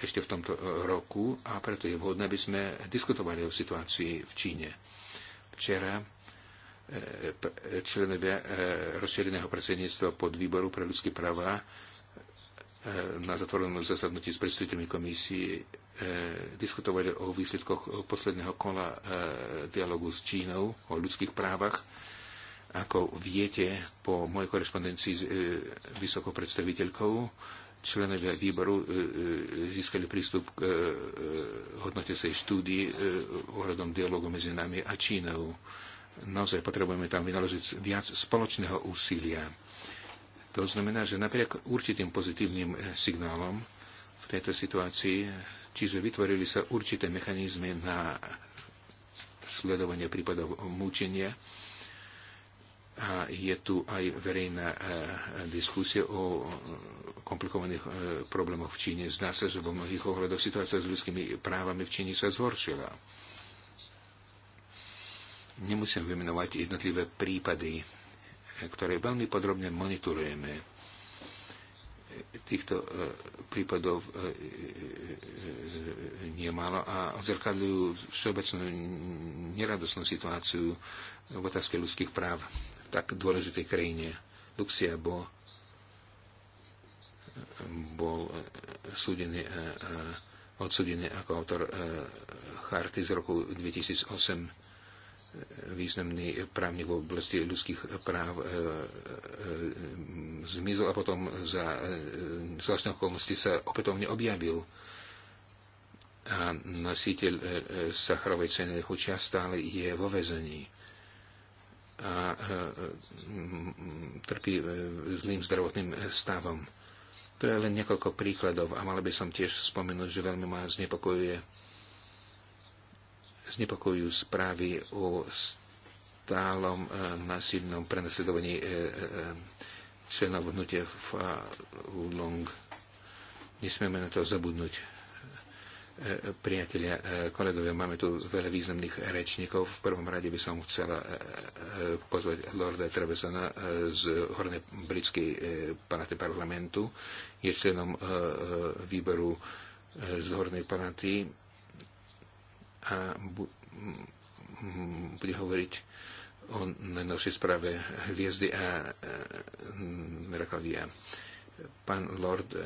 ešte v tomto uh, roku a preto je vhodné, aby sme diskutovali o situácii v Číne. Včera uh, členovia rozšíreného predsedníctva pod výboru pre ľudské práva na zatvorenom zasadnutí s predstaviteľmi komisie diskutovali o výsledkoch posledného kola dialogu s Čínou o ľudských právach ako viete, po mojej korespondencii s e, vysokou predstaviteľkou členovia výboru e, e, získali prístup k hodnotecej štúdii ohľadom dialogu medzi nami a Čínou. Naozaj potrebujeme tam vynaložiť viac spoločného úsilia. To znamená, že napriek určitým pozitívnym signálom v tejto situácii, čiže vytvorili sa určité mechanizmy na sledovanie prípadov mučenia, a je tu aj verejná e, diskusia o komplikovaných e, problémoch v Číne. Zdá sa, že vo mnohých ohľadoch situácia s ľudskými právami v Číne sa zhoršila. Nemusím vymenovať jednotlivé prípady, e, ktoré veľmi podrobne monitorujeme týchto prípadov nie málo a odzrkadľujú všeobecnú neradosnú situáciu v otázke ľudských práv tak dôležitej krajine. Luxia bol, bol eh, súdený, eh, eh, odsudený ako autor charty z roku 2008 významný právnik v oblasti ľudských práv zmizol a potom za zvláštne okolnosti sa opätovne objavil a nositeľ Sacharovej ceny Hučia stále je vo väzení a trpí e, zlým zdravotným stavom. To je len niekoľko príkladov a mala by som tiež spomenúť, že veľmi ma znepokojuje znepokojujú správy o stálom e, masívnom prenasledovaní e, členov hnutia v Gong. Nesmieme na to zabudnúť. E, priatelia, e, kolegovia, máme tu veľa významných rečníkov. V prvom rade by som chcela e, pozvať Lorda Trevesana z Hornej britskej palaty parlamentu. Je členom výboru z Hornej palaty a bude hovoriť o najnovšej správe Hviezdy a Rakovia. Pán Lord,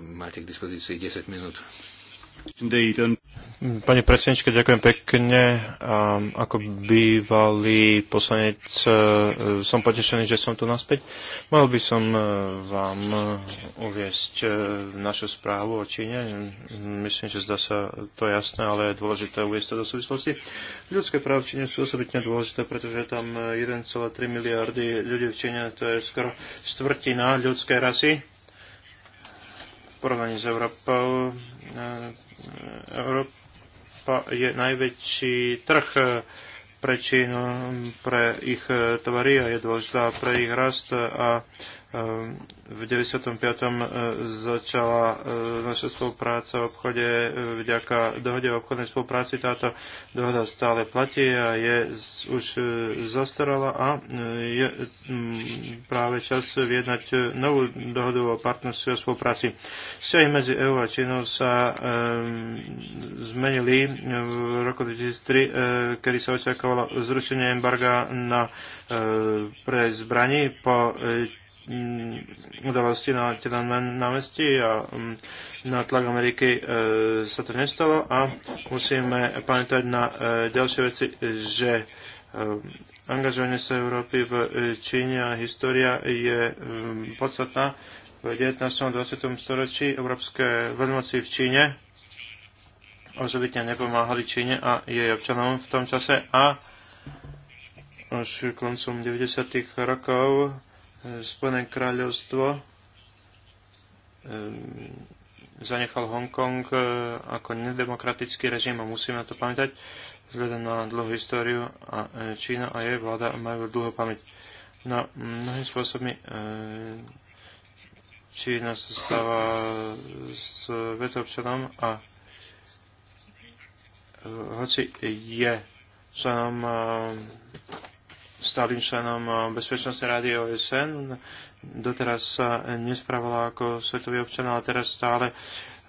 máte k dispozícii 10 minút. Pani predsedničke, ďakujem pekne. Um, ako bývalý poslanec uh, som potešený, že som tu naspäť. Mohol by som uh, vám uh, uviesť uh, našu správu o Číne. Myslím, že zdá sa to jasné, ale je dôležité uviesť to do súvislosti. Ľudské práva v Číne sú osobitne dôležité, pretože je tam 1,3 miliardy ľudí v Číne, to je skoro štvrtina ľudskej rasy v porovnaní s Európou. Uh, Európa je najväčší trh pre Čínu, pre ich eh, tvary a je dôležitá pre ich rast a Ehm, v 95. E, začala e, naša spolupráca v obchode e, vďaka dohode o obchodnej spolupráci. Táto dohoda stále platí a je už zastarala a je mm, práve čas vyjednať novú dohodu o partnerstve a spolupráci. Vzťahy medzi EU a Čínou sa ehm, zmenili v roku 2003, kedy sa očakávalo zrušenie embarga na pre zbraní po Mm, udalosti na Tiananmen námestí a mm, na tlak Ameriky e, sa to nestalo a musíme pamätať na e, ďalšie veci, že e, angažovanie sa Európy v Číne a história je mm, podstatná. V 19. a 20. storočí európske veľmoci v Číne osobitne nepomáhali Číne a jej občanom v tom čase a až koncom 90. rokov Spojené kráľovstvo zanechal Hongkong eh, ako nedemokratický režim a musíme na to pamätať vzhľadom na dlhú históriu a eh, Čína a jej vláda majú dlhú pamäť. No, mnohým spôsobmi eh, Čína sa stáva s vetovčanom a hoci je členom stálym členom eh, Bezpečnostnej rády OSN. Doteraz sa nespravila ako svetový občan, ale teraz stále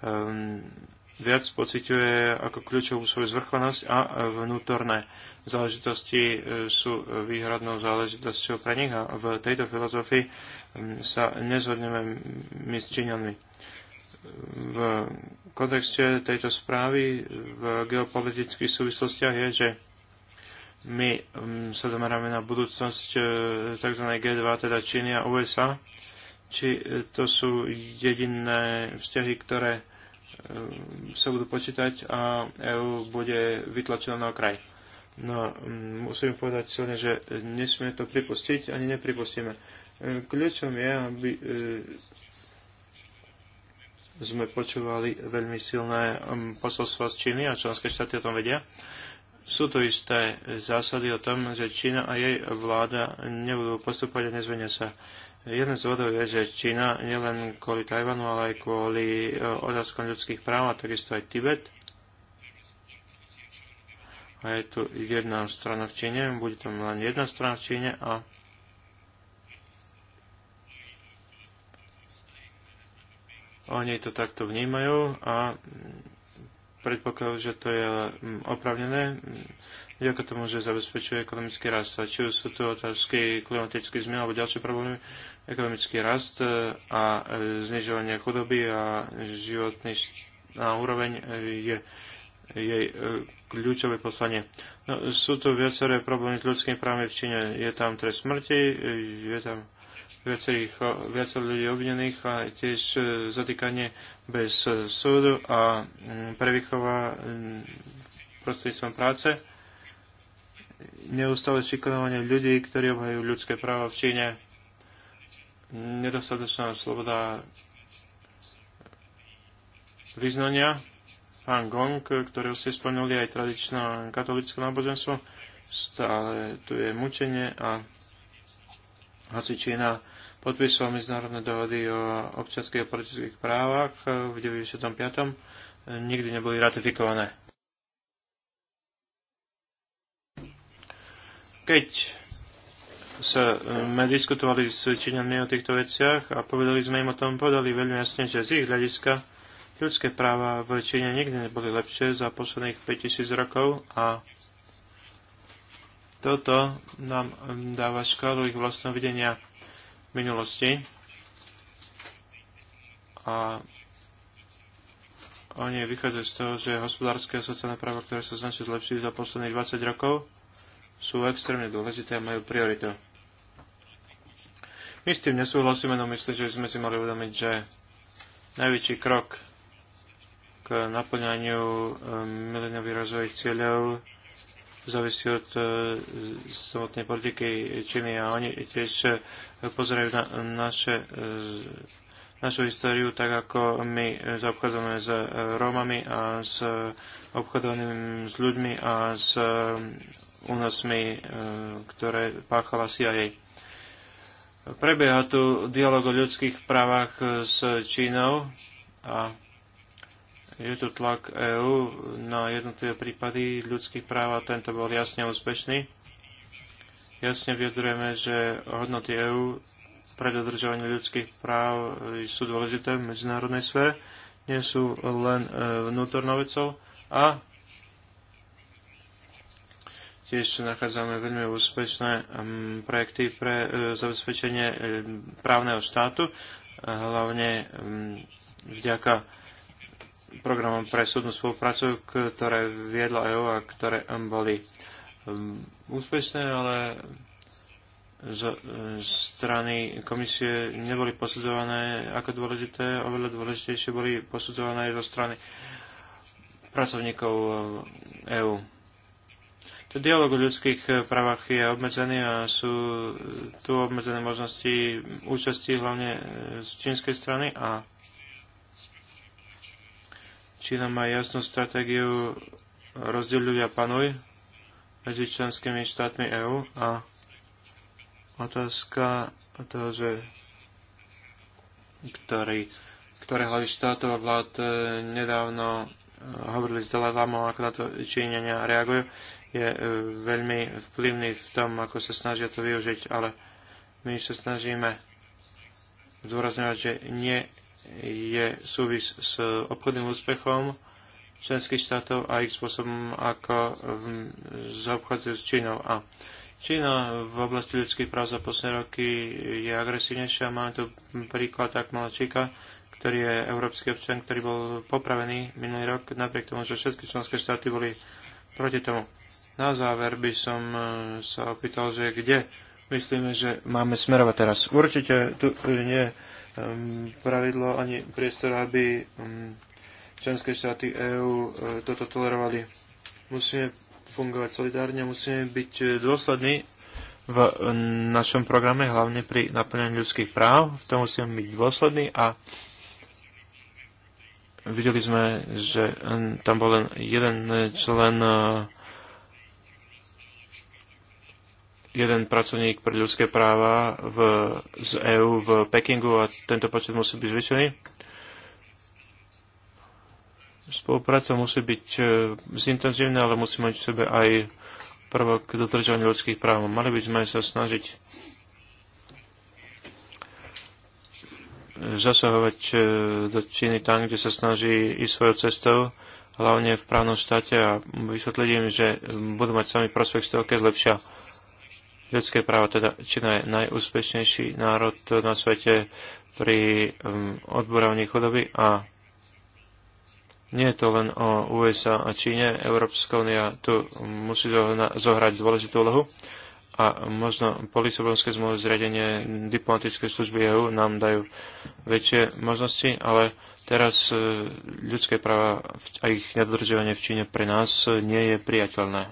um, viac pociťuje ako kľúčovú svoju zvrchovanosť a vnútorné záležitosti eh, sú výhradnou záležitosťou pre nich a v tejto filozofii ehm, sa nezhodneme my s Číňanmi. V kontexte tejto správy v geopolitických súvislostiach je, že my mm, sa zameráme na budúcnosť e, tzv. G2, teda Číny a USA, či e, to sú jediné vzťahy, ktoré e, sa budú počítať a EU bude vytlačená na okraj. No, mm, musím povedať silne, že nesmie to pripustiť, ani nepripustíme. Kľúčom je, aby sme počúvali veľmi silné mm, posolstva z Číny a členské štáty o tom vedia sú to isté zásady o tom, že Čína a jej vláda nebudú postupovať a nezvenia sa. Jeden z vodov je, že Čína nielen kvôli Tajvanu, ale aj kvôli e, otázkom ľudských práv a takisto aj Tibet. A je tu jedna strana v Číne, bude tam len jedna strana v Číne a oni to takto vnímajú a predpoklad, že to je mm, opravnené, ako tomu, že zabezpečuje ekonomický rast. A či už sú tu otázky klimatických zmien alebo ďalšie problémy, ekonomický rast e, a e, znižovanie chudoby a životný a úroveň e, je jej kľúčové poslanie. No, sú tu viaceré problémy s ľudskými právami v Číne. Je tam trest smrti, je tam viacerých, viacerých ľudí obvinených a tiež e, zatýkanie bez e, súdu a e, prevýchova prostredníctvom práce. Neustále šikanovanie ľudí, ktorí obhajujú ľudské práva v Číne. Nedostatočná sloboda vyznania. Pán Gong, ktorý si splnili aj tradičné katolické náboženstvo, stále tu je mučenie a hoci Čína podpísal medzinárodné dohody o občanských a politických právach eh, v 95. nikdy neboli ratifikované. Keď sa, eh, sme diskutovali s Číňanmi o týchto veciach a povedali sme im o tom, povedali veľmi jasne, že z ich hľadiska ľudské práva v Číne nikdy neboli lepšie za posledných 5000 rokov a toto nám eh, dáva škálu ich vlastného videnia minulosti. A oni vychádzajú z toho, že hospodárske a sociálne práva, ktoré sa značne zlepšili za posledných 20 rokov, sú extrémne dôležité a majú prioritu. My s tým nesúhlasíme, no myslím, že sme si mali uvedomiť, že najväčší krok k naplňaniu eh, mileniových rozvojových cieľov závisí od e, samotnej politiky Číny a oni tiež e, pozerajú na naše e, našu históriu, tak ako my zaobchádzame s Rómami a s obchodovanými s ľuďmi a s únosmi, ktoré páchala CIA. Prebieha tu dialog o ľudských právach s Čínou a je tu tlak EÚ na jednotlivé prípady ľudských práv a tento bol jasne úspešný. Jasne vyjadrujeme, že hodnoty EÚ pre dodržovanie ľudských práv sú dôležité v medzinárodnej sfére, nie sú len e, vnútornou vecou a tiež nachádzame veľmi úspešné projekty pre e, zabezpečenie e, právneho štátu, hlavne vďaka programom pre súdnu spoluprácu, ktoré viedla EU a ktoré boli um, úspešné, ale z e, strany komisie neboli posudzované ako dôležité, oveľa dôležitejšie boli posudzované zo strany pracovníkov EÚ. E to dialog o ľudských právach je obmedzený a sú tu obmedzené možnosti účasti hlavne z čínskej strany a Čína má jasnú stratégiu rozdeľuj a panuj medzi členskými štátmi EÚ a otázka toho, že ktorý, ktoré hlavy štátov a vlád e, nedávno e, hovorili s Dalajlámom, ako na to Číňania reagujú, je e, veľmi vplyvný v tom, ako sa snažia to využiť, ale my sa snažíme zdôrazňovať, že nie je súvis s obchodným úspechom členských štátov a ich spôsobom, ako mm, zaobchádzajú s Čínou. A Čína v oblasti ľudských práv za posledné roky je agresívnejšia. Máme tu príklad tak Malčíka, ktorý je európsky občan, ktorý bol popravený minulý rok, napriek tomu, že všetky členské štáty boli proti tomu. Na záver by som e, sa opýtal, že kde myslíme, že máme smerovať teraz. Určite tu e, nie je Ehm, pravidlo ani priestor, aby ehm, členské štáty EÚ e, toto tolerovali. Musíme fungovať solidárne, musíme byť dôslední v ehm, našom programe, hlavne pri naplňaní ľudských práv. V tom musíme byť dôslední a videli sme, že tam bol len jeden člen jeden pracovník pre ľudské práva v, z EÚ v Pekingu a tento počet musí byť zvyšený. Spolupráca musí byť e, zintenzívna, ale musí mať v sebe aj prvok dodržovania ľudských práv. Mali by sme sa snažiť zasahovať e, do Číny tam, kde sa snaží ísť svojou cestou, hlavne v právnom štáte a vysvetlím, im, že budú mať sami prospekt z toho, keď zlepšia ľudské práva. Teda Čína je najúspešnejší národ na svete pri um, odborovaní chudoby a nie je to len o USA a Číne. Európska únia tu musí zohrať dôležitú úlohu a možno po Lisabonskej zmluve zriadenie diplomatickej služby EU nám dajú väčšie možnosti, ale teraz e, ľudské práva a ich nedodržovanie v Číne pre nás e, nie je priateľné.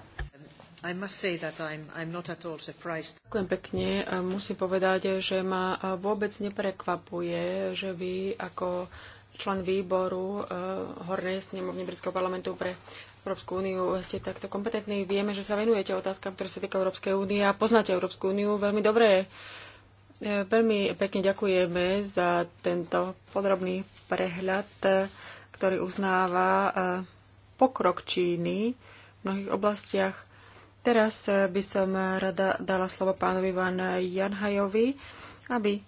Ďakujem pekne. Musím povedať, že ma vôbec neprekvapuje, že vy ako člen výboru Hornej snemovne Britského parlamentu pre Európsku úniu ste takto kompetentní. Vieme, že sa venujete otázkam, ktoré sa týka Európskej únie a poznáte Európsku úniu veľmi dobre. E, veľmi pekne ďakujeme za tento podrobný prehľad, e, ktorý uznáva e, pokrok Číny v mnohých oblastiach Teraz eh, by som eh, rada dala slovo pánovi Ivan Janhajovi, aby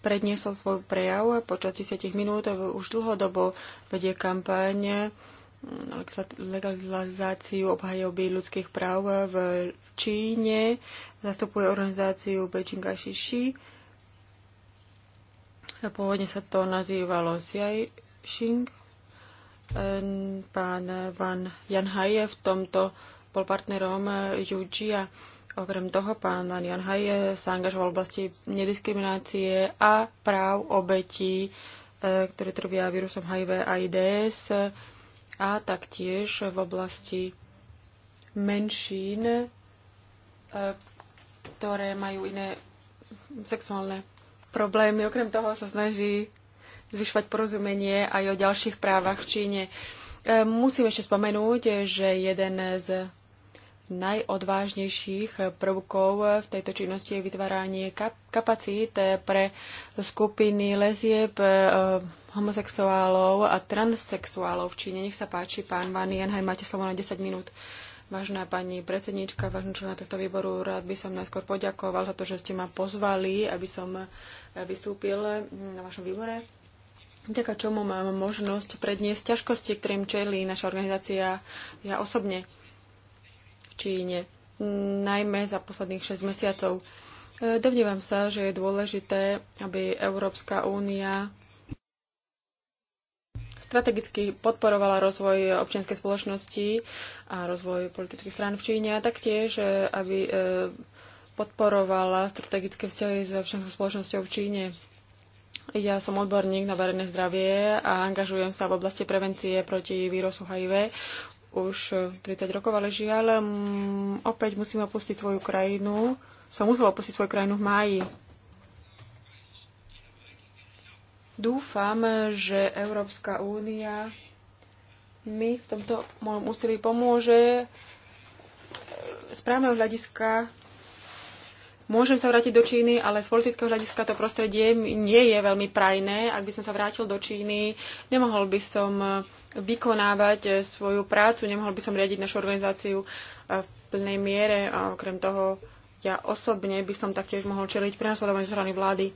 predniesol svoj prejav počas 10 minút. Už dlhodobo vedie kampaň mm, legalizáciu obhajoby ľudských práv eh, v Číne. Zastupuje organizáciu Beijing Ashishi. Pôvodne sa to nazývalo Xiai Xing. Pán Van Janhaj v tomto bol partnerom eh, a Okrem toho, pán Jan Haj eh, sa angažoval v oblasti nediskriminácie a práv obetí, eh, ktoré trvia vírusom HIV a IDS a taktiež v oblasti menšín, ktoré majú iné sexuálne problémy. Okrem toho sa snaží zvyšovať porozumenie aj o ďalších právach v Číne. Musím ešte spomenúť, že jeden z najodvážnejších prvkov v tejto činnosti je vytváranie kap- kapacít pre skupiny lezieb, eh, homosexuálov a transsexuálov v Číne. Nech sa páči, pán Van Jenheim, máte slovo na 10 minút. Vážená pani predsednička, vážený člen tohto výboru, rád by som najskôr poďakoval za to, že ste ma pozvali, aby som eh, vystúpil hm, na vašom výbore. Vďaka čomu mám možnosť predniesť ťažkosti, ktorým čelí naša organizácia ja osobne. Číne, najmä za posledných 6 mesiacov. E, domnievam sa, že je dôležité, aby Európska únia strategicky podporovala rozvoj občianskej spoločnosti a rozvoj politických strán v Číne a taktiež, e, aby e, podporovala strategické vzťahy s občianskou spoločnosťou v Číne. Ja som odborník na verejné zdravie a angažujem sa v oblasti prevencie proti vírusu HIV už 30 eh, rokov, ale žiaľ, mm, opäť musím opustiť svoju krajinu. Som musel opustiť svoju krajinu v máji. Dúfam, že Európska únia mi v tomto môjom úsilí pomôže. Z právneho hľadiska môžem sa vrátiť do Číny, ale z politického hľadiska to prostredie nie je veľmi prajné. Ak by som sa vrátil do Číny, nemohol by som eh, vykonávať e, svoju prácu, nemohol by som riadiť našu organizáciu e, v plnej miere a okrem toho ja osobne by som taktiež mohol čeliť prenasledovaniu strany vlády. E,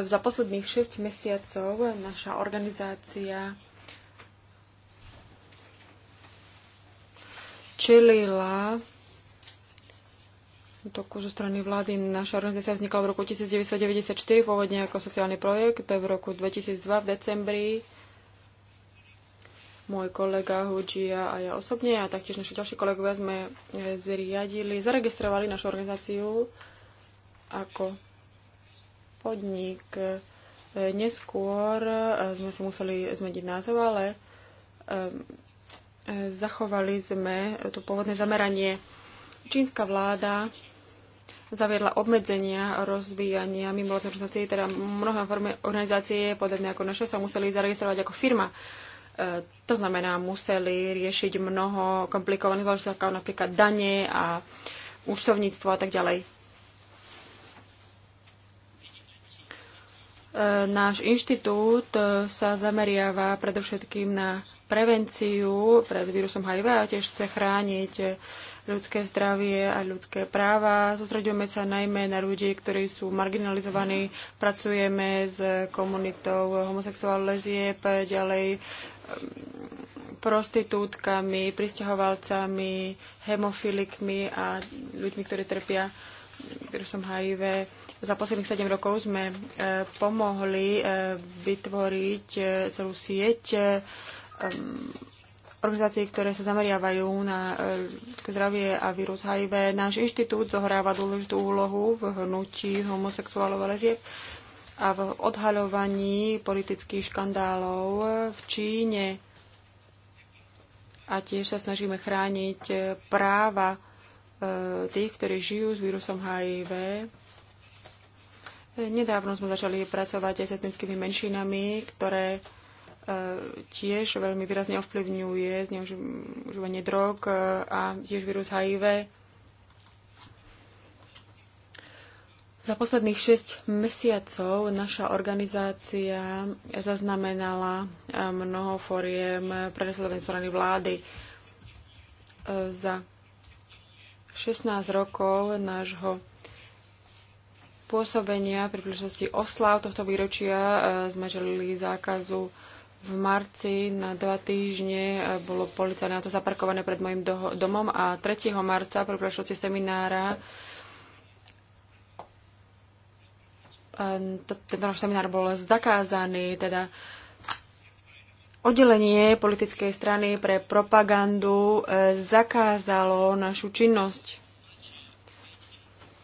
za posledných 6 mesiacov naša organizácia čelila útoku zo strany vlády. Naša organizácia vznikla v roku 1994, pôvodne ako sociálny projekt. V roku 2002 v decembri môj kolega Hujia a ja osobne a taktiež naši ďalší kolegovia sme eh, zriadili, zaregistrovali našu organizáciu ako podnik. Eh, neskôr eh, sme si museli zmeniť názov, ale zachovali sme to pôvodné zameranie. Čínska vláda zaviedla obmedzenia rozvíjania mimovládnej organizácie, teda mnohé formy organizácie, podobné ako naše, sa museli zaregistrovať ako firma. E, to znamená, museli riešiť mnoho komplikovaných záležitostí, ako napríklad dane a účtovníctvo a tak ďalej. E, náš inštitút e, sa zameriava predovšetkým na prevenciu pred vírusom HIV a tiež chce chrániť ľudské zdravie a ľudské práva. Sústredujeme sa najmä na ľudí, ktorí sú marginalizovaní. Pracujeme s komunitou homosexuál lezieb, ďalej ehm, prostitútkami, pristahovalcami, hemofilikmi a ľuďmi, ktorí trpia vírusom HIV. Za posledných 7 rokov sme e, pomohli e, vytvoriť e, celú sieť ehm, organizácií, ktoré sa zameriavajú na e, zdravie a vírus HIV. Náš inštitút zohráva dôležitú úlohu v hnutí homosexuálov a lezieb a v odhaľovaní politických škandálov v Číne. A tiež sa snažíme chrániť e, práva e, tých, ktorí žijú s vírusom HIV. Nedávno sme začali pracovať aj s etnickými menšinami, ktoré tiež veľmi výrazne ovplyvňuje zneužívanie drog e, a tiež vírus HIV. Za posledných 6 mesiacov naša organizácia zaznamenala e, mnoho foriem prenasledovania strany vlády. E, za 16 rokov nášho pôsobenia pri príležitosti oslav tohto výročia sme želili zákazu v marci na dva týždne e, bolo policajné auto zaparkované pred mojim domom a 3. marca pri prešlosti seminára e, tento náš seminár bol zakázaný, teda oddelenie politickej strany pre propagandu e, zakázalo našu činnosť.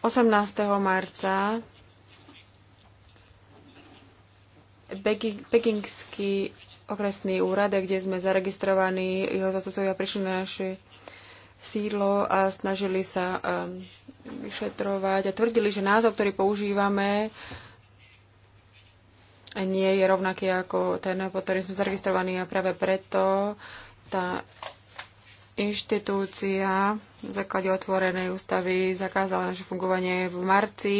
18. marca pekingský okresný úrad, kde sme zaregistrovaní. Jeho zastupcovia prišli na naše sídlo a snažili sa um, vyšetrovať a tvrdili, že názov, ktorý používame, nie je rovnaký ako ten, pod ktorým sme zaregistrovaní a práve preto tá inštitúcia v základe otvorenej ústavy zakázala naše fungovanie v marci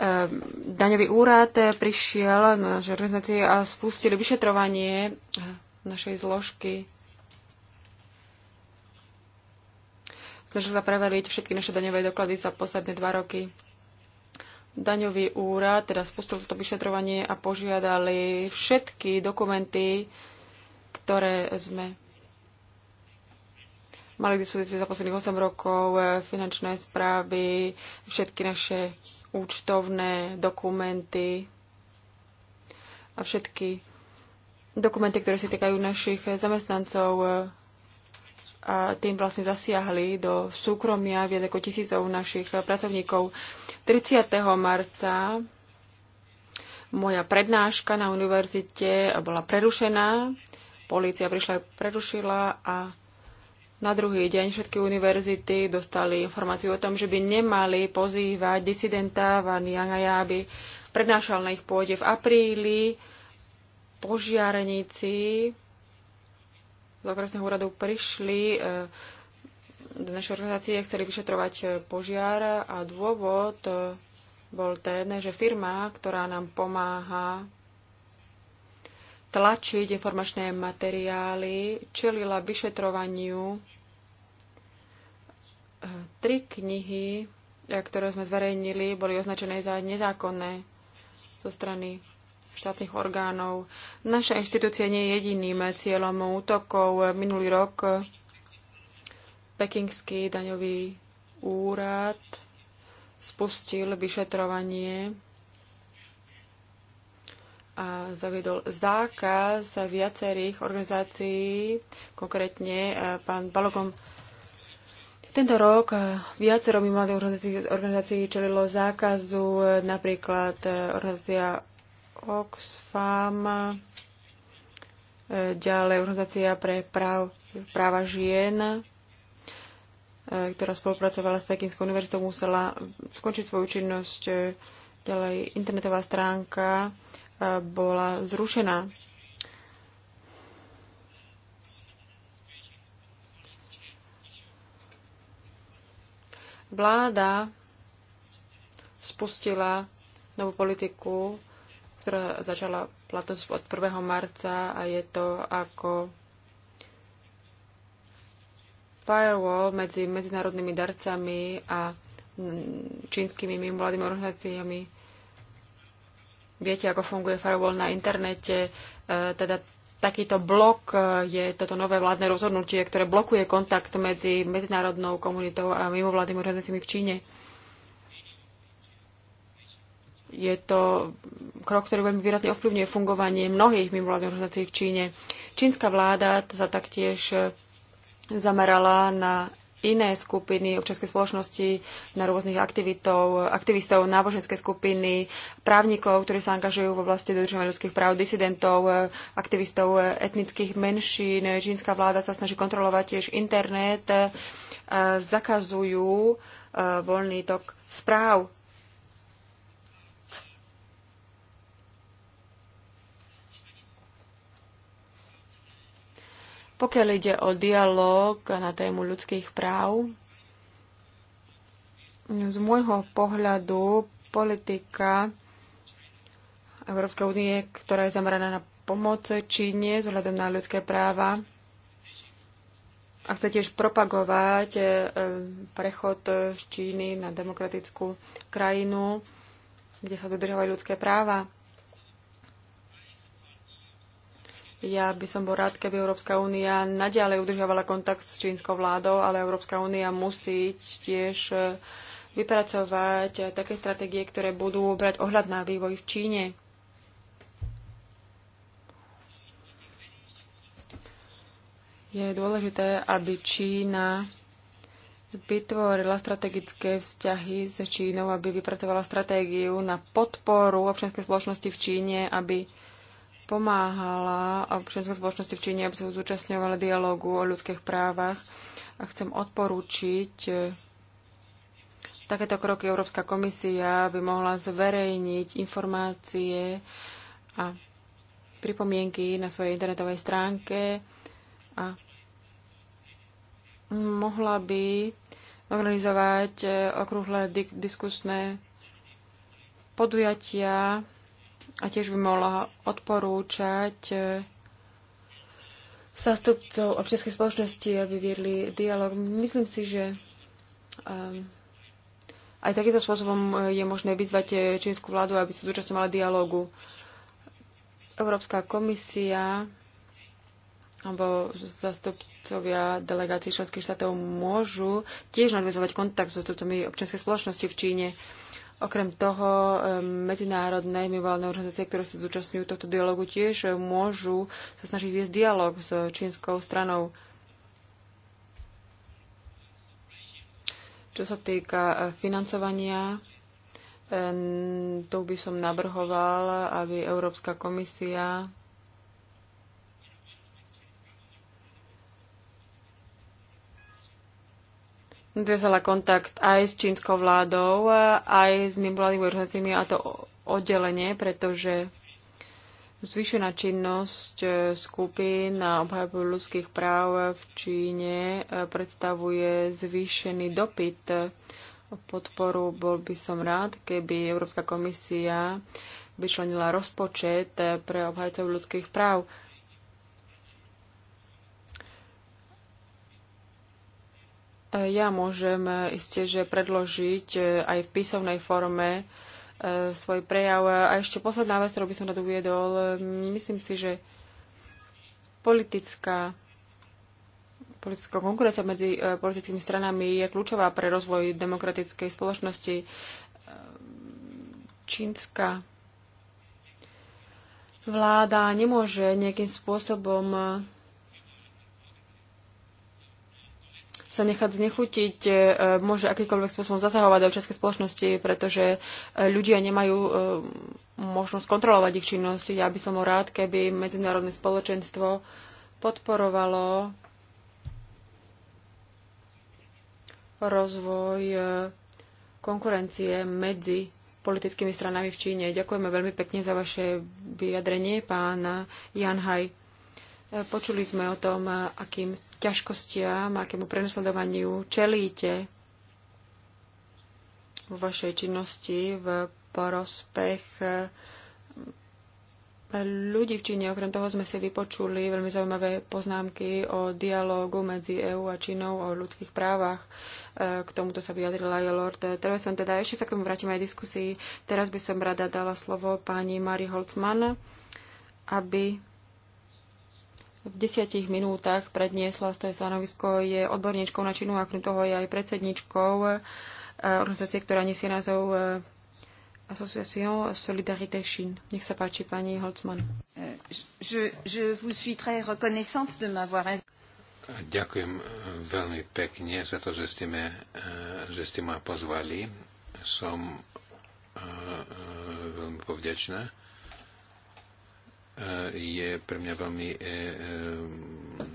Ehm, daňový úrad eh, prišiel na organizácie a spustili vyšetrovanie eh, našej zložky. Snažil sa preveriť všetky naše daňové doklady za posledné dva roky. Daňový úrad teda spustil toto vyšetrovanie a požiadali všetky dokumenty, ktoré sme mali k dispozícii za posledných 8 rokov, eh, finančné správy, všetky naše účtovné dokumenty a všetky dokumenty, ktoré sa týkajú našich zamestnancov e, a tým vlastne zasiahli do súkromia viac ako tisícov našich pracovníkov. 30. marca moja prednáška na univerzite bola prerušená. Polícia prišla a prerušila a na druhý deň všetky univerzity dostali informáciu o tom, že by nemali pozývať disidenta Van Yangaja, aby prednášal na ich pôde v apríli požiarníci z okresného úradu prišli eh, do našej organizácie, chceli vyšetrovať eh, požiar a dôvod eh, bol ten, že firma, ktorá nám pomáha tlačiť informačné materiály, čelila vyšetrovaniu Tri knihy, e, ktoré sme zverejnili, boli označené za nezákonné zo strany štátnych orgánov. Naša inštitúcia nie je jediným cieľom útokov. Minulý rok Pekingský daňový úrad spustil vyšetrovanie a zaviedol zákaz viacerých organizácií, konkrétne e, pán Balogom tento rok eh, viacero mimovládnych organizácií, organizácií čelilo zákazu, eh, napríklad eh, organizácia Oxfam, ďalej organizácia pre práv, práva žien, ktorá spolupracovala s Pekinskou univerzitou, musela skončiť svoju činnosť. Ďalej internetová stránka bola zrušená Vláda spustila novú politiku, ktorá začala platnosť od 1. marca a je to ako firewall medzi medzinárodnými darcami a čínskymi mimovládnymi organizáciami. Viete, ako funguje firewall na internete, e, teda takýto blok e, je toto nové vládne rozhodnutie, ktoré blokuje kontakt medzi medzinárodnou komunitou a mimovládnymi organizáciami v Číne. Je to krok, ktorý veľmi výrazne ovplyvňuje fungovanie mnohých mimovládnych organizácií v Číne. Čínska vláda sa taktiež e, zamerala na iné skupiny občianskej spoločnosti na rôznych aktivitov, aktivistov, náboženské skupiny, právnikov, ktorí sa angažujú v oblasti dodržovania ľudských práv, disidentov, aktivistov etnických menšín. Čínska vláda sa snaží kontrolovať tiež internet, zakazujú eh, voľný tok správ Pokiaľ ide o dialog na tému ľudských práv, z môjho pohľadu politika Európskej únie, ktorá je zameraná na pomoc Číne vzhľadom na ľudské práva a chce tiež propagovať e, prechod z Číny na demokratickú krajinu, kde sa dodržovajú ľudské práva. Ja by som bol rád, keby Európska únia naďalej udržiavala kontakt s čínskou vládou, ale Európska únia musí tiež e, vypracovať e, také stratégie, ktoré budú brať ohľad na vývoj v Číne. Je dôležité, aby Čína vytvorila strategické vzťahy s Čínou, aby vypracovala stratégiu na podporu občianskej spoločnosti v Číne, aby pomáhala občianskej spoločnosti v Číne, aby sa zúčastňovala dialogu o ľudských právach a chcem odporúčiť e, takéto kroky Európska komisia by mohla zverejniť informácie a pripomienky na svojej internetovej stránke a mohla by organizovať e, okrúhle diskusné podujatia a tiež by mohla odporúčať eh, zástupcov občianskej spoločnosti, aby viedli dialog. Myslím si, že ehm, aj takýmto spôsobom eh, je možné vyzvať eh, čínsku vládu, aby sa zúčastňovala dialogu. Európska komisia alebo zastupcovia delegácií členských štátov môžu tiež nadvezovať kontakt so zastupcami občianskej spoločnosti v Číne. Okrem toho, medzinárodné mimovládne organizácie, ktoré sa zúčastňujú tohto dialogu, tiež e, môžu sa snažiť viesť dialog s e, čínskou stranou. Čo sa týka e, financovania, tu by som navrhoval, aby Európska komisia Držala kontakt aj s čínskou vládou, aj s mimovládnymi organizáciami a to oddelenie, pretože Zvyšená činnosť e, skupín na obhajbu ľudských práv v Číne e, predstavuje zvýšený dopyt o podporu. Bol by som rád, keby Európska komisia vyčlenila rozpočet e, pre obhajcov ľudských práv. Ja môžem e, iste, že predložiť e, aj v písomnej forme e, svoj prejav. A ešte posledná vec, ktorú by som rád uviedol. Myslím si, že politická politická konkurencia medzi politickými stranami je kľúčová pre rozvoj demokratickej spoločnosti. Čínska vláda nemôže nejakým spôsobom sa nechať znechutiť, e, môže akýkoľvek spôsobom zasahovať do českej spoločnosti, pretože e, ľudia nemajú e, možnosť kontrolovať ich činnosť. Ja by som ho rád, keby medzinárodné spoločenstvo podporovalo rozvoj konkurencie medzi politickými stranami v Číne. Ďakujeme veľmi pekne za vaše vyjadrenie, pán Jan Haj. Počuli sme o tom, akým ťažkostiam, akému prenasledovaniu čelíte vo vašej činnosti v prospech eh, ľudí v Číne. Okrem toho sme si vypočuli veľmi zaujímavé poznámky o dialógu medzi EÚ a Čínou o ľudských právach. Eh, k tomuto sa vyjadrila aj Lord Trevesen. Teda ešte sa k tomu vrátim aj diskusii. Teraz by som rada dala slovo pani Mari Holtzman, aby v desiatich minútach predniesla svoje stanovisko, je odborníčkou na činu a okrem toho je aj predsedničkou e, organizácie, ktorá nesie názov e, Association Solidarité Chine. Nech sa páči, pani Holzman. E, je, je vous suis très reconnaissante de m'avoir Ďakujem veľmi pekne za to, že ste, me, že ste ma pozvali. Som veľmi povďačná je pre mňa veľmi e, e,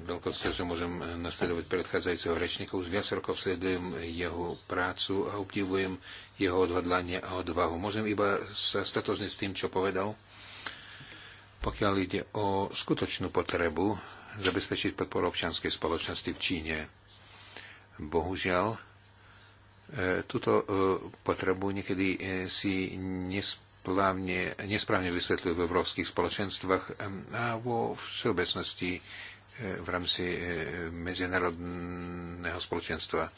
veľkosťou, že môžem nasledovať predchádzajúceho rečníka. Už viac rokov sledujem jeho prácu a obdivujem jeho odhodlanie a odvahu. Môžem iba sa statožniť s tým, čo povedal. Pokiaľ ide o skutočnú potrebu zabezpečiť podporu občianskej spoločnosti v Číne, bohužiaľ, e, túto potrebu niekedy si nesp- plávne nesprávne vysvetľujú v európskych spoločenstvách a vo všeobecnosti e, v rámci e, medzinárodného spoločenstva. E,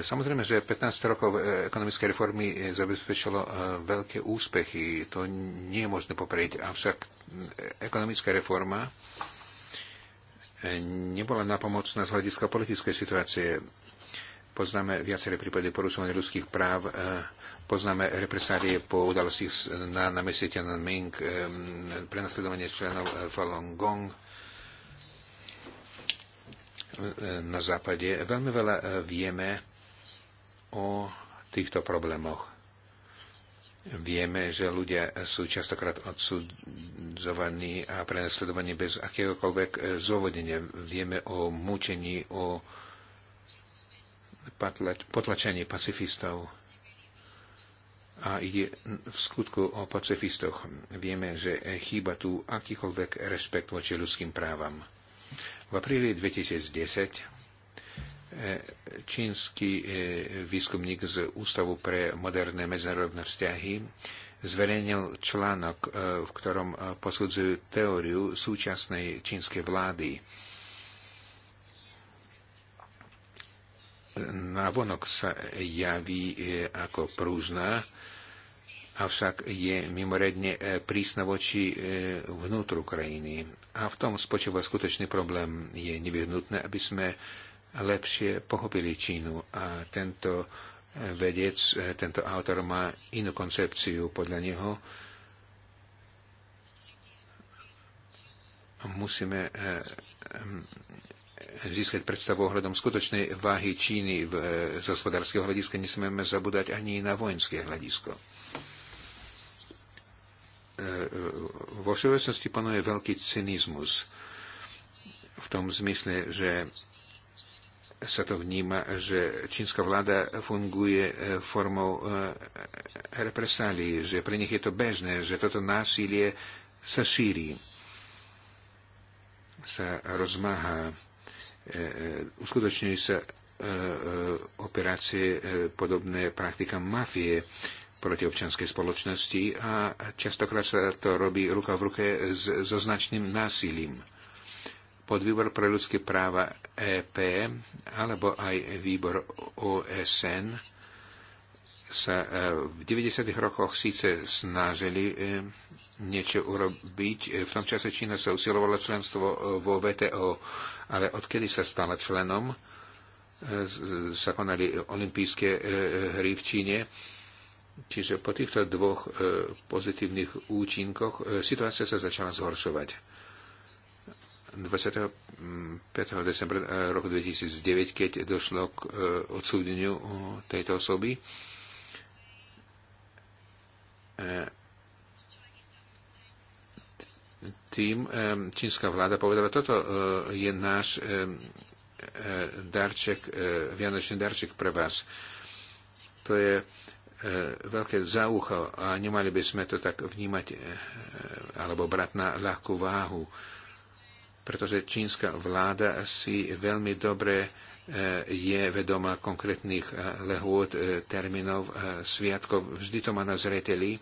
samozrejme, že 15 rokov ekonomické reformy zabezpečilo veľké úspechy. To nie je možné poprieť. Avšak ekonomická reforma nebola napomocná z hľadiska politickej situácie. Poznáme viaceré prípady porušovania ľudských práv Poznáme represálie po udalosti na, na meste Tiananmen, prenasledovanie členov eh, Falun Gong eh, na západe. Veľmi veľa eh, vieme o týchto problémoch. Vieme, že ľudia sú častokrát odsudzovaní a prenasledovaní bez akéhokoľvek zôvodenia. Vieme o mučení, o potlačení pacifistov a ide v skutku o pacifistoch. Vieme, že chýba tu akýkoľvek rešpekt voči ľudským právam. V apríli 2010 e, čínsky e, výskumník z Ústavu pre moderné medzinárodné vzťahy zverejnil článok, e, v ktorom posudzujú teóriu súčasnej čínskej vlády návonok sa javí e, ako prúžná, avšak je mimoriadne e, prísna voči e, vnútru krajiny. A v tom spočíva skutočný problém. Je nevyhnutné, aby sme lepšie pochopili Čínu a tento vedec, tento autor má inú koncepciu podľa neho. Musíme získať predstavu ohľadom skutočnej váhy Číny v, e, z hospodárskeho hľadiska, nesmieme zabúdať ani na vojenské hľadisko. E, e, vo všeobecnosti panuje veľký cynizmus v tom zmysle, že sa to vníma, že čínska vláda funguje formou represálií, že pre nich je to bežné, že toto násilie sa šíri, sa rozmáha E, e, uskutočňujú sa e, operácie podobné praktikám mafie proti občianskej spoločnosti a častokrát sa to robí ruka v ruke so značným násilím. Podvýbor pre ľudské práva EP alebo aj výbor OSN sa v 90. rokoch síce snažili niečo urobiť. V tom čase Čína sa usilovala členstvo vo VTO ale odkedy sa stala členom, e, sa konali olympijské e, hry v Číne. Čiže po týchto dvoch e, pozitívnych účinkoch situácia sa začala zhoršovať. 25. decembra roku 2009, keď došlo k odsúdeniu tejto osoby, tým čínska vláda povedala, toto e, je náš e, darček, e, vianočný darček pre vás. To je veľké zaucho a nemali by sme to tak vnímať alebo brať na ľahkú váhu, pretože čínska vláda si veľmi dobre je vedoma konkrétnych lehôd, termínov, sviatkov. Vždy to má na zreteli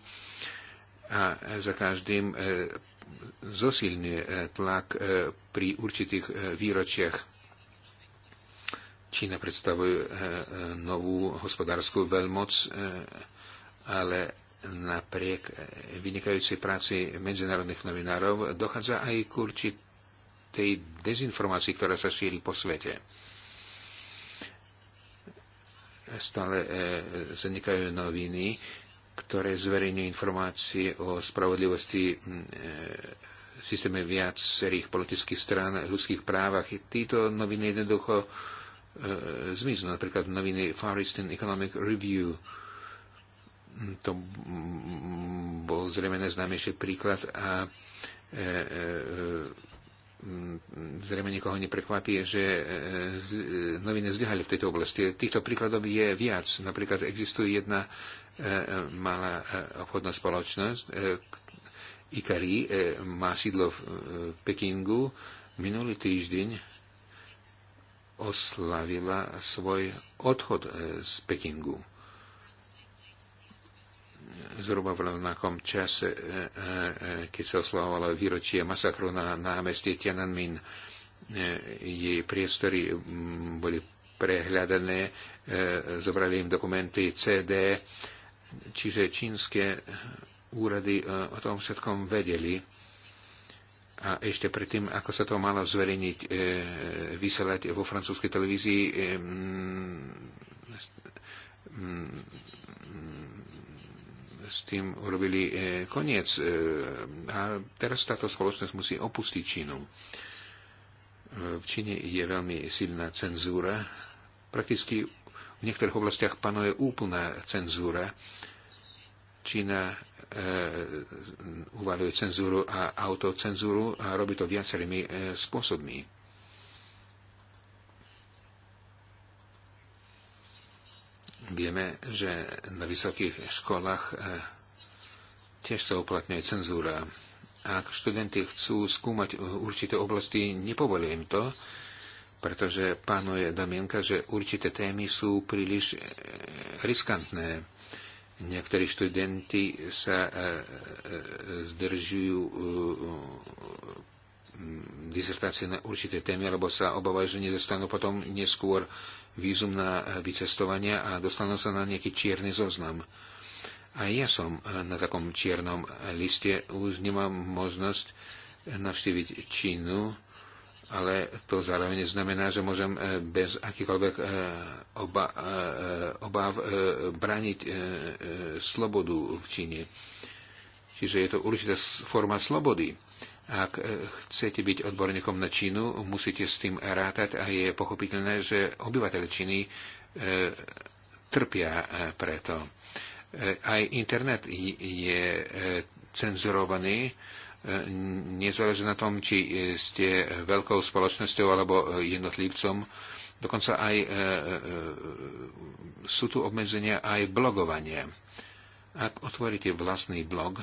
a za každým zosilňuje eh, tlak eh, pri určitých eh, výročiach. Čína predstavuje novú hospodárskú veľmoc, ale napriek vynikajúcej práci medzinárodných novinárov dochádza aj k určitej dezinformácii, ktorá sa šíri po svete. Stále zanikajú noviny, ktoré zverejňujú informácie o spravodlivosti e, systéme viacerých politických strán, ľudských právach. Títo noviny jednoducho e, zmiznú. Napríklad noviny Far Eastern Economic Review. To bol zrejme najznámejší príklad a e, e, zrejme nikoho neprekvapí, že e, e, noviny zlyhali v tejto oblasti. Týchto príkladov je viac. Napríklad existuje jedna E, e, malá e, obchodná spoločnosť Ikari má sídlo v Pekingu. Minulý týždeň oslavila svoj odchod z Pekingu. Zhruba v rovnakom čase, keď sa oslavovalo výročie masakru na námestí Tiananmen, jej priestory boli prehľadané, zobrali im dokumenty, CD, Čiže čínske úrady e, o tom všetkom vedeli. A ešte predtým, ako sa to malo zverejniť, vyselať vysielať vo francúzskej televízii, e, s tým urobili e, koniec. a teraz táto spoločnosť musí opustiť Čínu. V Číne je veľmi silná cenzúra. Prakticky v niektorých oblastiach panuje úplná cenzúra. Čína e, uvaluje cenzúru a autocenzúru a robí to viacerými e, spôsobmi. Vieme, že na vysokých školách e, tiež sa uplatňuje cenzúra. Ak študenti chcú skúmať e, určité oblasti, nepovolujem to, pretože pánuje Damienka, že určité témy sú príliš e, riskantné. Niektorí študenti sa e, e, zdržujú dizertácie na určité témy, lebo sa obávajú, že nedostanú potom neskôr vízum na vycestovanie a dostanú sa na nejaký čierny zoznam. A ja som na takom čiernom liste, už nemám možnosť navštíviť Čínu, ale to zároveň znamená, že môžem e, bez akýkoľvek e, oba, e, obáv braniť slobodu v Číne. Čiže je to určitá forma slobody. Ak chcete byť odborníkom na Čínu, musíte s tým rátať a je pochopiteľné, že obyvateľ Číny trpia preto. Aj internet je cenzurovaný, E, nezáleží na tom, či e, ste veľkou spoločnosťou alebo e, jednotlivcom. Dokonca aj sú tu obmedzenia aj blogovanie. Ak otvoríte vlastný blog,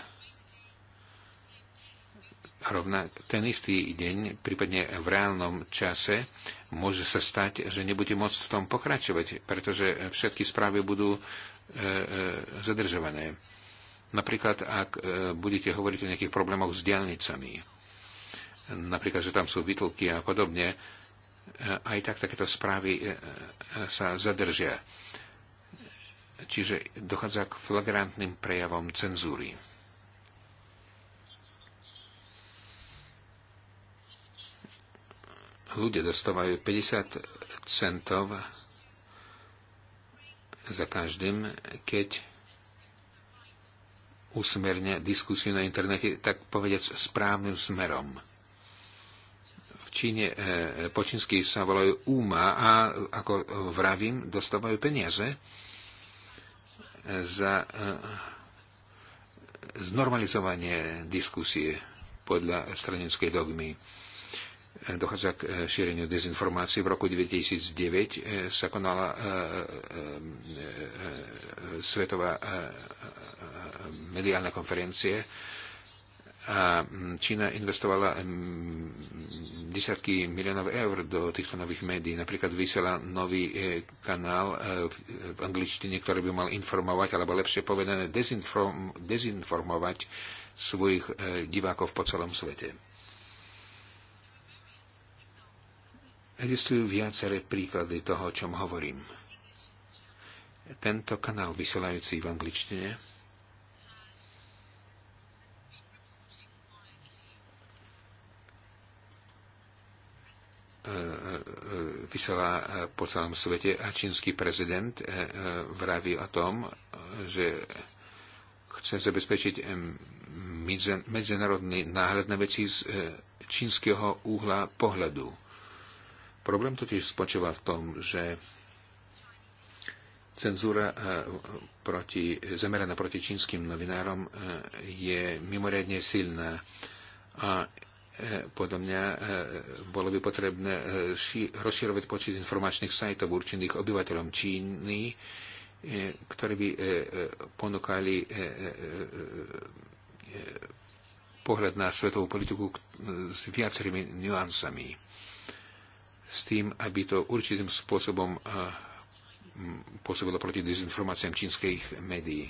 rovna ten istý deň, prípadne v reálnom čase, môže sa stať, že nebude môcť v tom pokračovať, pretože všetky správy budú e, e, zadržované. Napríklad, ak e, budete hovoriť o nejakých problémoch s diálnicami, napríklad, že tam sú vytlky a podobne, e, aj tak takéto správy e, sa zadržia. Čiže dochádza k flagrantným prejavom cenzúry. Ľudia dostávajú 50 centov za každým, keď usmerňa diskusiu na internete, tak povedať, správnym smerom. V Číne e, počínsky sa volajú UMA a, ako vravím, dostávajú peniaze e, za e, znormalizovanie diskusie podľa stranickej dogmy e, dochádza k e, šíreniu dezinformácií. V roku 2009 sa konala Svetová mediálne konferencie a mm, Čína investovala mm, desiatky miliónov eur do týchto nových médií. Napríklad vysiela nový e, kanál e, v angličtine, ktorý by mal informovať, alebo lepšie povedané, dezinform, dezinformovať svojich e, divákov po celom svete. Existujú viaceré príklady toho, o čom hovorím. Tento kanál vysielajúci v angličtine vysiela e, e, e, po celom svete a čínsky prezident vraví o tom, že chce zabezpečiť medzinárodný náhľad na veci z čínskeho úhla pohľadu. Problém totiž spočíva v tom, že cenzúra proti, zameraná proti čínskym novinárom je mimoriadne silná a podľa mňa e, bolo by potrebné e, rozširovať počet informačných sajtov určených obyvateľom Číny, e, ktoré by ponúkali pohľad na svetovú politiku s viacerými nuancami, S tým, aby to určitým spôsobom pôsobilo proti dezinformáciám čínskych médií.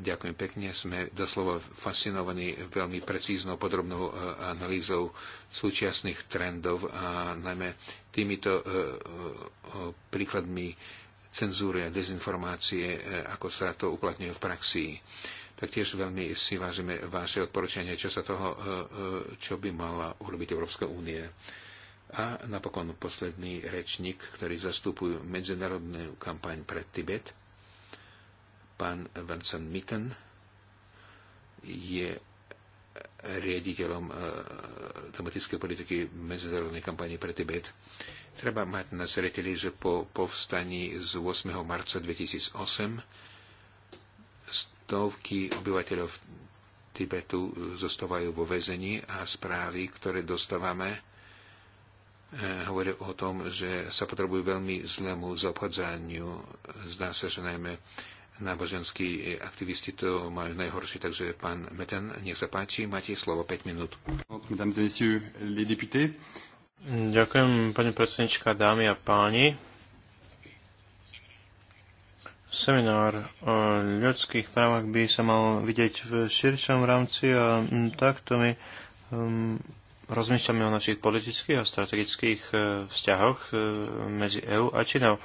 Ďakujem pekne. Sme doslova fascinovaní veľmi precíznou, podrobnou e, analýzou súčasných trendov a najmä týmito e, e, príkladmi cenzúry a dezinformácie, ako sa to uplatňuje v praxi. Taktiež veľmi si vážime vaše odporúčanie, čo sa toho, čo by mala urobiť Európska únie. A napokon posledný rečník, ktorý zastupujú medzinárodnú kampaň pre Tibet – Pán Vincent Mitten je riaditeľom eh, tematickej politiky medzinárodnej kampanii pre Tibet. Treba mať na zreteli, že po povstaní z 8. marca 2008 stovky obyvateľov Tibetu zostávajú vo väzení a správy, ktoré dostávame, eh, hovorí o tom, že sa potrebujú veľmi zlému zaobchádzaniu. Zdá sa, že najmä náboženskí aktivisti to majú najhoršie, takže pán Meten, nech sa páči, máte slovo 5 minút. Ďakujem, pani predsednička, dámy a páni. Seminár o ľudských právach by sa mal vidieť v širšom rámci a takto my um, rozmýšľame o našich politických a strategických uh, vzťahoch uh, medzi EÚ a Čínou. Uh,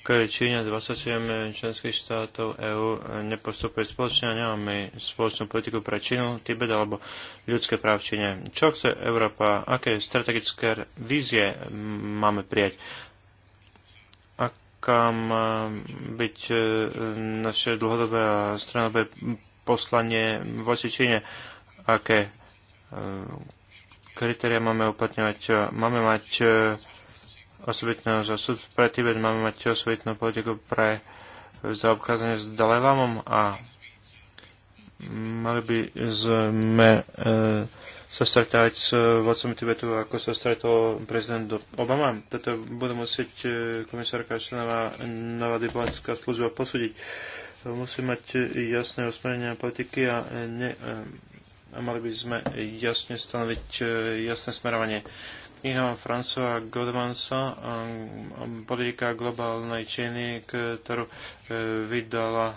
k Číne 27 členských štátov EÚ nepostupuje spoločne a nemáme spoločnú politiku pre Čínu, Tibet alebo ľudské práv v Číne. Čo chce Európa? Aké strategické vízie máme prijať? Aká má byť e, naše dlhodobé a stranové poslanie voči Číne? Aké e, kritéria máme uplatňovať? Máme mať e, osobitného zástup pre Tibet, máme mať osobitnú politiku pre zaobchádzanie s Dalajlámom a mali by sme e, sa stretávať s vodcom Tibetu, ako sa stretol prezident Obama. Toto bude musieť e, komisárka Šlenová, nová diplomatická služba posúdiť. Musí mať jasné osmerenia politiky a, ne, e, a mali by sme jasne stanoviť e, jasné smerovanie kniha François Godmansa um, politika globálnej Číny, ktorú eh, vydala eh,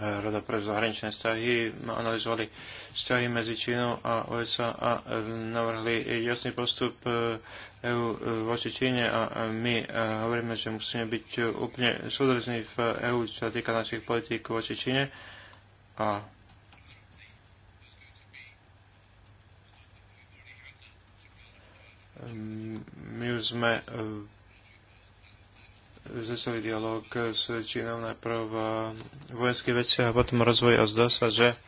Rada pre zahraničné vzťahy analyzovali vzťahy medzi Čínou a USA a eh, navrhli jasný postup EU e voči Číne a my hovoríme, že musíme byť úplne súdrezní v EU, čo sa týka našich politík voči Číne a my už sme e, začali dialog s Čínou najprv v e, vojenských veciach a potom rozvoj a zdá sa, že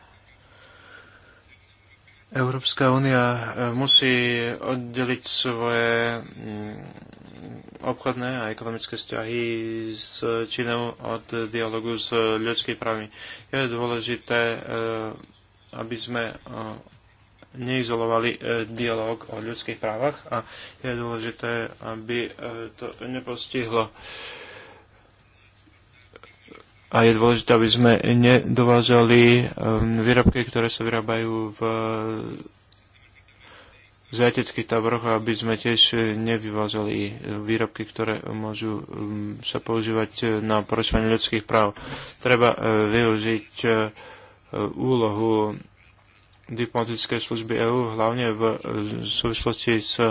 Európska únia e, musí oddeliť svoje mm, obchodné a ekonomické vzťahy s Čínou od dialogu s ľudskými právami. Je dôležité, aby sme neizolovali e, dialog o ľudských právach a je dôležité, aby e, to nepostihlo a je dôležité, aby sme nedovážali výrobky, ktoré sa vyrábajú v zajateckých táboroch, aby sme tiež nevyvážali výrobky, ktoré môžu sa používať na porušovanie ľudských práv. Treba e, využiť úlohu diplomatické služby EÚ, hlavne e, v súvislosti s e,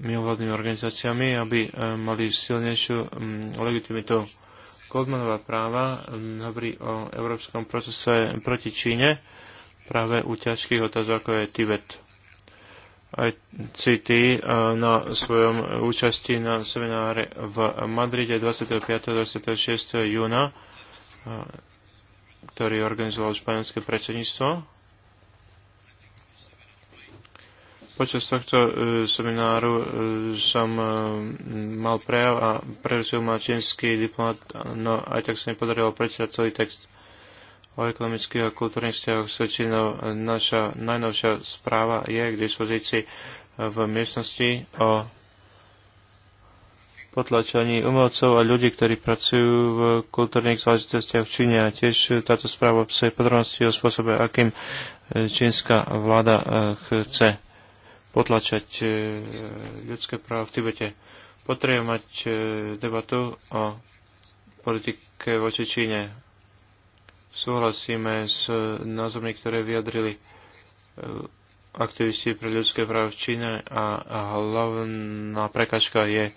mimovládnymi organizáciami, aby e, mali silnejšiu legitimitu. Goldmanová práva hovorí o európskom procese proti Číne práve u ťažkých otázok, ako je Tibet. Aj CT na svojom účasti na semináre v Madride 25. a 26. júna, ktorý organizoval španielské predsedníctvo, Počas tohto e, semináru e, som e, mal prejav a prerušil ma čínsky diplomat, no aj tak sa mi podarilo prečítať celý text o ekonomických a kultúrnych vzťahoch s Čínou. Naša najnovšia správa je k dispozícii v miestnosti o potlačení umelcov a ľudí, ktorí pracujú v kultúrnych záležitostiach v Číne. A tiež táto správa obsahuje podrobnosti o spôsobe, akým čínska vláda chce potlačať e, ľudské práva v Tibete. Potrebujeme mať e, debatu o politike voči Číne. Súhlasíme s názormi, ktoré vyjadrili e, aktivisti pre ľudské práva v Číne a hlavná prekažka je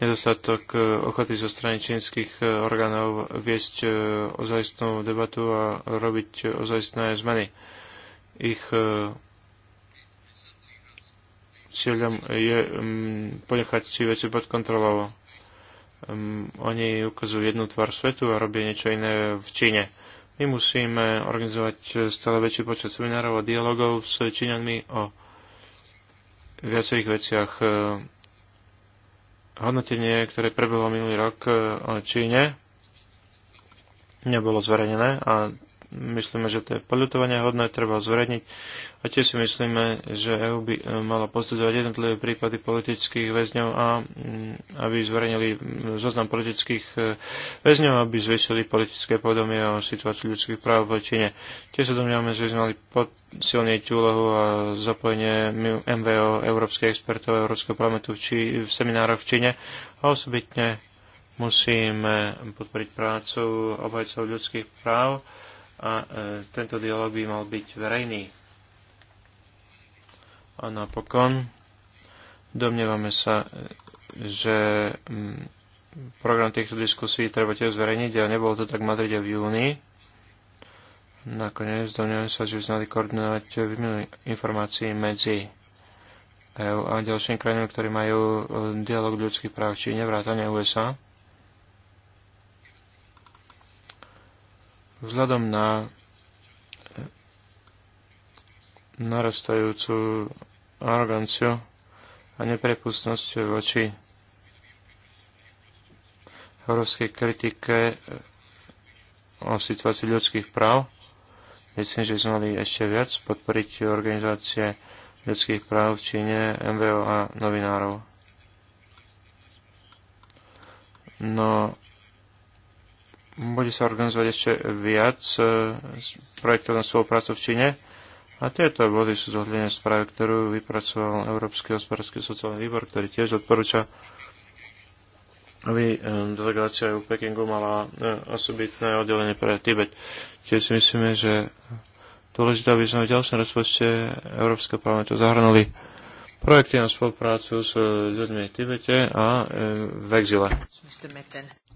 nedostatok ochoty zo strany čínskych orgánov viesť ozajstnú debatu a robiť ozajstné zmeny. Ich cieľom je mm, ponechať si veci pod kontrolou. Mm, oni ukazujú jednu tvár svetu a robia niečo iné v Číne. My musíme organizovať stále väčší počet seminárov a dialogov s Číňanmi o viacerých veciach. E, hodnotenie, ktoré prebehlo minulý rok e, o Číne, nebolo zverejnené a myslíme, že to je poľutovanie hodné, treba zverejniť. A tiež si myslíme, že EU by e, mala posledovať jednotlivé prípady politických väzňov a mm, aby zverejnili mm, zoznam politických e, väzňov, aby zvyšili politické povedomie o situácii ľudských práv v Číne. Tiež sa domňujeme, že by sme mali posilniť úlohu a zapojenie MVO, Európskej expertov Európskeho parlamentu v, Čí, v seminároch v Číne a osobitne musíme podporiť prácu obhajcov ľudských práv a e, tento dialog by mal byť verejný. A napokon domnievame sa, že program týchto diskusí treba tiež zverejniť a nebolo to tak v Madride v júni. Nakoniec domnievame sa, že by znali mali koordinovať výmenu informácií medzi EU a ďalšími krajinami, ktorí majú e, dialog ľudských práv v Číne, vrátane USA. Vzhľadom na eh, narastajúcu aroganciu a neprepustnosť voči európskej kritike eh, o situácii ľudských práv. Myslím, že sme mali ešte viac podporiť organizácie ľudských práv v Číne, MVO a novinárov. No bude sa organizovať ešte viac e, projektov na spoluprácu v Číne. A tieto body sú zohľadené v ktorú vypracoval Európsky hospodársky sociálny výbor, ktorý tiež odporúča, aby e, delegácia EU Pekingu mala e, osobitné oddelenie pre Tibet. Tiež si myslíme, že dôležité, aby sme v ďalšom rozpočte Európskeho parlamentu zahrnuli projekty na spoluprácu s ľuďmi v Tibete a v exile.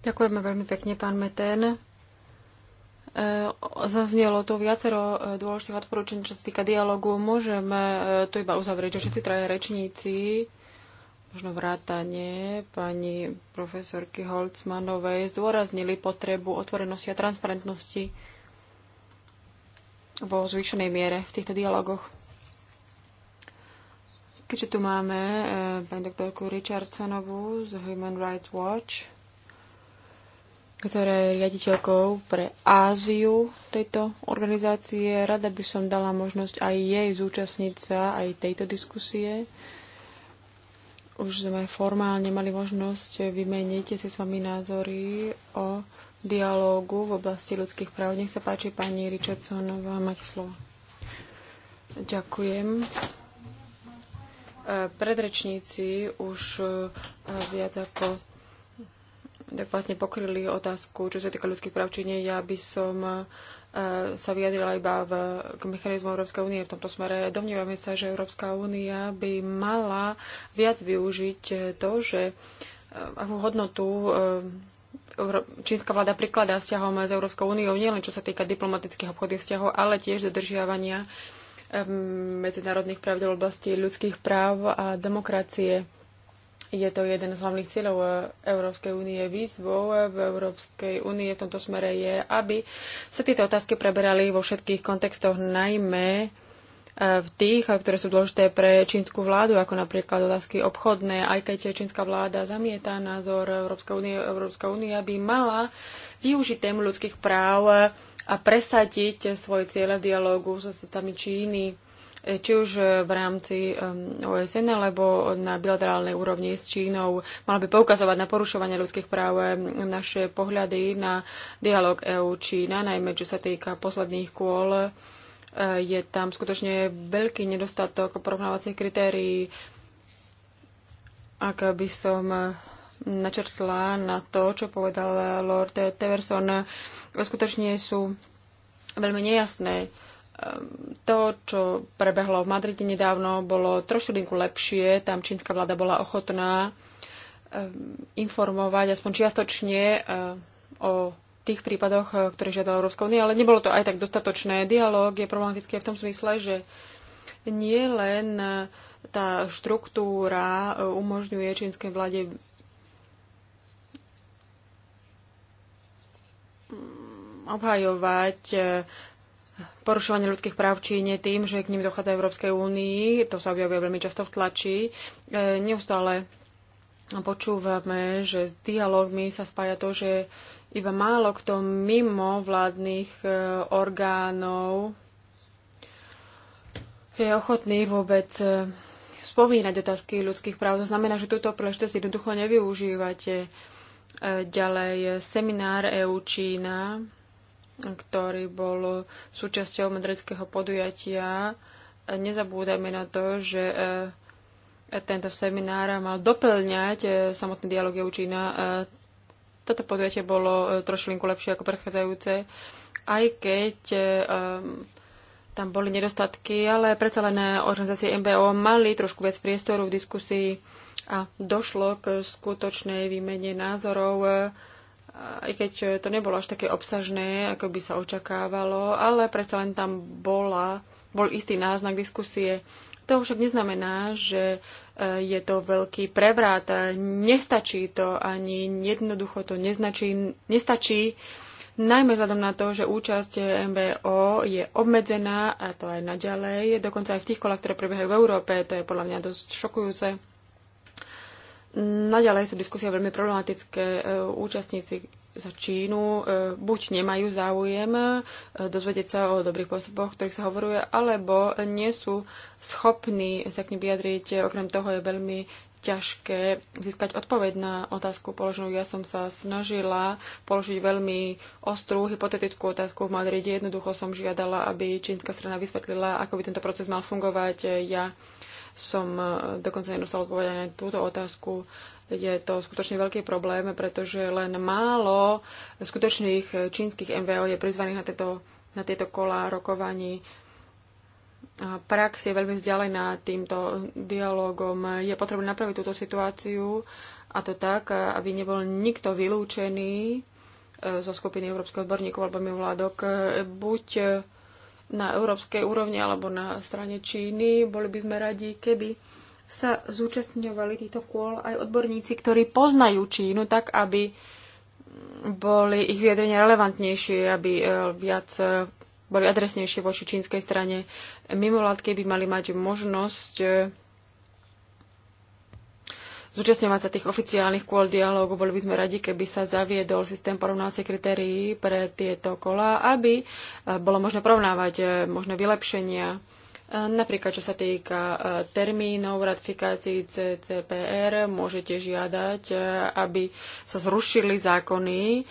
Ďakujeme veľmi pekne, pán Meten. E, zaznelo to viacero e, dôležitých odporúčaní, čo sa týka dialogu. Môžeme e, tu iba uzavrieť, že všetci traje rečníci, možno vrátanie pani profesorky Holcmanovej, zdôraznili potrebu otvorenosti a transparentnosti vo zvýšenej miere v týchto dialogoch. Keďže tu máme e, pani doktorku Richardsonovú z Human Rights Watch, ktorá je riaditeľkou pre Áziu tejto organizácie. Rada by som dala možnosť aj jej zúčastniť sa aj tejto diskusie. Už sme formálne mali možnosť vymeniť si s vami názory o dialógu v oblasti ľudských práv. Nech sa páči, pani Richardsonová, máte slovo. Ďakujem predrečníci už eh, viac ako adekvátne pokryli otázku, čo sa týka ľudských práv či nie. Ja by som e, sa vyjadrila iba v, k mechanizmu Európskej únie v tomto smere. Domnívame sa, že Európska únia by mala viac využiť to, že e, akú hodnotu e, čínska vláda prikladá vzťahom s Európskou úniou, nielen čo sa týka diplomatických obchodných vzťahov, ale tiež dodržiavania medzinárodných pravidel v oblasti ľudských práv a demokracie. Je to jeden z hlavných cieľov eh, Európskej únie. Výzvou eh, v Európskej únie v tomto smere je, aby sa tieto otázky preberali vo všetkých kontextoch, najmä eh, v tých, ktoré sú dôležité pre čínsku vládu, ako napríklad otázky obchodné, aj keď čínska vláda zamieta názor Európskej únie, Európska únia by mala využiť tému ľudských práv a presadiť svoje ciele v dialogu so sestami Číny či už e, v rámci OSN alebo na bilaterálnej úrovni s Čínou. Mala by poukazovať na porušovanie ľudských práv naše pohľady na dialog EU-Čína, najmä čo sa týka posledných kôl. E, je tam skutočne veľký nedostatok porovnávacích kritérií. Ak by som e, načrtla na to, čo povedal Lord Teverson, skutočne sú veľmi nejasné to, čo prebehlo v Madride nedávno, bolo trošilinku lepšie. Tam čínska vláda bola ochotná ehm, informovať aspoň čiastočne ehm, o tých prípadoch, eh, ktoré žiadala Európska únia, ale nebolo to aj tak dostatočné. Dialóg je problematický v tom smysle, že nie len eh, tá štruktúra eh, umožňuje čínskej vláde obhajovať porušovanie ľudských práv v Číne tým, že k ním dochádza Európskej únii. To sa objavuje veľmi často v tlači. E, neustále počúvame, že s dialogmi sa spája to, že iba málo kto mimo vládnych e, orgánov je ochotný vôbec e, spomínať otázky ľudských práv. To znamená, že túto príležitosť jednoducho nevyužívate. Ďalej seminár EU Čína ktorý bol súčasťou madridského podujatia. Nezabúdajme na to, že eh, tento seminár mal doplňať eh, samotný dialog EU Čína. Eh, toto podujatie bolo trošilinku lepšie ako predchádzajúce, aj keď tam boli nedostatky, ale predsa len organizácie MBO mali trošku viac priestoru v diskusii a došlo k skutočnej výmene názorov aj keď to nebolo až také obsažné, ako by sa očakávalo, ale predsa len tam bola, bol istý náznak diskusie. To však neznamená, že e, je to veľký prevrat. Nestačí to ani jednoducho to neznačí, nestačí, najmä vzhľadom na to, že účasť MBO je obmedzená a to aj naďalej, dokonca aj v tých kolách, ktoré prebiehajú v Európe, to je podľa mňa dosť šokujúce. Naďalej sú diskusie veľmi problematické. E, účastníci za Čínu e, buď nemajú záujem e, dozvedieť sa o dobrých postupoch, ktorých sa hovoruje, alebo nie sú schopní sa k nim vyjadriť. Okrem toho je veľmi ťažké získať odpoveď na otázku položenú. Ja som sa snažila položiť veľmi ostrú hypotetickú otázku v Madride. Jednoducho som žiadala, aby čínska strana vysvetlila, ako by tento proces mal fungovať. Ja som e, dokonca nedostal odpoveď na túto otázku. Je to skutočne veľký problém, pretože len málo skutočných čínskych MVO je prizvaných na tieto, na tieto kola rokovaní. Prax je veľmi vzdialená týmto dialogom. Je potrebné napraviť túto situáciu a to tak, aby nebol nikto vylúčený e, zo skupiny európskych odborníkov alebo mimovládok. E, buď na európskej úrovni alebo na strane Číny. Boli by sme radi, keby sa zúčastňovali týto kôl aj odborníci, ktorí poznajú Čínu, tak aby boli ich vyjadrenia relevantnejšie, aby eh, viac eh, boli adresnejšie voči čínskej strane. Mimovládky by mali mať možnosť eh, zúčastňovať sa tých oficiálnych kôl dialógu. Boli by sme radi, keby sa zaviedol systém porovnávacie kritérií pre tieto kola, aby e, bolo možné porovnávať e, možné vylepšenia. E, napríklad, čo sa týka termínov ratifikácií CCPR, môžete žiadať, aby sa zrušili zákony,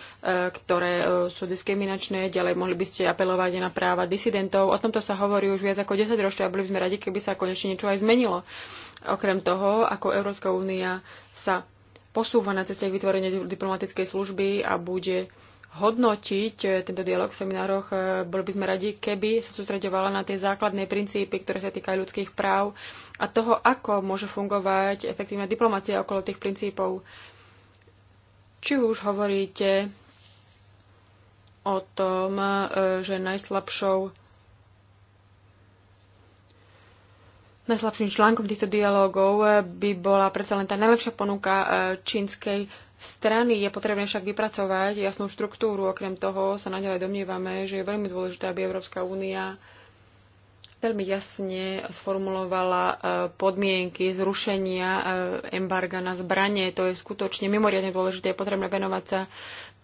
ktoré sú diskriminačné. Ďalej mohli by ste apelovať na práva disidentov. O tomto sa hovorí už viac ako 10 ročia a boli by sme radi, keby sa konečne niečo aj zmenilo. Okrem toho, ako Európska únia sa posúva na ceste k vytvoreniu diplomatickej služby a bude hodnotiť eh, tento dialog v seminároch, eh, boli by sme radi, keby sa sústredovala na tie základné princípy, ktoré sa týkajú ľudských práv a toho, ako môže fungovať efektívna diplomacia okolo tých princípov. Či už hovoríte o tom, eh, že najslabšou Najslabším článkom týchto dialogov eh, by bola predsa len tá najlepšia ponuka eh, čínskej strany. Je potrebné však vypracovať jasnú štruktúru. Okrem toho sa naďalej domnievame, že je veľmi dôležité, aby Európska únia veľmi jasne sformulovala eh, podmienky zrušenia embarga na zbranie. To je skutočne mimoriadne dôležité. Je potrebné venovať sa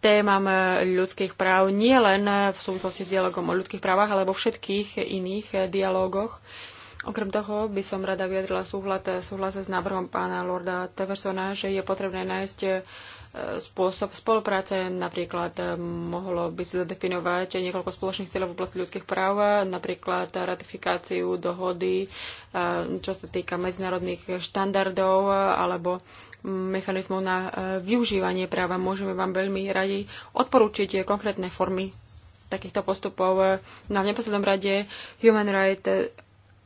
témam ľudských práv nie len v súvislosti s dialogom o ľudských právach, ale vo všetkých iných dialogoch. Okrem toho by som rada vyjadrila súhlas, súhlas s návrhom pána Lorda Teversona, že je potrebné nájsť e, spôsob spolupráce. Napríklad e, mohlo by sa zadefinovať niekoľko spoločných cieľov v oblasti ľudských práv, napríklad ratifikáciu dohody, e, čo sa týka medzinárodných štandardov alebo mechanizmov na využívanie práva. Môžeme vám veľmi radi odporúčiť konkrétne formy takýchto postupov. No a v neposlednom rade Human Rights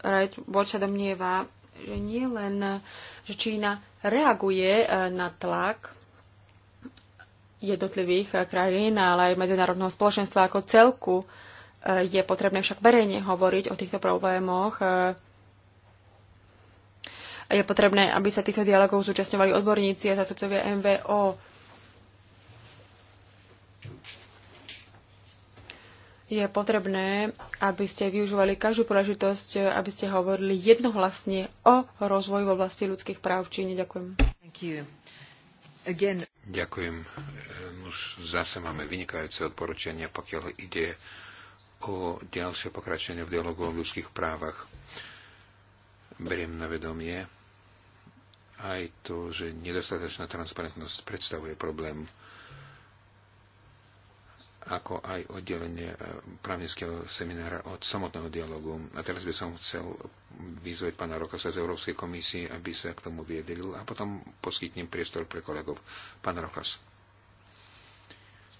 Right Watch sa domnieva, že nie len, že Čína reaguje e, na tlak jednotlivých e, krajín, ale aj medzinárodného spoločenstva ako celku. E, je potrebné však verejne hovoriť o týchto problémoch. Je potrebné, aby sa týchto dialogov zúčastňovali odborníci a zástupcovia MVO. je potrebné, aby ste využívali každú príležitosť, aby ste hovorili jednohlasne o rozvoji v oblasti ľudských práv v Číne. Ďakujem. Ďakujem. E, Už zase máme vynikajúce odporúčania, pokiaľ ide o ďalšie pokračenie v dialogu o ľudských právach. Beriem na vedomie aj to, že nedostatočná transparentnosť predstavuje problém ako aj oddelenie e, právnického seminára od samotného dialogu. A teraz by som chcel vyzvať pána Rokosa z Európskej komisie, aby sa k tomu viedril a potom poskytnem priestor pre kolegov. Pán Rokas.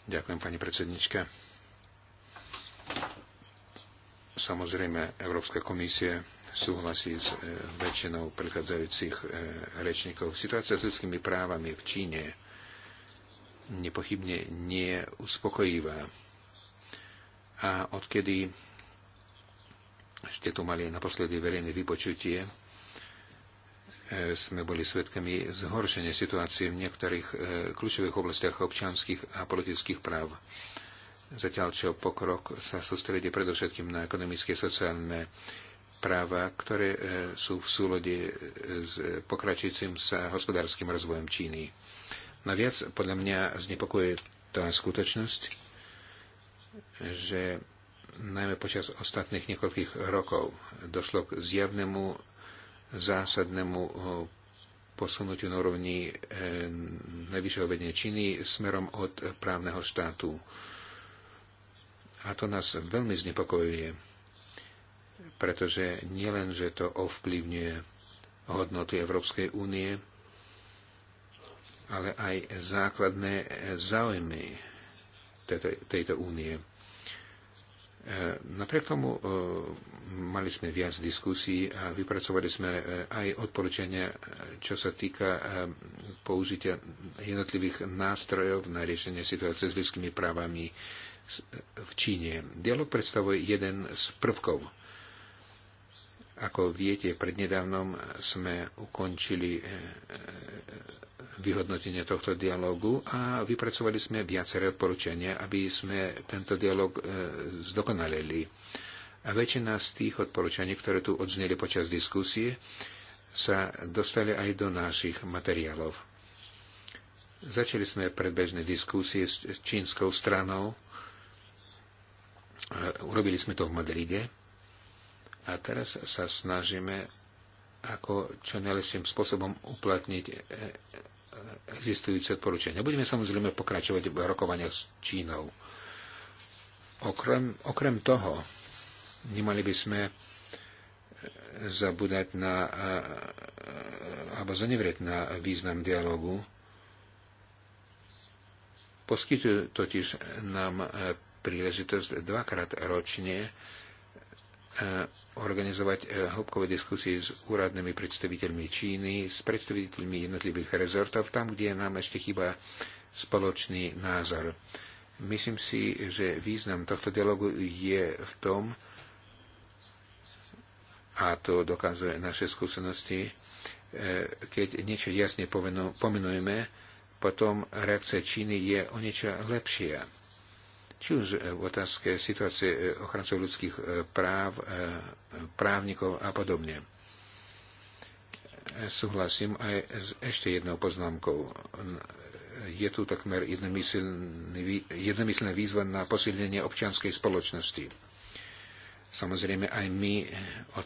Ďakujem, pani predsednička. Samozrejme, Európska komisia súhlasí s e, väčšinou predchádzajúcich e, rečníkov. Situácia s ľudskými právami v Číne nepochybne nie uspokojivá. A odkedy ste tu mali naposledy verejné vypočutie, e, sme boli svedkami zhoršenia situácie v niektorých e, kľúčových oblastiach občianských a politických práv. Zatiaľ, čo pokrok sa sústredí predovšetkým na ekonomické a sociálne práva, ktoré e, sú v súlode s pokračujúcim sa hospodárskym rozvojom Číny. Naviac podľa mňa znepokojuje tá skutočnosť, že najmä počas ostatných niekoľkých rokov došlo k zjavnému zásadnému eh, posunutiu na úrovni eh, najvyššieho vedenia Číny smerom od právneho štátu. A to nás veľmi znepokojuje, pretože nielen, že to ovplyvňuje hodnoty Európskej únie, ale aj základné e, záujmy tejto, tejto únie. E, napriek tomu e, mali sme viac diskusí a vypracovali sme aj odporúčania, čo sa týka použitia jednotlivých nástrojov na riešenie situácie s ľudskými právami v Číne. Dialog predstavuje jeden z prvkov. Ako viete, prednedávnom sme ukončili vyhodnotenie tohto dialogu a vypracovali sme viaceré odporúčania, aby sme tento dialog e, zdokonalili. A väčšina z tých odporúčaní, ktoré tu odzneli počas diskusie, sa dostali aj do našich materiálov. Začali sme predbežné diskusie s čínskou stranou. E, urobili sme to v Madride. A teraz sa snažíme ako čo najlepším spôsobom uplatniť e, existujúce odporúčania. Budeme samozrejme pokračovať v rokovaniach s Čínou. Okrem, okrem toho, nemali by sme e, zabúdať na e, e, alebo zanevrieť na význam dialogu. Poskytujú totiž nám príležitosť dvakrát ročne organizovať e, hĺbkové diskusie s úradnými predstaviteľmi Číny, s predstaviteľmi jednotlivých rezortov, tam, kde nám ešte chýba spoločný názor. Myslím si, že význam tohto dialogu je v tom, a to dokazuje naše skúsenosti, e, keď niečo jasne pomenujeme, potom reakcia Číny je o niečo lepšia či už v otázke situácie e, ochrancov ľudských e, práv, e, právnikov a podobne. Súhlasím aj s ešte jednou poznámkou. Je tu takmer jednomyslná výzva na posilnenie občianskej spoločnosti. Samozrejme, aj my o,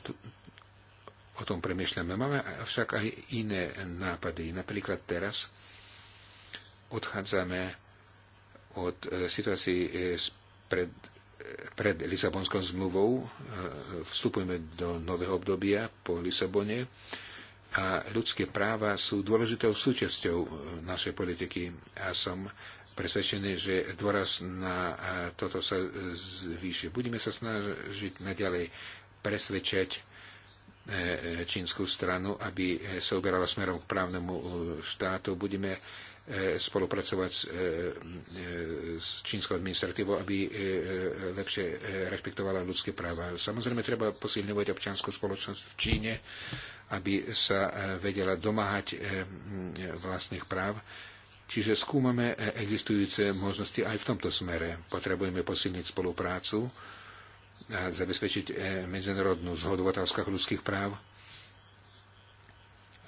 o tom premyšľame. Máme však aj iné nápady. Napríklad teraz odchádzame od e, situácií e, pred, e, pred Lisabonskou zmluvou. Vstupujeme do nového obdobia po Lisabone a ľudské práva sú dôležitou súčasťou našej politiky a som presvedčený, že dôraz na toto sa zvýši. Budeme sa snažiť naďalej presvedčať čínsku stranu, aby sa uberala smerom k právnemu štátu. Budeme E, spolupracovať e, e, s čínskou administratívou, aby lepšie rešpektovala ľudské práva. Samozrejme, treba posilňovať občianskú spoločnosť v Číne, aby sa vedela domáhať vlastných práv. Čiže skúmame existujúce možnosti aj v tomto smere. Potrebujeme posilniť spoluprácu a zabezpečiť medzinárodnú zhodu v otázkach ľudských práv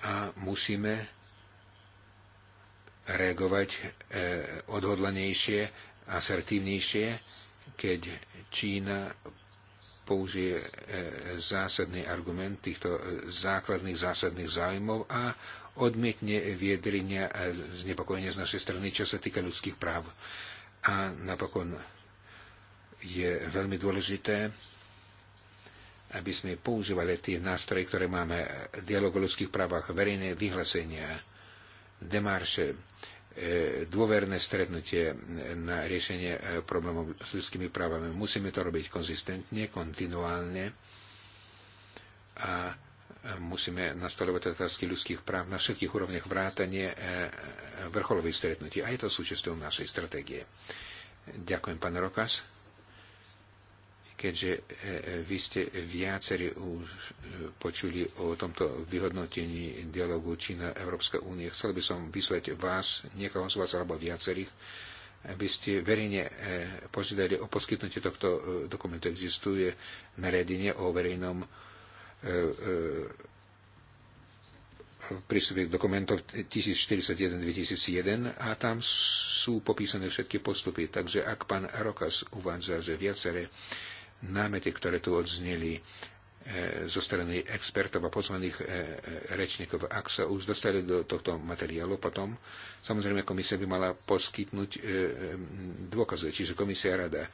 a musíme reagovať e, odhodlanejšie, asertívnejšie, keď Čína použije e, zásadný argument týchto e, základných zásadných záujmov a odmietne viedrenia a znepokojenia z našej strany, čo sa týka ľudských práv. A napokon je veľmi dôležité, aby sme používali tie nástroje, ktoré máme, dialog o ľudských právach, verejné vyhlásenia, demarše, e, dôverné stretnutie na riešenie e, problémov s ľudskými právami. Musíme to robiť konzistentne, kontinuálne a e, musíme nastolovať otázky ľudských práv na všetkých úrovniach vrátanie vrcholových stretnutí. A je to súčasťou našej stratégie. Ďakujem, pán Rokas keďže e, e, vy ste viacerí už e, počuli o tomto vyhodnotení dialogu Čína-Európska únie. Chcel by som vyslať vás, niekoho z vás alebo viacerých, aby ste verejne požiadali o poskytnutie tohto dokumentu. Existuje nariadenie o verejnom prístupe k dokumentov 1041-2001 a tam sú popísané všetky postupy. Takže ak pán Rokas uvádza, že viaceré námety, ktoré tu odzneli e, zo strany expertov a pozvaných e, e, rečníkov. Ak sa už dostali do tohto materiálu, potom samozrejme komisia by mala poskytnúť dôkazy, čiže komisia rada,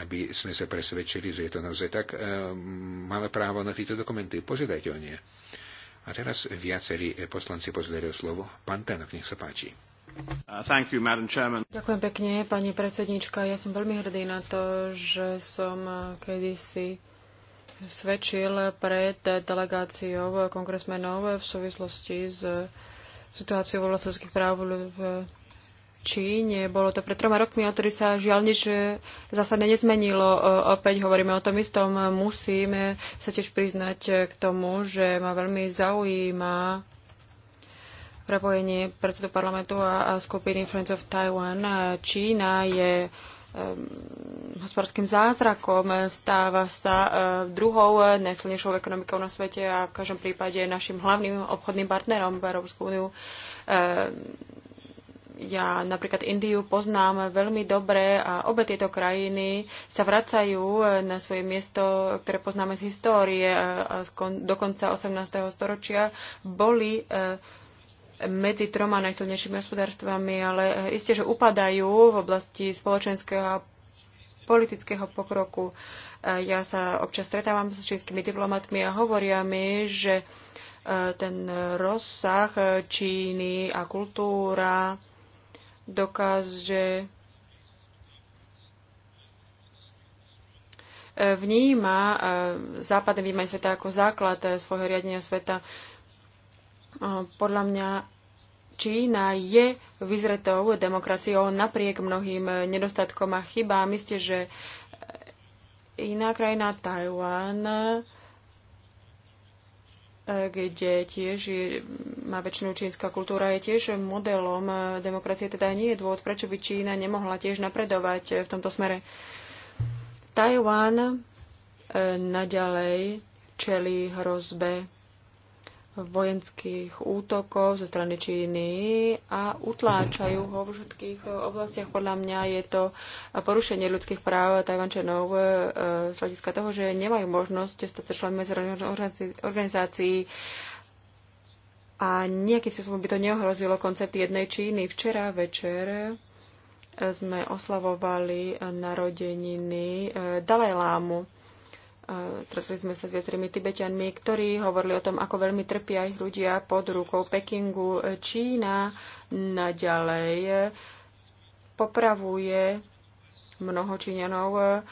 aby sme sa presvedčili, že je to naozaj tak. Máme právo na tieto dokumenty, požiadajte o nie. A teraz viacerí poslanci požiadajú slovo. Pán Tenok, nech sa páči. Uh, Ďakujem pekne, pani predsednička. Ja som veľmi hrdý na to, že som uh, kedysi svedčil pred delegáciou kongresmenov v súvislosti s uh, situáciou v oblasti ľudských práv v Číne. Bolo to pred troma rokmi, odtedy sa žiaľ nič zásadne nezmenilo. Opäť hovoríme o tom istom. Musíme sa tiež priznať k tomu, že ma veľmi zaujíma prepojenie predsedu parlamentu a, a skupiny Friends of Taiwan. Čína je um, hospodárským zázrakom, stáva sa uh, druhou najsilnejšou ekonomikou na svete a v každom prípade našim hlavným obchodným partnerom v Európsku úniu. Uh, ja napríklad Indiu poznám veľmi dobre a obe tieto krajiny sa vracajú e, na svoje miesto, ktoré poznáme z histórie a, a do konca 18. storočia boli uh, medzi troma najsilnejšími hospodárstvami, ale isté, že upadajú v oblasti spoločenského a politického pokroku. E, ja sa občas stretávam s čínskymi diplomatmi a hovoria mi, že e, ten rozsah Číny a kultúra dokáže e, vníma západný výmaň sveta ako základ svojho riadenia sveta. Podľa mňa Čína je vyzretou demokraciou napriek mnohým nedostatkom a chybám. Myslíte, že iná krajina Tajwan, kde tiež je, má väčšinu čínska kultúra, je tiež modelom demokracie, teda nie je dôvod, prečo by Čína nemohla tiež napredovať v tomto smere. Tajván eh, naďalej čeli hrozbe vojenských útokov zo strany Číny a utláčajú ho vo všetkých eh, oblastiach. Podľa mňa je to porušenie ľudských práv Tajvančanov eh, z hľadiska toho, že nemajú možnosť stať sa členmi medzinárodných organizácií a nejakým spôsobom by to neohrozilo koncept jednej Číny. Včera večer eh, sme oslavovali narodeniny Dalajlámu. Lámu Stretli sme sa s viacerými Tibetianmi, ktorí hovorili o tom, ako veľmi trpia ich ľudia pod rukou Pekingu. Čína naďalej popravuje mnoho Číňanov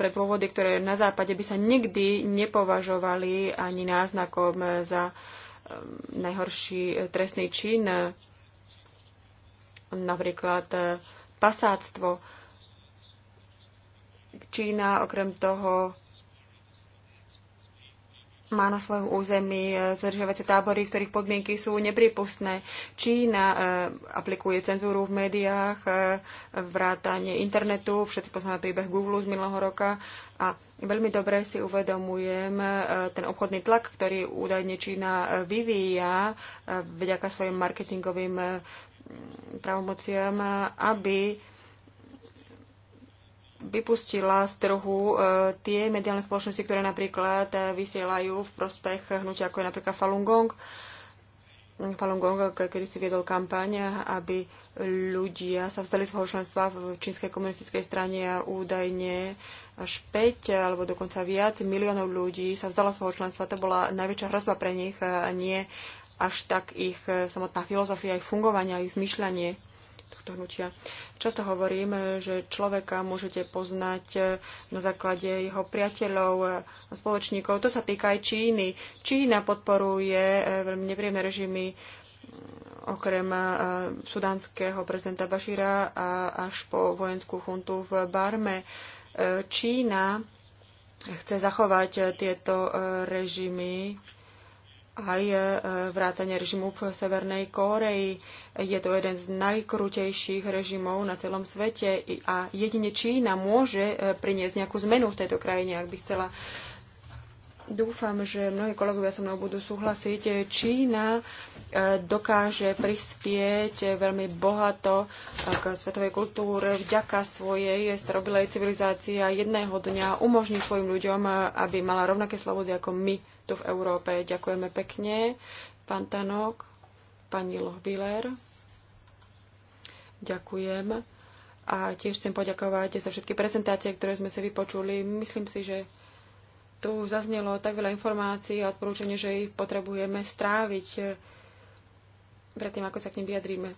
pre dôvody, ktoré na západe by sa nikdy nepovažovali ani náznakom za najhorší trestný čin, napríklad eh, pasáctvo. Čína okrem toho má na svojom území e, zdržiavacie tábory, v ktorých podmienky sú nepripustné. Čína e, aplikuje cenzúru v médiách, e, vrátanie internetu, všetci poznáme príbeh Google z minulého roka a veľmi dobre si uvedomujem e, ten obchodný tlak, ktorý údajne Čína e, vyvíja e, vďaka svojim marketingovým e, pravomociam, aby vypustila z trhu e, tie mediálne spoločnosti, ktoré napríklad e, vysielajú v prospech hnutia, ako je napríklad Falun Gong. Falun Gong, e, kedy si viedol kampaň, aby ľudia sa vzdali svojho členstva v čínskej komunistickej strane a údajne až 5 alebo dokonca viac miliónov ľudí sa vzdala svojho členstva. To bola najväčšia hrozba pre nich a nie až tak ich samotná filozofia, ich fungovania, ich zmyšľanie tohto hnutia. Často hovorím, že človeka môžete poznať eh, na základe jeho priateľov eh, a spoločníkov. To sa týka aj Číny. Čína podporuje eh, veľmi nepríjemné režimy mm, okrem sudánskeho prezidenta Bašíra a až po vojenskú chuntu v Barme. Čína chce zachovať tieto režimy aj e, vrátanie režimu v Severnej Kóreji. Je to jeden z najkrutejších režimov na celom svete a jedine Čína môže e, priniesť nejakú zmenu v tejto krajine, ak by chcela. Dúfam, že mnohí kolegovia so mnou budú súhlasiť. Čína e, dokáže prispieť veľmi bohato k svetovej kultúre vďaka svojej starobilej civilizácii a jedného dňa umožní svojim ľuďom, aby mala rovnaké slobody ako my tu v Európe. Ďakujeme pekne, pán Tanok, pani Lohbiller. Ďakujem. A tiež chcem poďakovať za všetky prezentácie, ktoré sme si vypočuli. Myslím si, že tu zaznelo tak veľa informácií a odporúčanie, že ich potrebujeme stráviť predtým, ako sa k ním vyjadríme.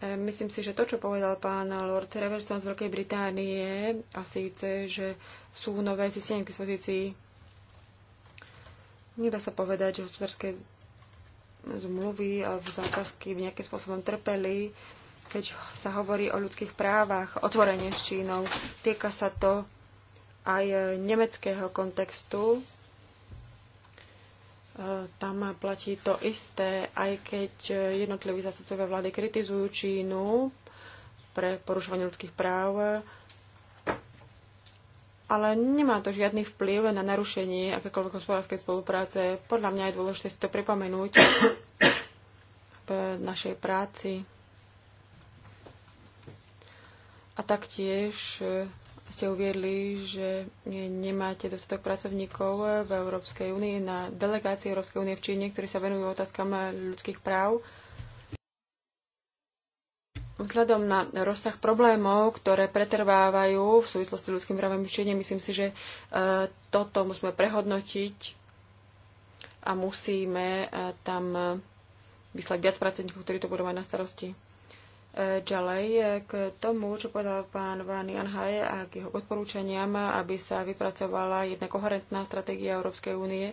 E, myslím si, že to, čo povedal pán Lord Reverson z Veľkej Británie, a síce, že sú nové zistenia k dispozícii Nedá sa povedať, že hospodárske zmluvy alebo zákazky v nejakým spôsobom trpeli, keď sa hovorí o ľudských právach, otvorenie s Čínou. Týka sa to aj nemeckého kontextu. E, tam platí to isté, aj keď jednotliví zastupcovia vlády kritizujú Čínu pre porušovanie ľudských práv ale nemá to žiadny vplyv na narušenie akékoľvek hospodárskej spolupráce. Podľa mňa je dôležité si to pripomenúť v našej práci. A taktiež eh, ste uviedli, že nemáte dostatok pracovníkov eh, v Európskej únii na delegácii Európskej únie v Číne, ktorí sa venujú otázkam eh, ľudských práv. Vzhľadom na rozsah problémov, ktoré pretrvávajú v súvislosti s ľudským právom v myslím si, že e, toto musíme prehodnotiť a musíme e, tam e, vyslať viac pracovníkov, ktorí to budú mať na starosti. Ďalej k tomu, čo povedal pán Van Janhaj a k jeho odporúčaniam, aby sa vypracovala jedna koherentná stratégia Európskej únie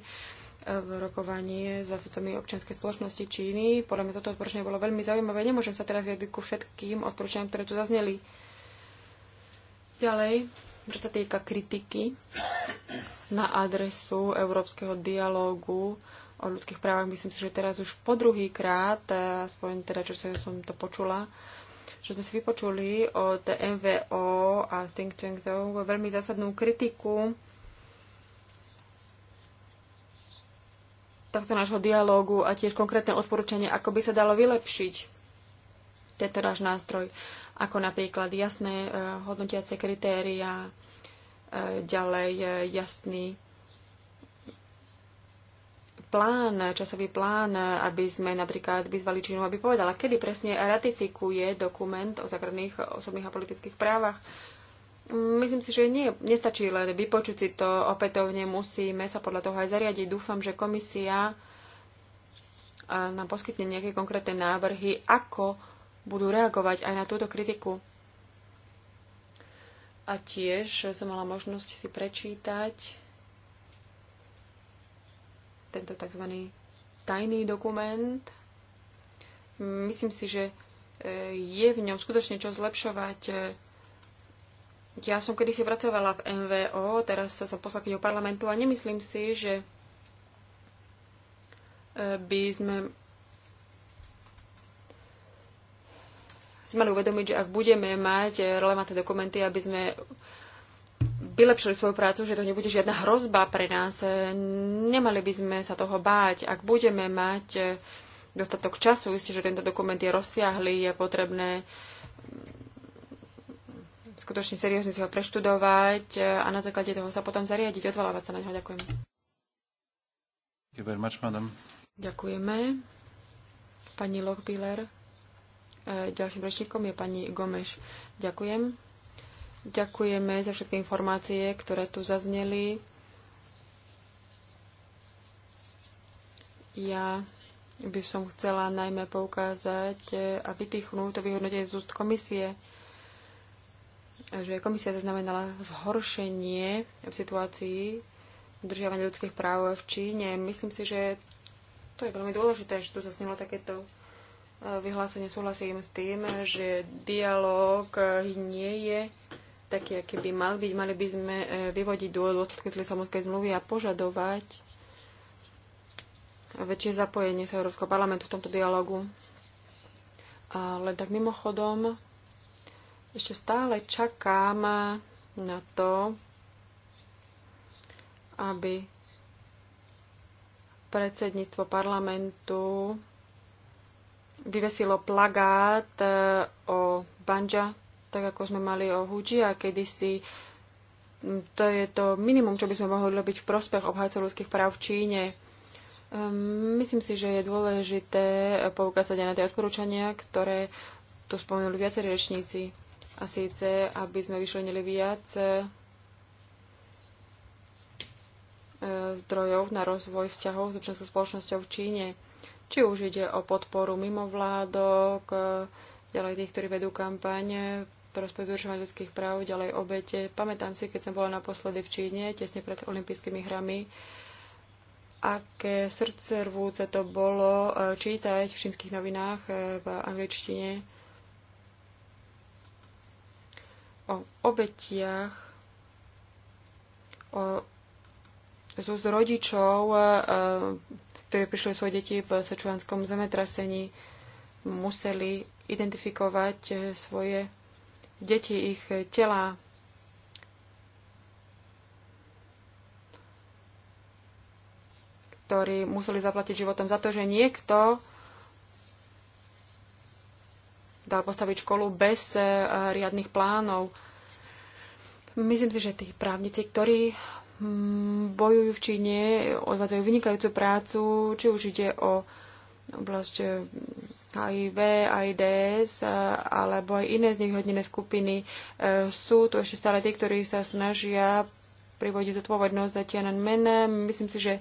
v rokovanie s zástupcami občianskej spoločnosti Číny. Podľa mňa toto odporúčanie bolo veľmi zaujímavé. Nemôžem sa teraz vyjadriť ku všetkým odporúčaniam, ktoré tu zazneli. Ďalej, čo sa týka kritiky na adresu európskeho dialógu o ľudských právach, myslím si, že teraz už po druhý krát, eh, aspoň teda, čo som to počula, že sme si vypočuli od MVO a Think Tank veľmi zásadnú kritiku tohto nášho dialógu a tiež konkrétne odporúčanie, ako by sa dalo vylepšiť tento náš nástroj, ako napríklad jasné e, hodnotiace kritéria, e, ďalej e, jasný plán, časový plán, aby sme napríklad vyzvali Čínu, aby povedala, kedy presne ratifikuje dokument o základných osobných a politických právach Myslím si, že nie, nestačí len vypočuť si to opätovne, musíme sa podľa toho aj zariadiť. Dúfam, že komisia nám poskytne nejaké konkrétne návrhy, ako budú reagovať aj na túto kritiku. A tiež som mala možnosť si prečítať tento tzv. tajný dokument. Myslím si, že e, je v ňom skutočne čo zlepšovať e, ja som kedysi pracovala v MVO, teraz som poslankyňou parlamentu a nemyslím si, že e, by sme si mali uvedomiť, že ak budeme mať relevantné dokumenty, aby sme vylepšili svoju prácu, že to nebude žiadna hrozba pre nás. Nemali by sme sa toho báť. Ak budeme mať dostatok času, isté, že tento dokument je rozsiahly, je potrebné skutočne seriózne si ho preštudovať e, a na základe toho sa potom zariadiť, odvolávať sa na ňo. Ďakujem. Ďakujeme. Pani Lochbiller. E, ďalším rečníkom je pani Gomeš. Ďakujem. Ďakujeme za všetky informácie, ktoré tu zazneli. Ja by som chcela najmä poukázať e, a vypichnúť to vyhodnotenie z úst komisie že komisia zaznamenala zhoršenie v situácii udržiavania ľudských práv v Číne. Myslím si, že to je veľmi dôležité, že tu zaznelo takéto e, vyhlásenie. Súhlasím s tým, že dialog e, nie je taký, aký by mal byť. Mali by sme e, vyvodiť dôsledky z Lisabonskej zmluvy a požadovať väčšie zapojenie sa Európskeho parlamentu v tomto dialogu. Ale tak mimochodom, ešte stále čakám na to, aby predsedníctvo parlamentu vyvesilo plagát e, o Banja, tak ako sme mali o Huji a kedysi to je to minimum, čo by sme mohli robiť v prospech obhajcov ľudských práv v Číne. Ehm, myslím si, že je dôležité poukázať aj na tie odporúčania, ktoré tu spomenuli viacerí rečníci a síce, aby sme vyšlenili viac e, zdrojov na rozvoj vzťahov s občanskou spoločnosťou v Číne. Či už ide o podporu mimovládok, e, ďalej tých, ktorí vedú kampaň prospech dodržovania ľudských práv, ďalej obete. Pamätám si, keď som bola naposledy v Číne, tesne pred olympijskými hrami, aké srdce rvúce to bolo e, čítať v čínskych novinách v angličtine o obetiach, o z úst rodičov, e, e, ktorí prišli svoje deti v sečuánskom zemetrasení, museli identifikovať e, svoje deti, ich tela. ktorí museli zaplatiť životom za to, že niekto dá postaviť školu bez e, riadnych plánov. Myslím si, že tí právnici, ktorí mm, bojujú v Číne, odvádzajú vynikajúcu prácu, či už ide o oblasť e, HIV, AIDS, e, alebo aj iné znevýhodnené skupiny. Sú tu ešte stále tí, ktorí sa snažia privodiť zodpovednosť za Tiananmen. Myslím si, že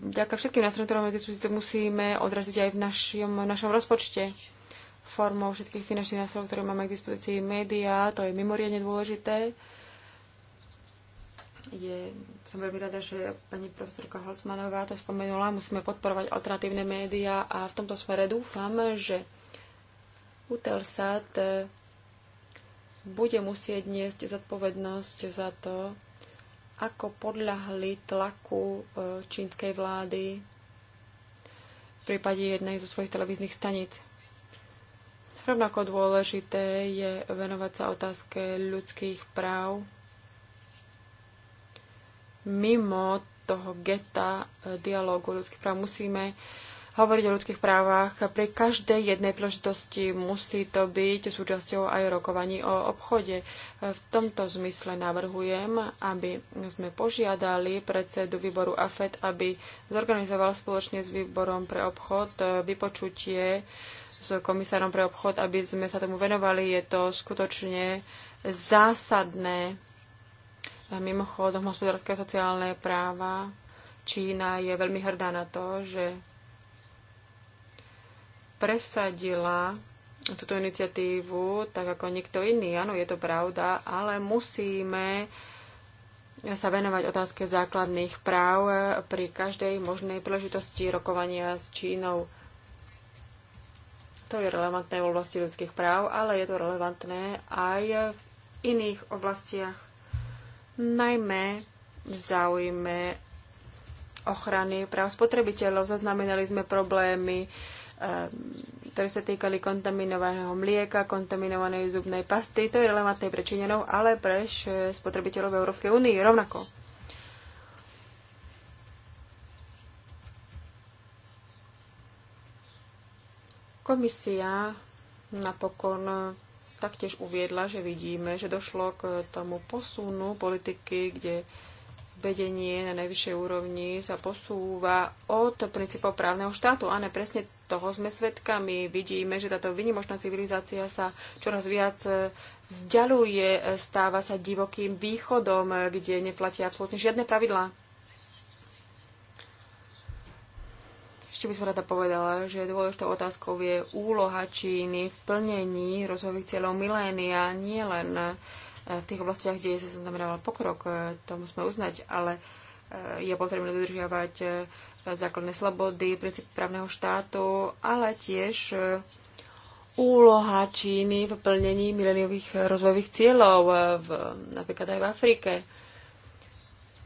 vďaka všetkým nástrojom, ktoré musíme odraziť aj v našom, v našom rozpočte formou všetkých finančných nástrojov, ktoré máme k dispozícii médiá. To je mimoriadne dôležité. Je, som veľmi rada, že pani profesorka Holcmanová to spomenula. Musíme podporovať alternatívne médiá a v tomto smere dúfam, že Utelsat eh, bude musieť niesť zodpovednosť za to, ako podľahli tlaku eh, čínskej vlády v prípade jednej zo svojich televíznych staníc. Rovnako dôležité je venovať sa otázke ľudských práv mimo toho geta eh, dialógu ľudských práv. Musíme hovoriť o ľudských právach. Pri každej jednej príležitosti musí to byť súčasťou aj rokovaní o obchode. Eh, v tomto zmysle navrhujem, aby sme požiadali predsedu výboru AFED, aby zorganizoval spoločne s výborom pre obchod eh, vypočutie s komisárom pre obchod, aby sme sa tomu venovali. Je to skutočne zásadné. Mimochodom, hospodárske a sociálne práva Čína je veľmi hrdá na to, že presadila túto iniciatívu tak ako nikto iný. Áno, je to pravda, ale musíme sa venovať otázke základných práv pri každej možnej príležitosti rokovania s Čínou. To je relevantné v oblasti ľudských práv, ale je to relevantné aj v iných oblastiach, najmä v záujme ochrany práv spotrebiteľov. Zaznamenali sme problémy, ktoré sa týkali kontaminovaného mlieka, kontaminovanej zubnej pasty. To je relevantné pre Číňanov, ale pre spotrebiteľov v Európskej únii rovnako. Komisia napokon taktiež uviedla, že vidíme, že došlo k tomu posunu politiky, kde vedenie na najvyššej úrovni sa posúva od princípov právneho štátu. Áno, presne toho sme svedkami. Vidíme, že táto vynimočná civilizácia sa čoraz viac vzdialuje, stáva sa divokým východom, kde neplatia absolútne žiadne pravidlá. Ešte by som rada povedala, že dôležitou otázkou je úloha Číny v plnení rozvojových cieľov milénia, nie len e, v tých oblastiach, kde sa znamenával pokrok, e, to musíme uznať, ale e, je potrebné dodržiavať základné slobody, princíp právneho štátu, ale tiež úloha Číny v plnení mileniových rozvojových cieľov, v, napríklad aj v Afrike.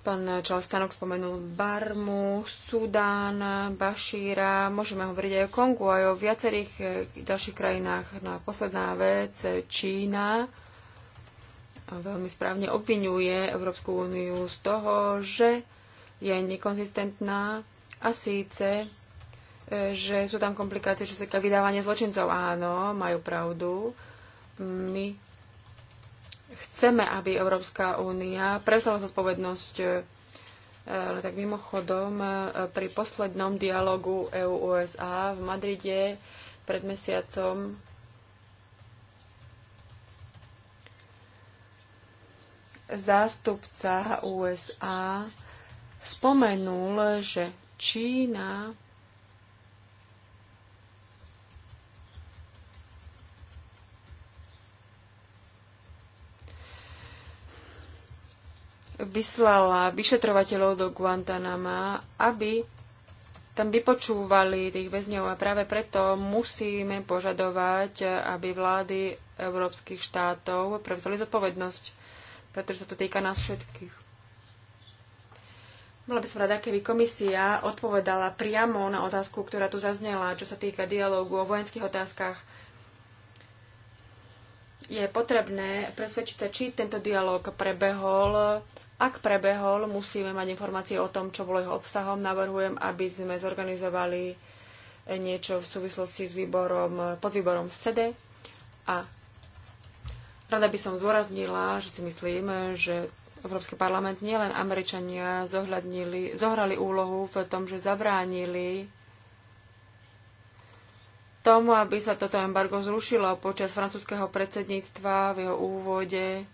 Pán Čalstanok spomenul Barmu, Sudán, Bašíra, môžeme hovoriť aj o Kongu, aj o viacerých eh, ďalších krajinách. No a posledná vec, Čína veľmi správne obvinuje Európsku úniu z toho, že je nekonzistentná a síce, eh, že sú tam komplikácie, čo sa týka vydávania zločincov. Áno, majú pravdu. My chceme, aby Európska únia prevzala zodpovednosť e, tak mimochodom, e, pri poslednom dialogu EU-USA v Madride pred mesiacom zástupca USA spomenul, že Čína vyslala vyšetrovateľov do Guantanama, aby tam vypočúvali tých väzňov a práve preto musíme požadovať, aby vlády európskych štátov prevzali zodpovednosť, pretože sa to týka nás všetkých. Bola by som rada, keby komisia odpovedala priamo na otázku, ktorá tu zaznela, čo sa týka dialógu o vojenských otázkach. Je potrebné presvedčiť sa, či tento dialóg prebehol ak prebehol, musíme mať informácie o tom, čo bolo jeho obsahom. Navrhujem, aby sme zorganizovali eh, niečo v súvislosti s výborom, eh, pod výborom SEDE. A rada by som zdôraznila, že si myslím, eh, že Európsky parlament nielen Američania zohľadnili, zohrali úlohu v tom, že zabránili tomu, aby sa toto embargo zrušilo počas francúzského predsedníctva v jeho úvode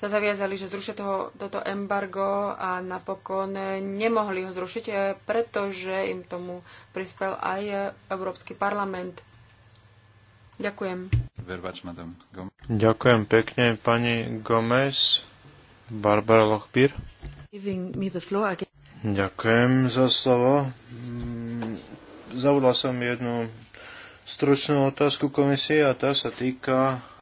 sa zaviazali, že zrušia toho, toto embargo a napokon nemohli ho zrušiť, eh, pretože im tomu prispel aj eh, Európsky parlament. Ďakujem. Ďakujem pekne, pani Gomez. Barbara Lochbír. Ďakujem za slovo. Mm, Zavudla som jednu stručnú otázku komisie a tá sa týka